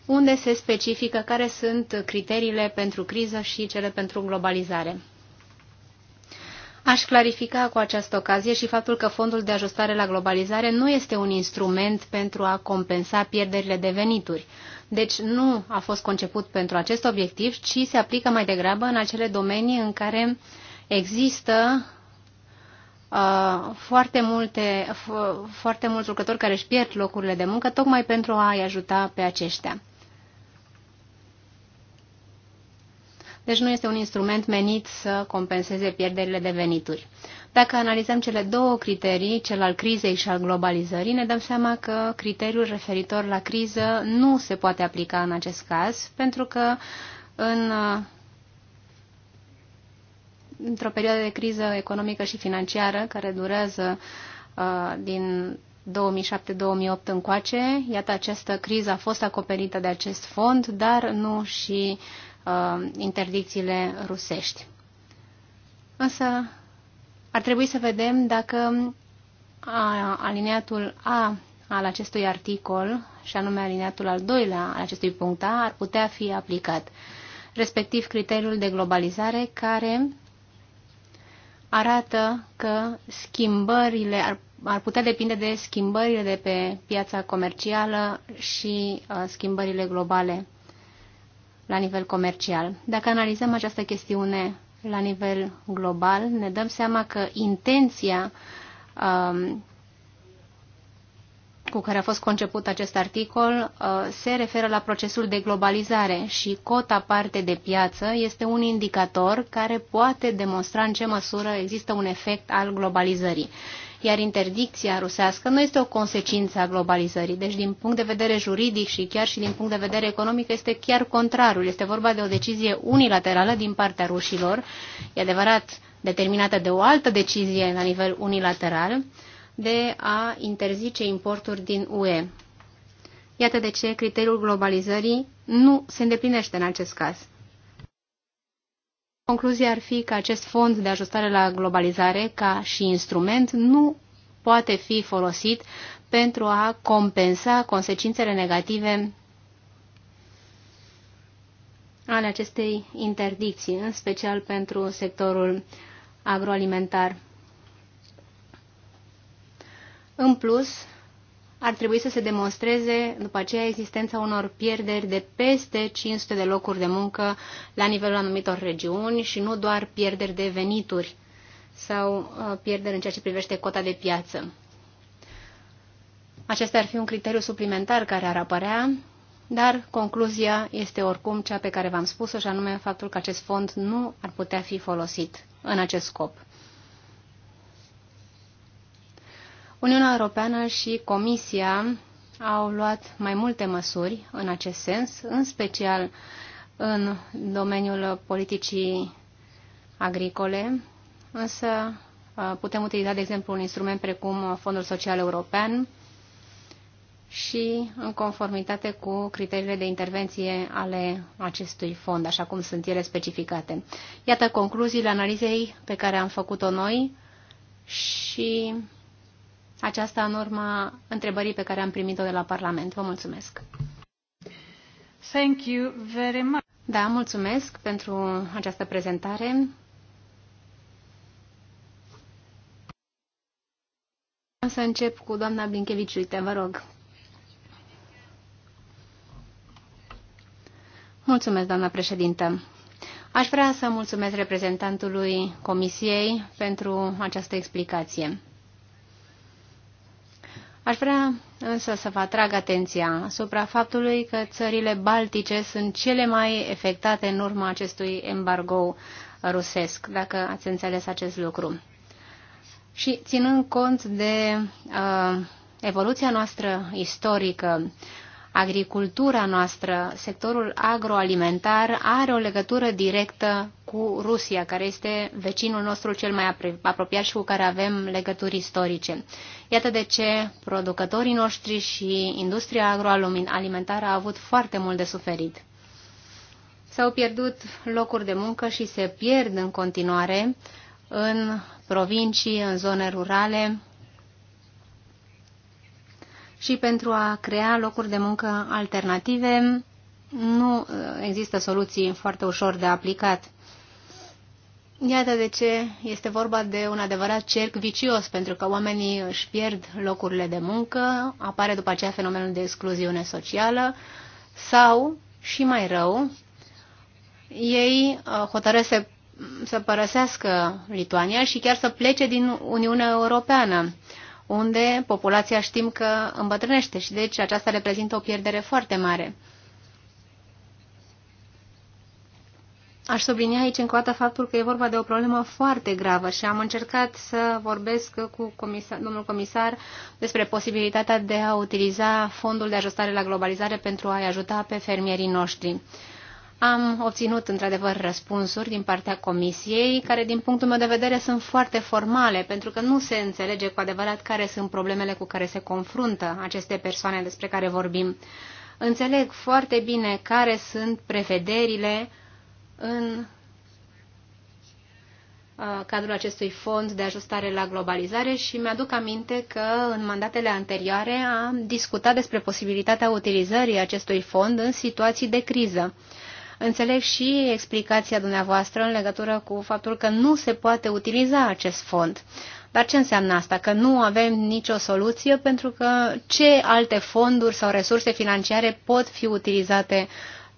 unde se specifică care sunt criteriile pentru criză și cele pentru globalizare. Aș clarifica cu această ocazie și faptul că fondul de ajustare la globalizare nu este un instrument pentru a compensa pierderile de venituri. Deci nu a fost conceput pentru acest obiectiv, ci se aplică mai degrabă în acele domenii în care uh, există uh, foarte, multe, foarte mulți lucrători care își pierd locurile de muncă tocmai pentru a-i ajuta pe aceștia. Deci nu este un instrument menit să compenseze pierderile de venituri. Dacă analizăm cele două criterii, cel al crizei și al globalizării, ne dăm seama că criteriul referitor la criză nu se poate aplica în acest caz, pentru că în uh, într-o perioadă de criză economică și financiară care durează uh, din 2007-2008 încoace. Iată, această criză a fost acoperită de acest fond, dar nu și uh, interdicțiile rusești. Însă ar trebui să vedem dacă a, aliniatul A al acestui articol, și anume aliniatul al doilea al acestui punct A, ar putea fi aplicat, respectiv criteriul de globalizare care arată că schimbările ar, ar putea depinde de schimbările de pe piața comercială și uh, schimbările globale la nivel comercial. Dacă analizăm această chestiune la nivel global, ne dăm seama că intenția uh, cu care a fost conceput acest articol uh, se referă la procesul de globalizare și cota parte de piață este un indicator care poate demonstra în ce măsură există un efect al globalizării. Iar interdicția rusească nu este o consecință a globalizării. Deci, din punct de vedere juridic și chiar și din punct de vedere economic, este chiar contrarul. Este vorba de o decizie unilaterală din partea rușilor, e adevărat determinată de o altă decizie la nivel unilateral, de a interzice importuri din UE. Iată de ce criteriul globalizării nu se îndeplinește în acest caz. Concluzia ar fi că acest fond de ajustare la globalizare, ca și instrument, nu poate fi folosit pentru a compensa consecințele negative ale acestei interdicții, în special pentru sectorul agroalimentar. În plus, ar trebui să se demonstreze după aceea existența unor pierderi de peste 500 de locuri de muncă la nivelul anumitor regiuni și nu doar pierderi de venituri sau uh, pierderi în ceea ce privește cota de piață. Acesta ar fi un criteriu suplimentar care ar apărea, dar concluzia este oricum cea pe care v-am spus-o, și anume faptul că acest fond nu ar putea fi folosit în acest scop. Uniunea Europeană și Comisia au luat mai multe măsuri în acest sens, în special în domeniul politicii agricole, însă uh, putem utiliza, de exemplu, un instrument precum Fondul Social European și în conformitate cu criteriile de intervenție ale acestui fond, așa cum sunt ele specificate. Iată concluziile analizei pe care am făcut-o noi și aceasta în urma întrebării pe care am primit-o de la Parlament. Vă mulțumesc. Thank you very much. Da, mulțumesc pentru această prezentare. Am să încep cu doamna Blinkeviciu-te, vă rog. Mulțumesc, doamna președintă. Aș vrea să mulțumesc reprezentantului Comisiei pentru această explicație. Aș vrea însă să vă atrag atenția asupra faptului că țările baltice sunt cele mai efectate în urma acestui embargo rusesc, dacă ați înțeles acest lucru. Și ținând cont de uh, evoluția noastră istorică, agricultura noastră, sectorul agroalimentar, are o legătură directă cu Rusia, care este vecinul nostru cel mai apropiat și cu care avem legături istorice. Iată de ce producătorii noștri și industria agroalimentară a avut foarte mult de suferit. S-au pierdut locuri de muncă și se pierd în continuare în provincii, în zone rurale, și pentru a crea locuri de muncă alternative nu uh, există soluții foarte ușor de aplicat. Iată de ce este vorba de un adevărat cerc vicios, pentru că oamenii își pierd locurile de muncă, apare după aceea fenomenul de excluziune socială sau, și mai rău, ei uh, hotărăsc să, să părăsească Lituania și chiar să plece din Uniunea Europeană unde populația știm că îmbătrânește și deci aceasta reprezintă o pierdere foarte mare. Aș sublinia aici încă o dată faptul că e vorba de o problemă foarte gravă și am încercat să vorbesc cu comisar, domnul comisar despre posibilitatea de a utiliza fondul de ajustare la globalizare pentru a-i ajuta pe fermierii noștri. Am obținut într-adevăr răspunsuri din partea comisiei, care din punctul meu de vedere sunt foarte formale, pentru că nu se înțelege cu adevărat care sunt problemele cu care se confruntă aceste persoane despre care vorbim. Înțeleg foarte bine care sunt prevederile în uh, cadrul acestui fond de ajustare la globalizare și mi-aduc aminte că în mandatele anterioare am discutat despre posibilitatea utilizării acestui fond în situații de criză. Înțeleg și explicația dumneavoastră în legătură cu faptul că nu se poate utiliza acest fond. Dar ce înseamnă asta? Că nu avem nicio soluție pentru că ce alte fonduri sau resurse financiare pot fi utilizate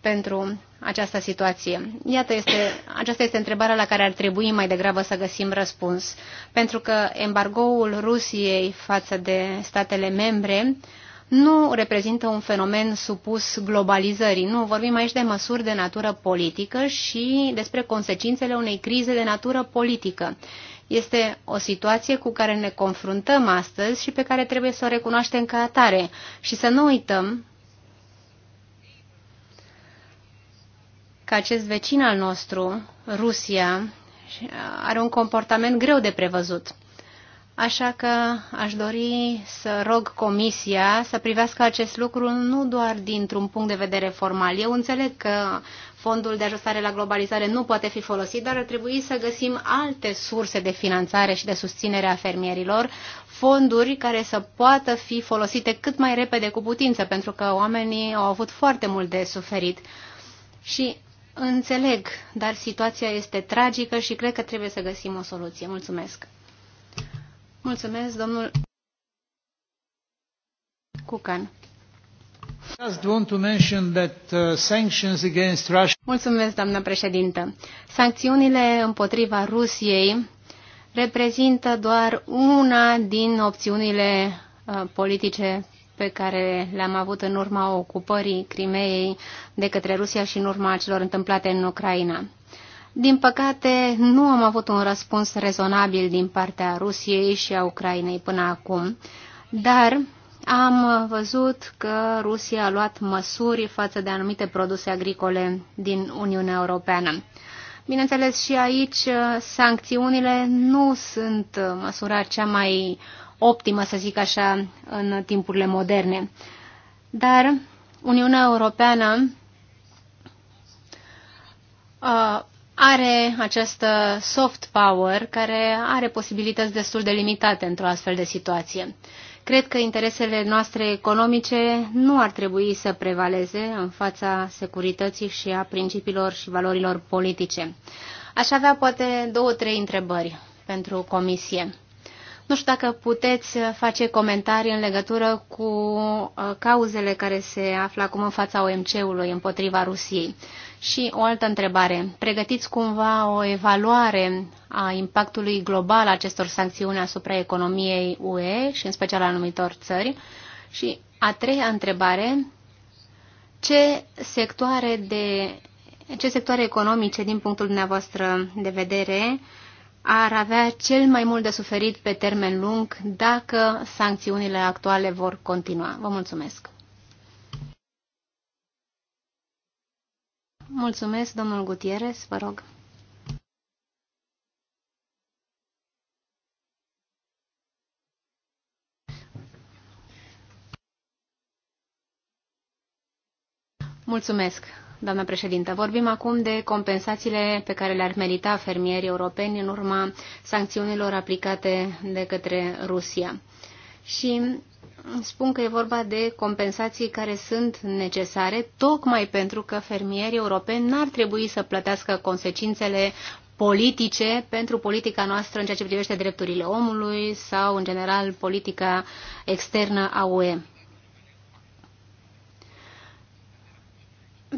pentru această situație? Iată, este, aceasta este întrebarea la care ar trebui mai degrabă să găsim răspuns. Pentru că embargoul Rusiei față de statele membre uh, nu reprezintă un fenomen supus globalizării. Nu, vorbim aici de măsuri de natură politică și despre consecințele unei crize de natură politică. Este o situație cu care ne confruntăm astăzi și pe care trebuie să o recunoaștem ca atare și să nu uităm că acest vecin al nostru, Rusia, are un comportament greu de prevăzut. Așa că aș dori să rog Comisia să privească acest lucru nu doar dintr-un punct de vedere formal. Eu înțeleg că fondul de ajustare la globalizare nu poate fi folosit, dar ar trebui să găsim alte surse de finanțare și de susținere a fermierilor, fonduri care să poată fi folosite cât mai repede cu putință, pentru că oamenii au avut foarte mult de suferit. Și înțeleg, dar situația este tragică și cred că trebuie să găsim o soluție. Mulțumesc! Mulțumesc, domnul Cucan. Uh, Mulțumesc, doamnă președintă. Sancțiunile împotriva Rusiei reprezintă doar una din opțiunile uh, politice pe care le-am avut în urma ocupării Crimeei de către Rusia și în urma celor întâmplate în Ucraina. Din păcate, nu am avut un răspuns rezonabil din partea Rusiei și a Ucrainei până acum, dar am văzut că Rusia a luat măsuri față de anumite produse agricole din Uniunea Europeană. Bineînțeles, și aici uh, sancțiunile nu sunt uh, măsura cea mai optimă, să zic așa, în timpurile moderne. Dar Uniunea Europeană uh, are această uh, soft power care are posibilități destul de limitate într-o astfel de situație. Cred că interesele noastre economice nu ar trebui să prevaleze în fața securității și a principiilor și valorilor politice. Aș avea poate două, trei întrebări pentru comisie. Nu știu dacă puteți face comentarii în legătură cu uh, cauzele care se află acum în fața OMC-ului împotriva Rusiei. Și o altă întrebare. Pregătiți cumva o evaluare a impactului global acestor sancțiuni asupra economiei UE și în special a anumitor țări? Și a treia întrebare. Ce sectoare, de, ce sectoare economice, din punctul dumneavoastră de vedere, uh, ar avea cel mai mult de suferit pe termen lung dacă sancțiunile actuale vor continua. Vă mulțumesc! Mulțumesc, domnul Gutierrez, vă rog. Mulțumesc doamnă președintă. Vorbim acum de compensațiile pe care le-ar merita fermierii europeni în urma sancțiunilor aplicate de către Rusia. Și spun că e vorba de compensații care sunt necesare tocmai pentru că fermierii europeni n-ar trebui să plătească consecințele politice pentru politica noastră în ceea ce privește drepturile omului sau, în general, politica externă a UE.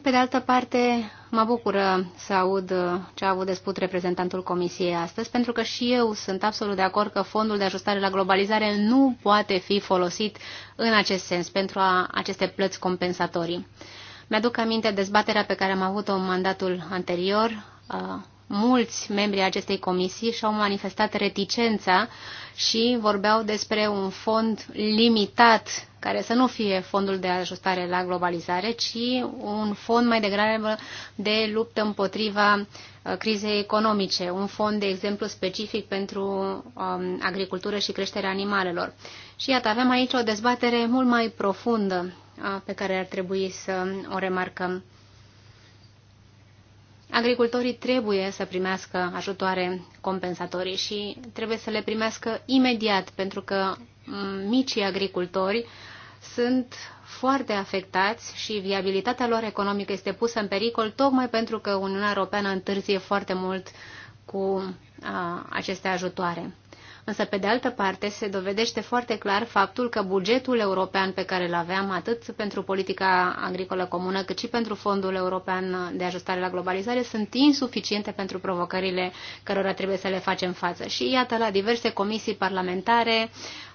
Pe de altă parte, mă bucură să aud ce a avut de spus reprezentantul Comisiei astăzi, pentru că și eu sunt absolut de acord că Fondul de Ajustare la Globalizare nu poate fi folosit în acest sens pentru a, aceste plăți compensatorii. Mi-aduc aminte dezbaterea pe care am avut-o în mandatul anterior uh, mulți membri acestei comisii și-au manifestat reticența și vorbeau despre un fond limitat, care să nu fie fondul de ajustare la globalizare, ci un fond mai degrabă de luptă împotriva uh, crizei economice, un fond, de exemplu, specific pentru um, agricultură și creșterea animalelor. Și iată, avem aici o dezbatere mult mai profundă uh, pe care ar trebui să o remarcăm agricultorii trebuie să primească ajutoare compensatorii și trebuie să le primească imediat, pentru că mm, micii agricultori sunt foarte afectați și viabilitatea lor economică este pusă în pericol tocmai pentru că Uniunea Europeană întârzie foarte mult cu a, aceste ajutoare. Însă, pe de altă parte, se dovedește foarte clar faptul că bugetul european pe care îl aveam, atât pentru politica agricolă comună, cât și pentru Fondul European de Ajustare la Globalizare, sunt insuficiente pentru provocările cărora trebuie să le facem față. Și iată, la diverse comisii parlamentare,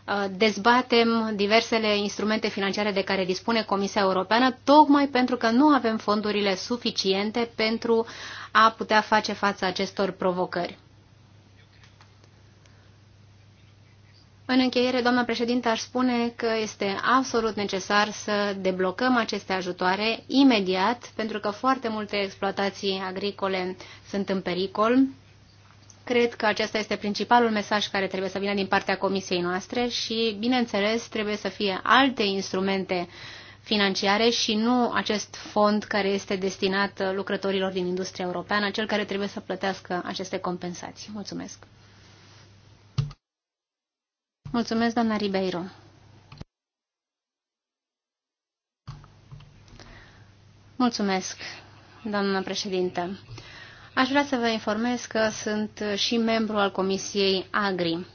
uh, dezbatem diversele instrumente financiare de care dispune Comisia Europeană, tocmai pentru că nu avem fondurile suficiente pentru a putea face față acestor provocări. În încheiere, doamna președinte, aș spune că este absolut necesar să deblocăm aceste ajutoare imediat, pentru că foarte multe exploatații agricole sunt în pericol. Cred că acesta este principalul mesaj care trebuie să vină din partea comisiei noastre și, bineînțeles, trebuie să fie alte instrumente financiare și nu acest fond care este destinat lucrătorilor din industria europeană, cel care trebuie să plătească aceste compensații. Mulțumesc! Mulțumesc, doamna Ribeiro. Mulțumesc, doamna președintă. Aș vrea să vă informez că sunt și membru al Comisiei Agri.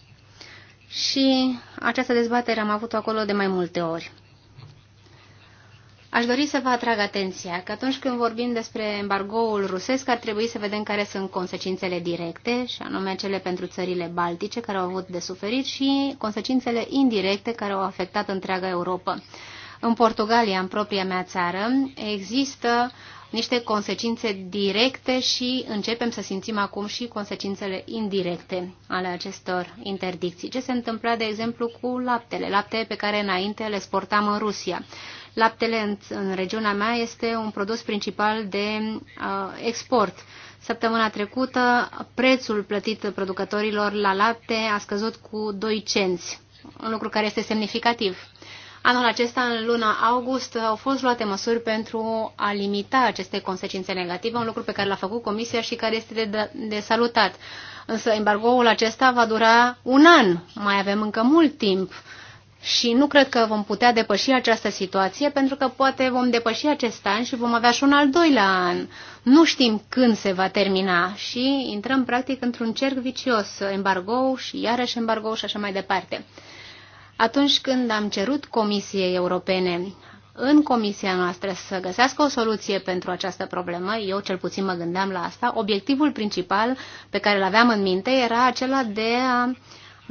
Și această dezbatere am avut-o acolo de mai multe ori. Aș dori să vă atrag atenția că atunci când vorbim despre embargoul rusesc ar trebui să vedem care sunt consecințele directe, și anume cele pentru țările baltice care au avut de suferit și consecințele indirecte care au afectat întreaga Europa. În Portugalia, în propria mea țară, există niște consecințe directe și începem să simțim acum și consecințele indirecte ale acestor interdicții. Ce se întâmpla, de exemplu, cu laptele, lapte pe care înainte le exportam în Rusia. Laptele în, în regiunea mea este un produs principal de uh, export. Săptămâna trecută, prețul plătit producătorilor la lapte a scăzut cu 2 cenți, un lucru care este semnificativ. Anul acesta, în luna august, au fost luate măsuri pentru a limita aceste consecințe negative, un lucru pe care l-a făcut Comisia și care este de, de salutat. Însă embargoul acesta va dura un an, mai avem încă mult timp și nu cred că vom putea depăși această situație, pentru că poate vom depăși acest an și vom avea și un al doilea an. Nu știm când se va termina și intrăm practic într-un cerc vicios, embargo și iarăși embargo și așa mai departe. Atunci când am cerut Comisiei Europene în comisia noastră să găsească o soluție pentru această problemă, eu cel puțin mă gândeam la asta, obiectivul principal pe care îl aveam în minte era acela de a uh,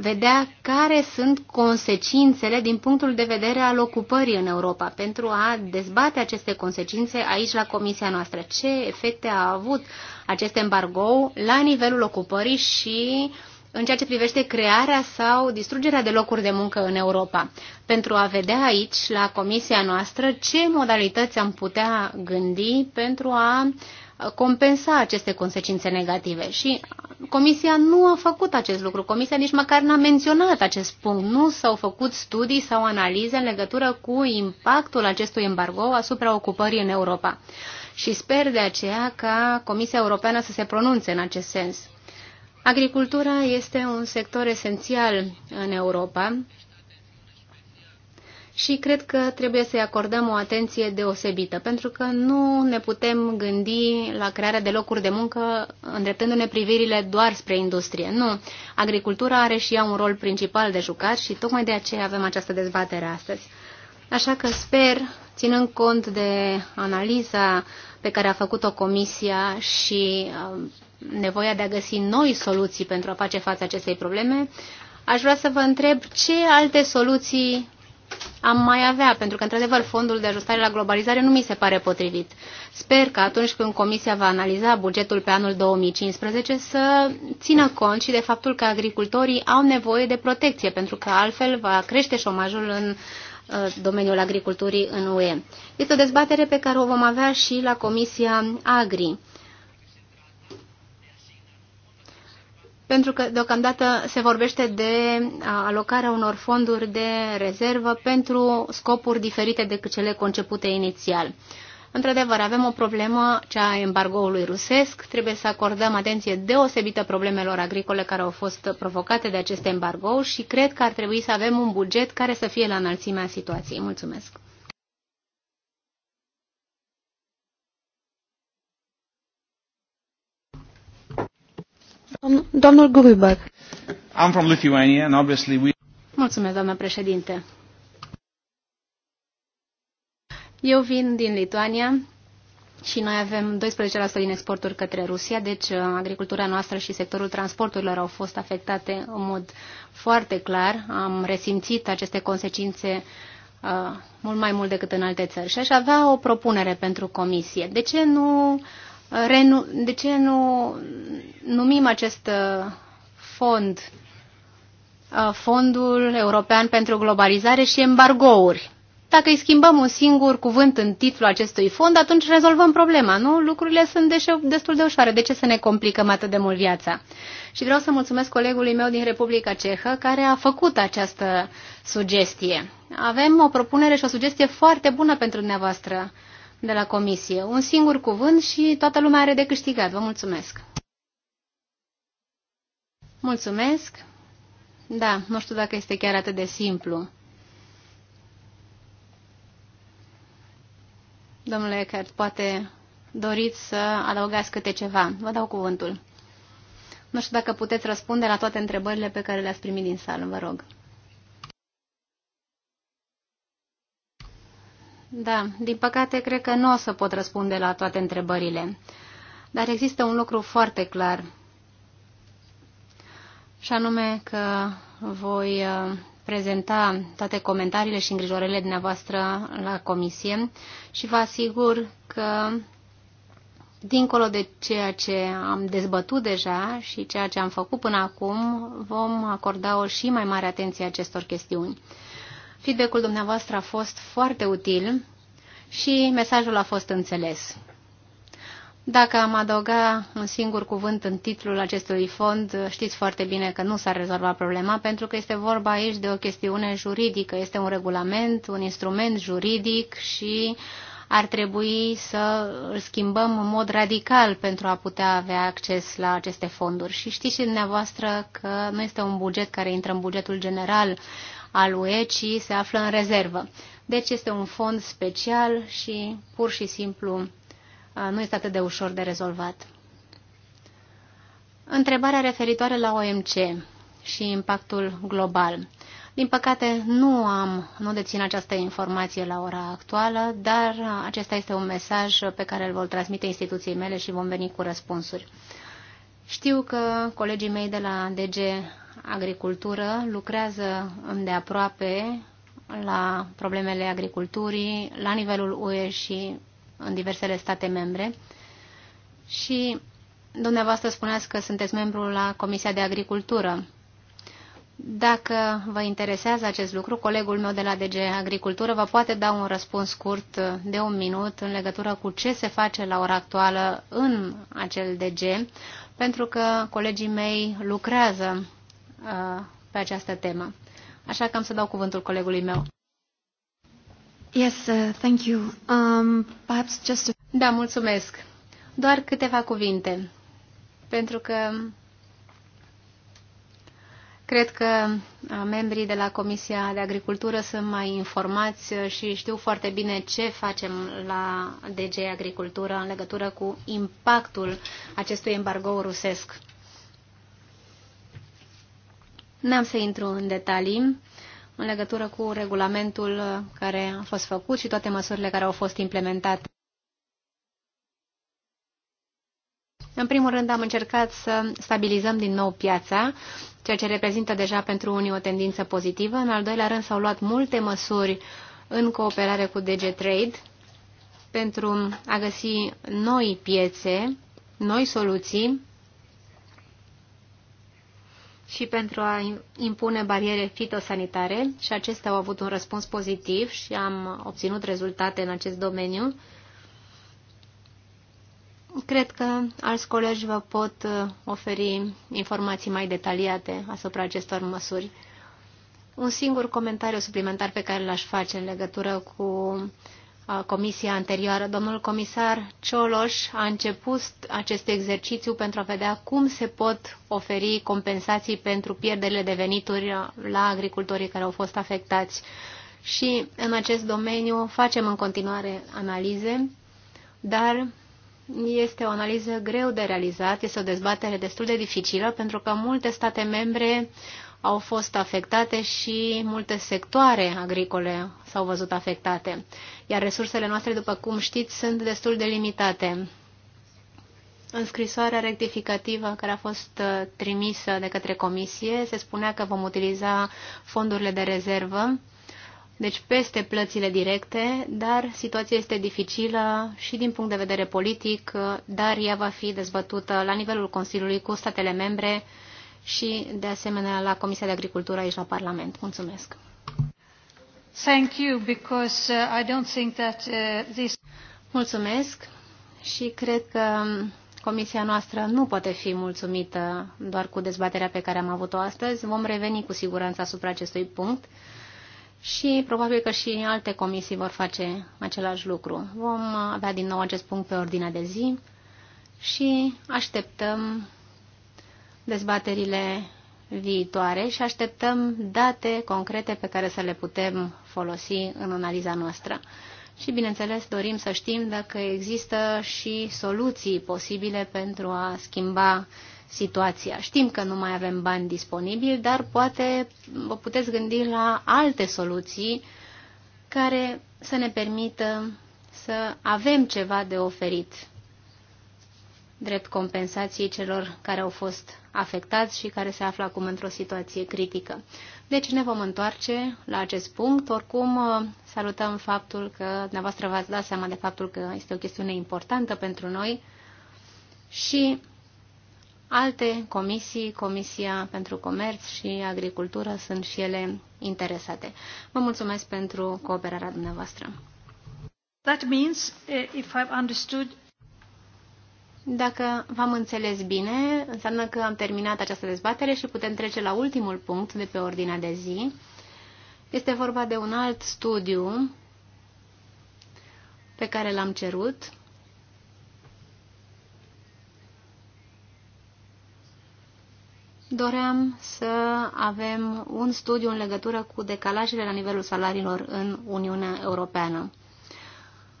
vedea care sunt consecințele din punctul de vedere al ocupării în Europa, pentru a dezbate aceste consecințe aici la comisia noastră. Ce efecte a avut acest embargo la nivelul ocupării și în ceea ce privește crearea sau distrugerea de locuri de muncă în Europa, pentru a vedea aici, la comisia noastră, ce modalități am putea gândi pentru a compensa aceste consecințe negative. Și Comisia nu a făcut acest lucru. Comisia nici măcar n-a menționat acest punct. Nu s-au făcut studii sau analize în legătură cu impactul acestui embargo asupra ocupării în Europa. Și sper de aceea ca Comisia Europeană să se pronunțe în acest sens. Agricultura este un sector esențial în Europa și cred că trebuie să-i acordăm o atenție deosebită, pentru că nu ne putem gândi la crearea de locuri de muncă îndreptându-ne privirile doar spre industrie. Nu, agricultura are și ea un rol principal de jucat și tocmai de aceea avem această dezbatere astăzi. Așa că sper, ținând cont de analiza pe care a făcut-o Comisia și uh, nevoia de a găsi noi soluții pentru a face față acestei probleme, aș vrea să vă întreb ce alte soluții am mai avea, pentru că, într-adevăr, fondul de ajustare la globalizare nu mi se pare potrivit. Sper că atunci când Comisia va analiza bugetul pe anul 2015 să țină cont și de faptul că agricultorii au nevoie de protecție, pentru că altfel va crește șomajul în uh, domeniul agriculturii în UE. Este o dezbatere pe care o vom avea și la Comisia Agri. pentru că deocamdată se vorbește de alocarea unor fonduri de rezervă pentru scopuri diferite decât cele concepute inițial. Într-adevăr, avem o problemă, cea a embargoului rusesc. Trebuie să acordăm atenție deosebită problemelor agricole care au fost provocate de acest embargo și cred că ar trebui să avem un buget care să fie la înălțimea situației. Mulțumesc! Domnul Gruber. I'm from Lithuania and obviously we... Mulțumesc, doamnă președinte. Eu vin din Lituania și noi avem 12% din exporturi către Rusia, deci uh, agricultura noastră și sectorul transporturilor au fost afectate în mod foarte clar. Am resimțit aceste consecințe uh, mult mai mult decât în alte țări. Și aș avea o propunere pentru comisie. De ce nu uh, renu- de ce nu numim acest uh, fond uh, Fondul European pentru Globalizare și Embargouri? Dacă îi schimbăm un singur cuvânt în titlul acestui fond, atunci rezolvăm problema, nu? Lucrurile sunt destul de ușoare. De ce să ne complicăm atât de mult viața? Și vreau să mulțumesc colegului meu din Republica Cehă care a făcut această sugestie. Avem o propunere și o sugestie foarte bună pentru dumneavoastră de la comisie. Un singur cuvânt și toată lumea are de câștigat. Vă mulțumesc! Mulțumesc! Da, nu știu dacă este chiar atât de simplu. Domnule Eckert, poate doriți să adăugați câte ceva. Vă dau cuvântul. Nu știu dacă puteți răspunde la toate întrebările pe care le-ați primit din sală, vă rog. Da, din păcate cred că nu o să pot răspunde la toate întrebările. Dar există un lucru foarte clar. Și anume că voi uh, prezenta toate comentariile și îngrijorările dumneavoastră la comisie și vă asigur că dincolo de ceea ce am dezbătut deja și ceea ce am făcut până acum, vom acorda o și mai mare atenție acestor chestiuni. Feedback-ul dumneavoastră a fost foarte util și mesajul a fost înțeles. Dacă am adăuga un singur cuvânt în titlul acestui fond, știți foarte bine că nu s-ar rezolva problema, pentru că este vorba aici de o chestiune juridică. Este un regulament, un instrument juridic și ar trebui să îl schimbăm în mod radical pentru a putea avea acces la aceste fonduri. Și știți și dumneavoastră că nu este un buget care intră în bugetul general al UE, ci se află în rezervă. Deci este un fond special și pur și simplu nu este atât de ușor de rezolvat. Întrebarea referitoare la OMC și impactul global. Din păcate, nu am, nu dețin această informație la ora actuală, dar acesta este un mesaj pe care îl vor transmite instituției mele și vom veni cu răspunsuri. Știu că colegii mei de la DG agricultură lucrează îndeaproape la problemele agriculturii la nivelul UE și în diversele state membre. Și dumneavoastră spuneați că sunteți membru la Comisia de Agricultură. Dacă vă interesează acest lucru, colegul meu de la DG Agricultură vă poate da un răspuns scurt de un minut în legătură cu ce se face la ora actuală în acel DG, pentru că colegii mei lucrează Uh, pe această temă. Așa că am să dau cuvântul colegului meu. Yes, uh, thank you. Um, perhaps just to... Da, mulțumesc. Doar câteva cuvinte, pentru că cred că uh, membrii de la Comisia de Agricultură sunt mai informați uh, și știu foarte bine ce facem la DG Agricultură în legătură cu impactul acestui embargo rusesc. N-am să intru în detalii în legătură cu regulamentul care a fost făcut și toate măsurile care au fost implementate. În primul rând am încercat să stabilizăm din nou piața, ceea ce reprezintă deja pentru unii o tendință pozitivă. În al doilea rând s-au luat multe măsuri în cooperare cu DG Trade pentru a găsi noi piețe, noi soluții și pentru a impune bariere fitosanitare și acestea au avut un răspuns pozitiv și am obținut rezultate în acest domeniu. Cred că alți colegi vă pot uh, oferi informații mai detaliate asupra acestor măsuri. Un singur comentariu suplimentar pe care l-aș face în legătură cu comisia anterioară. Domnul comisar Cioloș a început acest exercițiu pentru a vedea cum se pot oferi compensații pentru pierderile de venituri la agricultorii care au fost afectați. Și în acest domeniu facem în continuare analize, dar este o analiză greu de realizat, este o dezbatere destul de dificilă, pentru că multe state membre uh, au fost afectate și multe sectoare agricole s-au văzut afectate. Iar resursele noastre, după cum știți, sunt destul de limitate. În scrisoarea rectificativă care a fost uh, trimisă de către comisie se spunea că vom utiliza fondurile de rezervă, deci peste plățile directe, dar situația este dificilă și din punct de vedere politic, uh, dar ea va fi dezbătută la nivelul Consiliului cu statele membre și, de asemenea, la Comisia de Agricultură aici la Parlament. Mulțumesc! Thank you, because uh, I don't think that uh, this... Mulțumesc și cred că um, comisia noastră nu poate fi mulțumită doar cu dezbaterea pe care am avut-o astăzi. Vom reveni cu siguranță asupra acestui punct și probabil că și alte comisii vor face același lucru. Vom avea din nou acest punct pe ordinea de zi și așteptăm dezbaterile viitoare și așteptăm date concrete pe care să le putem folosi în analiza noastră. Și, bineînțeles, dorim să știm dacă există și soluții posibile pentru a schimba situația. Știm că nu mai avem bani disponibili, dar poate vă puteți gândi la alte soluții care să ne permită să avem ceva de oferit drept compensație celor care au fost afectați și care se află acum într-o situație critică. Deci ne vom întoarce la acest punct. Oricum, uh, salutăm faptul că dumneavoastră v-ați dat seama de faptul că este o chestiune importantă pentru noi și alte comisii, Comisia pentru Comerț și Agricultură, sunt și ele interesate. Vă mulțumesc pentru cooperarea dumneavoastră. That means, eh, if I've understood dacă v-am înțeles bine, înseamnă că am terminat această dezbatere și putem trece la ultimul punct de pe ordinea de zi. Este vorba de un alt studiu pe care l-am cerut. Doream să avem un studiu în legătură cu decalajele la nivelul salariilor în Uniunea Europeană.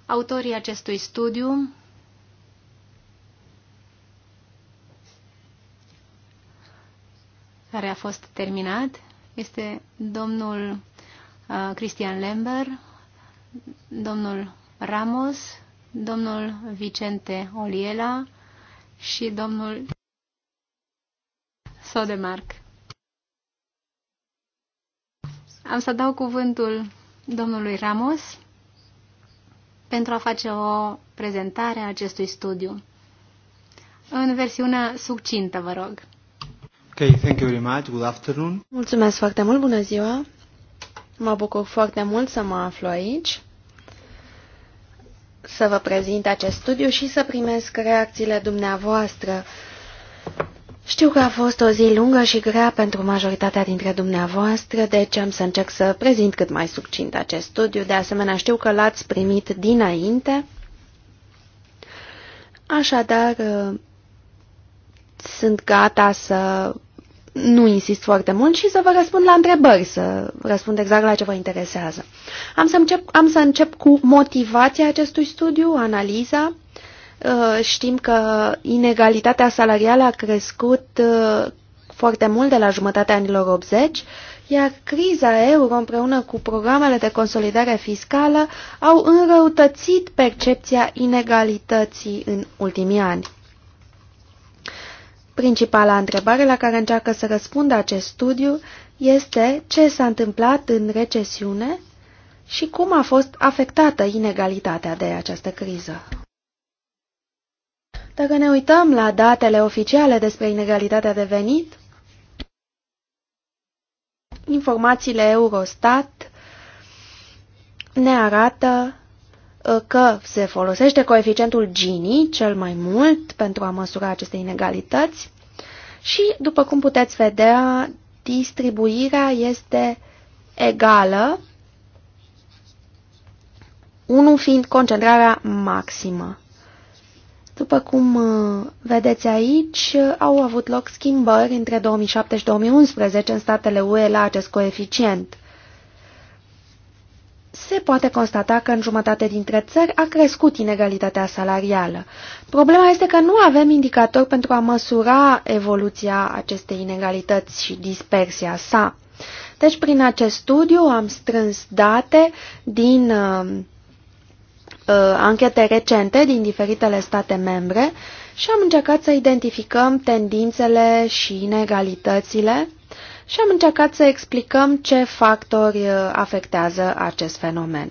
Autorii acestui studiu care a fost terminat este domnul uh, Cristian Lember, domnul Ramos, domnul Vicente Oliela și domnul Sodemarc. Am să dau cuvântul domnului Ramos pentru a face o prezentare a acestui studiu. În versiunea succintă, vă rog. Okay, thank you very much. Good afternoon. Mulțumesc foarte mult, bună ziua. Mă bucur foarte mult să mă aflu aici, să vă prezint acest studiu și să primesc reacțiile dumneavoastră. Știu că a fost o zi lungă și grea pentru majoritatea dintre dumneavoastră, deci am să încerc să prezint cât mai succint acest studiu. De asemenea, știu că l-ați primit dinainte. Așadar, sunt gata să nu insist foarte mult și să vă răspund la întrebări, să răspund exact la ce vă interesează. Am să încep, am să încep cu motivația acestui studiu, analiza. Uh, știm că inegalitatea salarială a crescut uh, foarte mult de la jumătatea anilor 80, iar criza euro împreună cu programele de consolidare fiscală au înrăutățit percepția inegalității în ultimii ani. Principala întrebare la care încearcă să răspundă acest studiu este ce s-a întâmplat în recesiune și cum a fost afectată inegalitatea de această criză. Dacă ne uităm la datele oficiale despre inegalitatea de venit, informațiile Eurostat ne arată Uh, că se folosește coeficientul Gini cel mai mult pentru a măsura aceste inegalități și, după cum puteți vedea, distribuirea este egală, unul fiind concentrarea maximă. După cum uh, vedeți aici, au avut loc schimbări între 2007 și 2011 în statele UE la acest coeficient se poate constata că în jumătate dintre țări a crescut inegalitatea salarială. Problema este că nu avem indicatori pentru a măsura evoluția acestei inegalități și dispersia sa. Deci, prin acest studiu am strâns date din uh, uh, anchete recente din diferitele state membre și am încercat să identificăm tendințele și inegalitățile și am încercat să explicăm ce factori uh, afectează acest fenomen.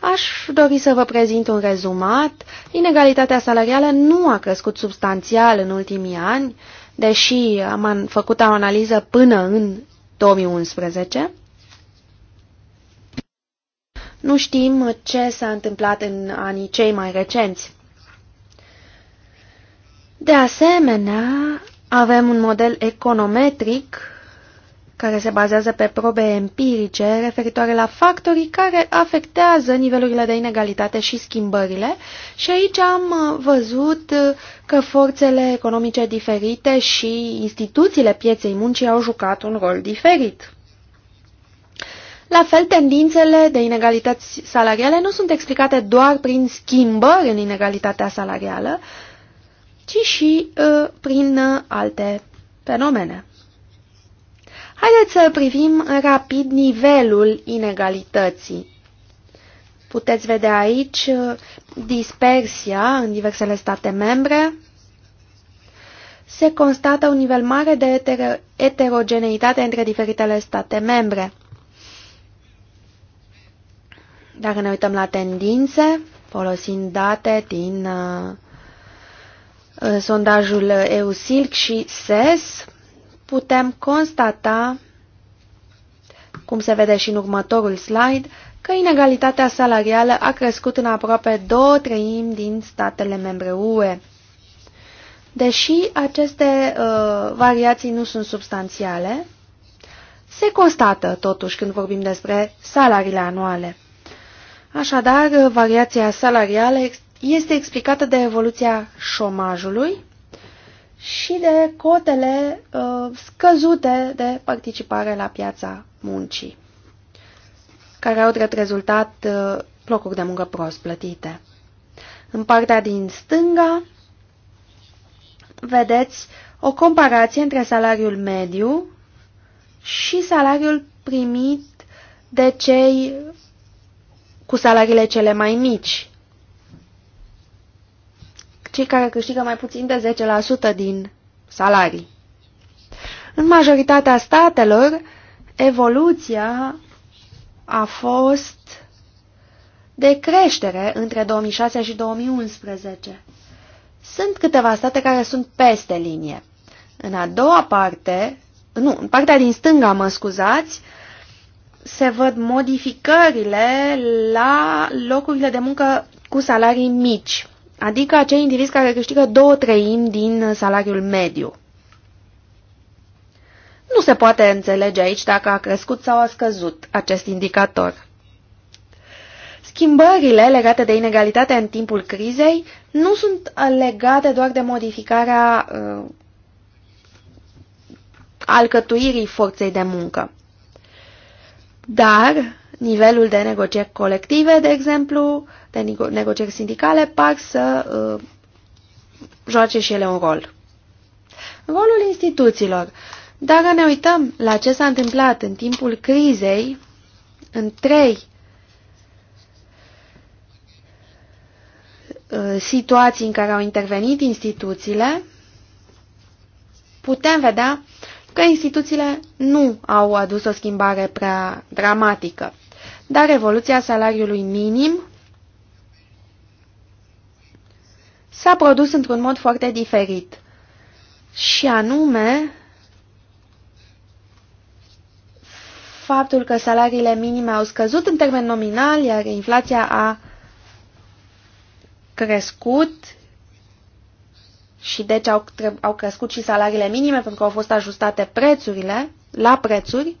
Aș dori să vă prezint un rezumat. Inegalitatea salarială nu a crescut substanțial în ultimii ani, deși am făcut o analiză până în 2011. Nu știm ce s-a întâmplat în anii cei mai recenți. De asemenea, avem un model econometric care se bazează pe probe empirice referitoare la factorii care afectează nivelurile de inegalitate și schimbările și aici am uh, văzut uh, că forțele economice diferite și instituțiile pieței muncii au jucat un rol diferit. La fel, tendințele de inegalități salariale nu sunt explicate doar prin schimbări în inegalitatea salarială, ci și uh, prin uh, alte fenomene. Haideți să privim rapid nivelul inegalității. Puteți vedea aici uh, dispersia în diversele state membre. Se constată un nivel mare de etero eterogeneitate între diferitele state membre. Dacă ne uităm la tendințe, folosind date din uh, uh sondajul EUSILC și SES, putem constata, cum se vede și în următorul slide, că inegalitatea salarială a crescut în aproape două treimi din statele membre UE. Deși aceste uh, variații nu sunt substanțiale, se constată totuși când vorbim despre salariile anuale. Așadar, variația salarială este explicată de evoluția șomajului, și de cotele uh, scăzute de participare la piața muncii, care au drept rezultat uh, locuri de muncă prost plătite. În partea din stânga vedeți o comparație între salariul mediu și salariul primit de cei cu salariile cele mai mici cei care câștigă mai puțin de 10% din salarii. În majoritatea statelor, evoluția a fost de creștere între 2006 și 2011. Sunt câteva state care sunt peste linie. În a doua parte, nu, în partea din stânga, mă scuzați, se văd modificările la locurile de muncă cu salarii mici adică acei indivizi care câștigă două treimi din salariul mediu. Nu se poate înțelege aici dacă a crescut sau a scăzut acest indicator. Schimbările legate de inegalitate în timpul crizei nu sunt legate doar de modificarea uh, alcătuirii forței de muncă, dar nivelul de negocieri colective, de exemplu, de negocieri sindicale, par să uh, joace și ele un rol. Rolul instituțiilor. Dacă ne uităm la ce s-a întâmplat în timpul crizei, în trei uh, situații în care au intervenit instituțiile, putem vedea că instituțiile nu au adus o schimbare prea dramatică dar evoluția salariului minim s-a produs într-un mod foarte diferit. Și anume, faptul că salariile minime au scăzut în termen nominal, iar inflația a crescut și deci au, au crescut și salariile minime pentru că au fost ajustate prețurile la prețuri,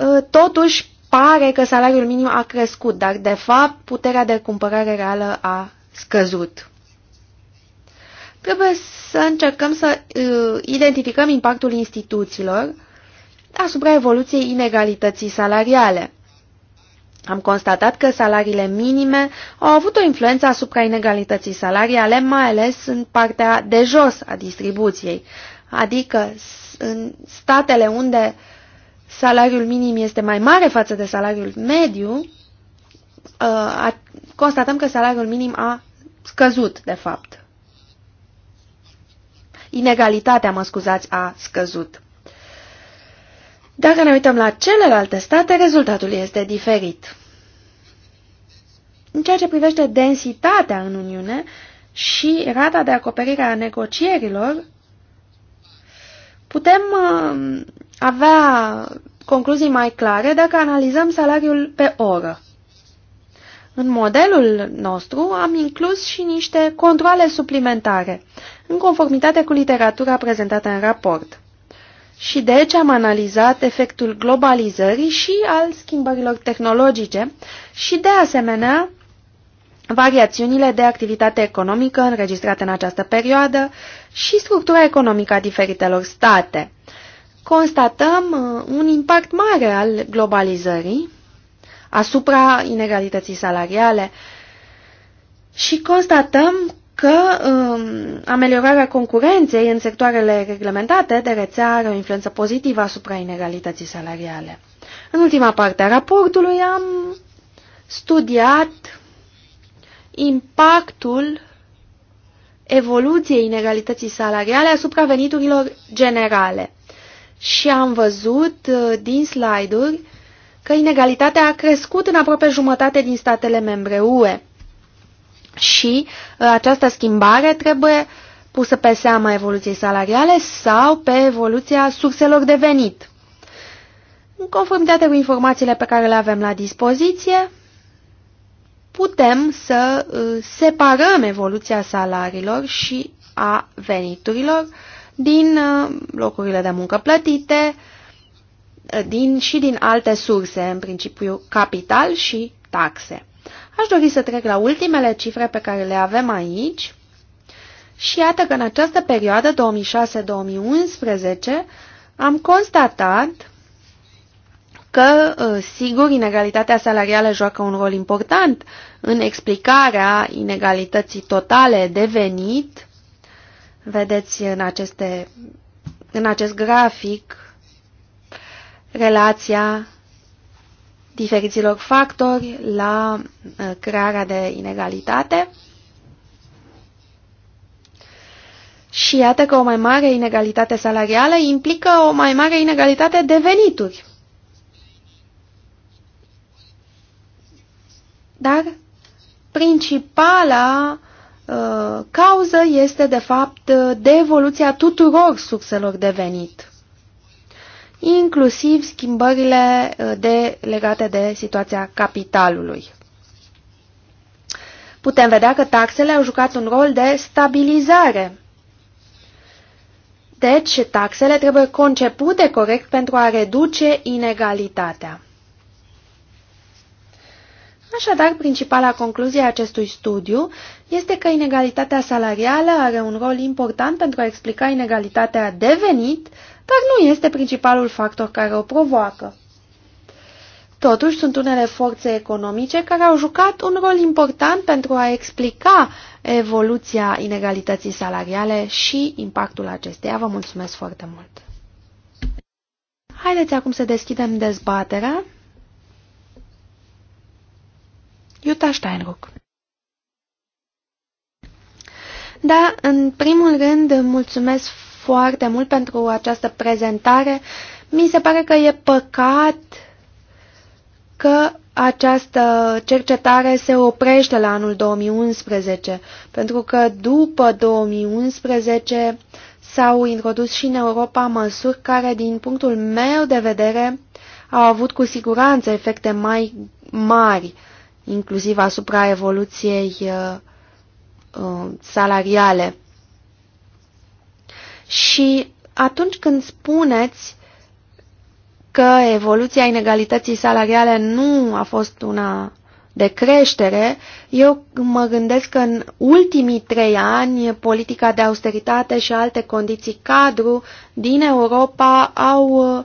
ă, totuși pare că salariul minim a crescut, dar de fapt puterea de cumpărare reală a scăzut. Trebuie să încercăm să uh, identificăm impactul instituțiilor asupra evoluției inegalității salariale. Am constatat că salariile minime au avut o influență asupra inegalității salariale, mai ales în partea de jos a distribuției, adică în statele unde uh, salariul minim este mai mare față de salariul mediu, uh, constatăm că salariul minim a scăzut, de fapt. Inegalitatea, mă scuzați, a scăzut. Dacă ne uităm la celelalte state, rezultatul este diferit. În ceea ce privește densitatea în Uniune și rata de acoperire a negocierilor, Putem um, avea concluzii mai clare dacă analizăm salariul pe oră. În modelul nostru am inclus și niște controle suplimentare, în conformitate cu literatura prezentată în raport. Și deci am analizat efectul globalizării și al schimbărilor tehnologice și, de asemenea, variațiunile de activitate economică înregistrate în această perioadă și structura economică a diferitelor state. Constatăm uh, un impact mare al globalizării asupra inegalității salariale și constatăm că um, ameliorarea concurenței în sectoarele reglementate de rețea are o influență pozitivă asupra inegalității salariale. În ultima parte a raportului am studiat impactul evoluției inegalității salariale asupra veniturilor generale. Și am văzut uh, din slide-uri că inegalitatea a crescut în aproape jumătate din statele membre UE. Și uh, această schimbare trebuie pusă pe seama evoluției salariale sau pe evoluția surselor de venit. În conformitate cu informațiile pe care le avem la dispoziție, putem să uh, separăm evoluția salariilor și a veniturilor din uh, locurile de muncă plătite uh, din, și din alte surse, în principiu capital și taxe. Aș dori să trec la ultimele cifre pe care le avem aici și iată că în această perioadă 2006-2011 am constatat că, uh, sigur, inegalitatea salarială joacă un rol important în explicarea inegalității totale de venit. Vedeți în, aceste, în acest grafic relația diferiților factori la uh, crearea de inegalitate. Și iată că o mai mare inegalitate salarială implică o mai mare inegalitate de venituri. Dar principala uh, cauză este, de fapt, devoluția evoluția tuturor surselor de venit, inclusiv schimbările uh, de, legate de situația capitalului. Putem vedea că taxele au jucat un rol de stabilizare. Deci, taxele trebuie concepute corect pentru a reduce inegalitatea. Așadar, principala concluzie a acestui studiu este că inegalitatea salarială are un rol important pentru a explica inegalitatea de venit, dar nu este principalul factor care o provoacă. Totuși, sunt unele forțe economice care au jucat un rol important pentru a explica evoluția inegalității salariale și impactul acesteia. Vă mulțumesc foarte mult! Haideți acum să deschidem dezbaterea. Jutta Steinruck. Da, în primul rând, mulțumesc foarte mult pentru această prezentare. Mi se pare că e păcat că această cercetare se oprește la anul 2011, pentru că după 2011 s-au introdus și în Europa măsuri care, din punctul meu de vedere, au avut cu siguranță efecte mai mari inclusiv asupra evoluției uh, uh, salariale. Și atunci când spuneți că evoluția inegalității salariale nu a fost una de creștere, eu mă gândesc că în ultimii trei ani politica de austeritate și alte condiții cadru din Europa au uh, uh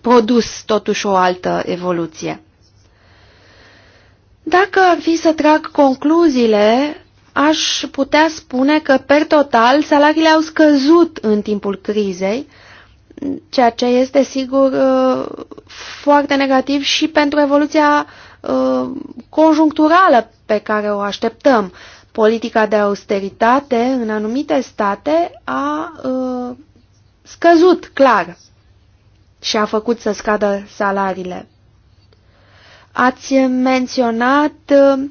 produs totuși o altă evoluție. Dacă ar fi să trag concluziile, aș putea spune că, per total, salariile au scăzut în timpul crizei, ceea ce este, sigur, uh, foarte negativ și pentru evoluția uh, conjuncturală pe care o așteptăm. Politica de austeritate în anumite state a uh, scăzut, clar, și a făcut să scadă salariile. Ați menționat uh,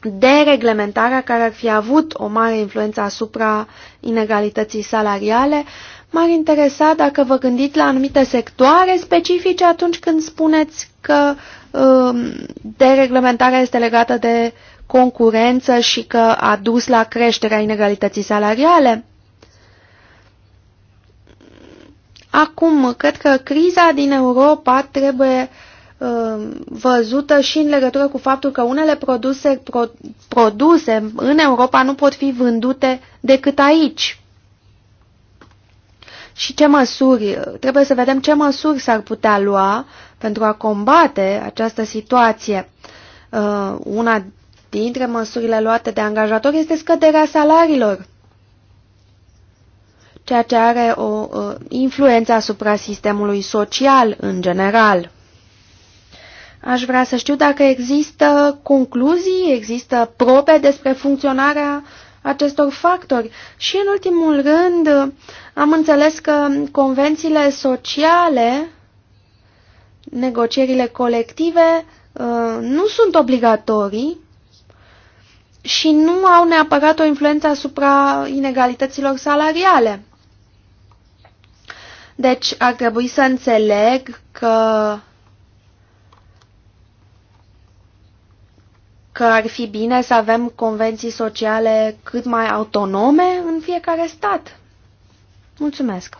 dereglementarea care ar fi avut o mare influență asupra inegalității salariale. M-ar interesa dacă vă gândiți la anumite sectoare specifice atunci când spuneți că um, dereglementarea este legată de concurență și că a dus la creșterea inegalității salariale. Acum, cred că criza din Europa trebuie uh, Um, văzută și în legătură cu faptul că unele produse pro, produse în Europa nu pot fi vândute decât aici. Și ce măsuri, trebuie să vedem ce măsuri s-ar putea lua pentru a combate această situație. Uh, una dintre măsurile luate de angajator este scăderea salariilor, ceea ce are o uh, influență asupra sistemului social în general. Aș vrea să știu dacă există concluzii, există probe despre funcționarea acestor factori. Și în ultimul rând am înțeles că convențiile sociale, negocierile colective, uh, nu sunt obligatorii și nu au neapărat o influență asupra inegalităților salariale. Deci ar trebui să înțeleg că că ar fi bine să avem convenții sociale cât mai autonome în fiecare stat. Mulțumesc!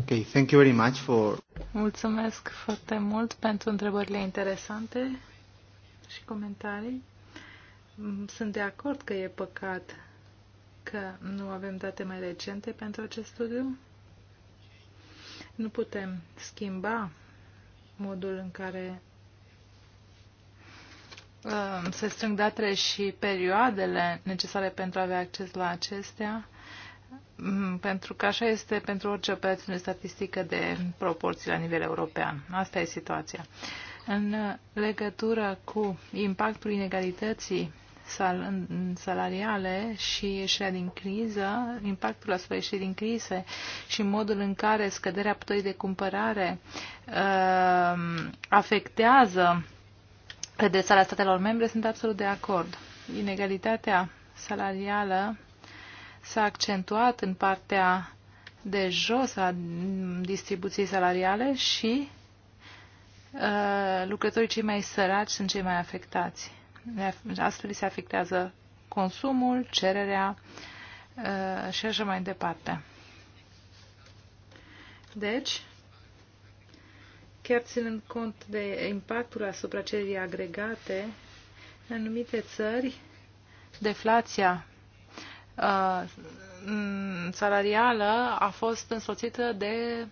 Okay, thank you very much for... Mulțumesc foarte mult pentru întrebările interesante și comentarii. Mm, sunt de acord că e păcat că nu avem date mai recente pentru acest studiu. Nu putem schimba modul în care uh, se strâng datele și perioadele necesare pentru a avea acces la acestea, mm, pentru că așa este pentru orice de statistică de proporții la nivel european. Asta e situația. În uh, legătură cu impactul inegalității sal- salariale și ieșirea din criză, impactul asupra ieșirii din crize și modul în care scăderea puterii de cumpărare uh, afectează redresarea statelor membre, sunt absolut de acord. Inegalitatea salarială s-a accentuat în partea de jos a distribuției salariale și uh, lucrătorii cei mai săraci sunt cei mai afectați. Astfel se afectează consumul, cererea uh, și așa mai departe. Deci, chiar ținând cont de impactul asupra cererii agregate, în anumite țări, deflația uh, salarială a fost însoțită de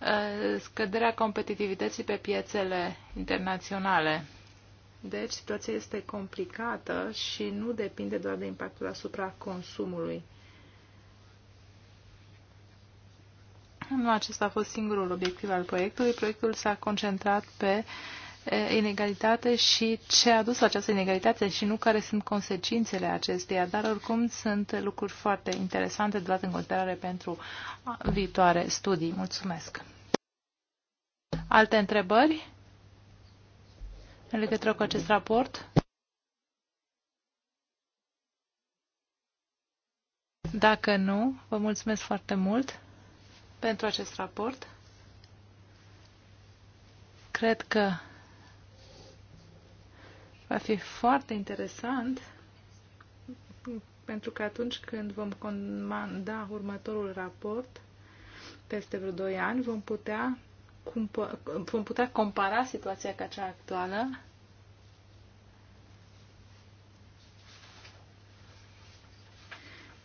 uh, scăderea competitivității pe piețele internaționale. Deci, situația este complicată și nu depinde doar de impactul asupra consumului. Nu acesta a fost singurul obiectiv al proiectului. Proiectul s-a concentrat pe inegalitate și ce a dus această inegalitate și nu care sunt consecințele acesteia, dar oricum sunt lucruri foarte interesante de luat în considerare pentru viitoare studii. Mulțumesc! Alte întrebări? în legătură cu acest raport? Dacă nu, vă mulțumesc foarte mult pentru acest raport. Cred că va fi foarte interesant pentru că atunci când vom comanda următorul raport, peste vreo 2 ani, vom putea cum vom putea compara situația ca cea actuală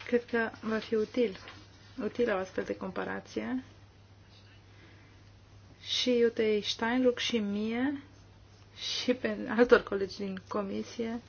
cred că va fi util. Utilă o astfel de comparație. Și Iutei Steinluck și mie și pe altor colegi din comisie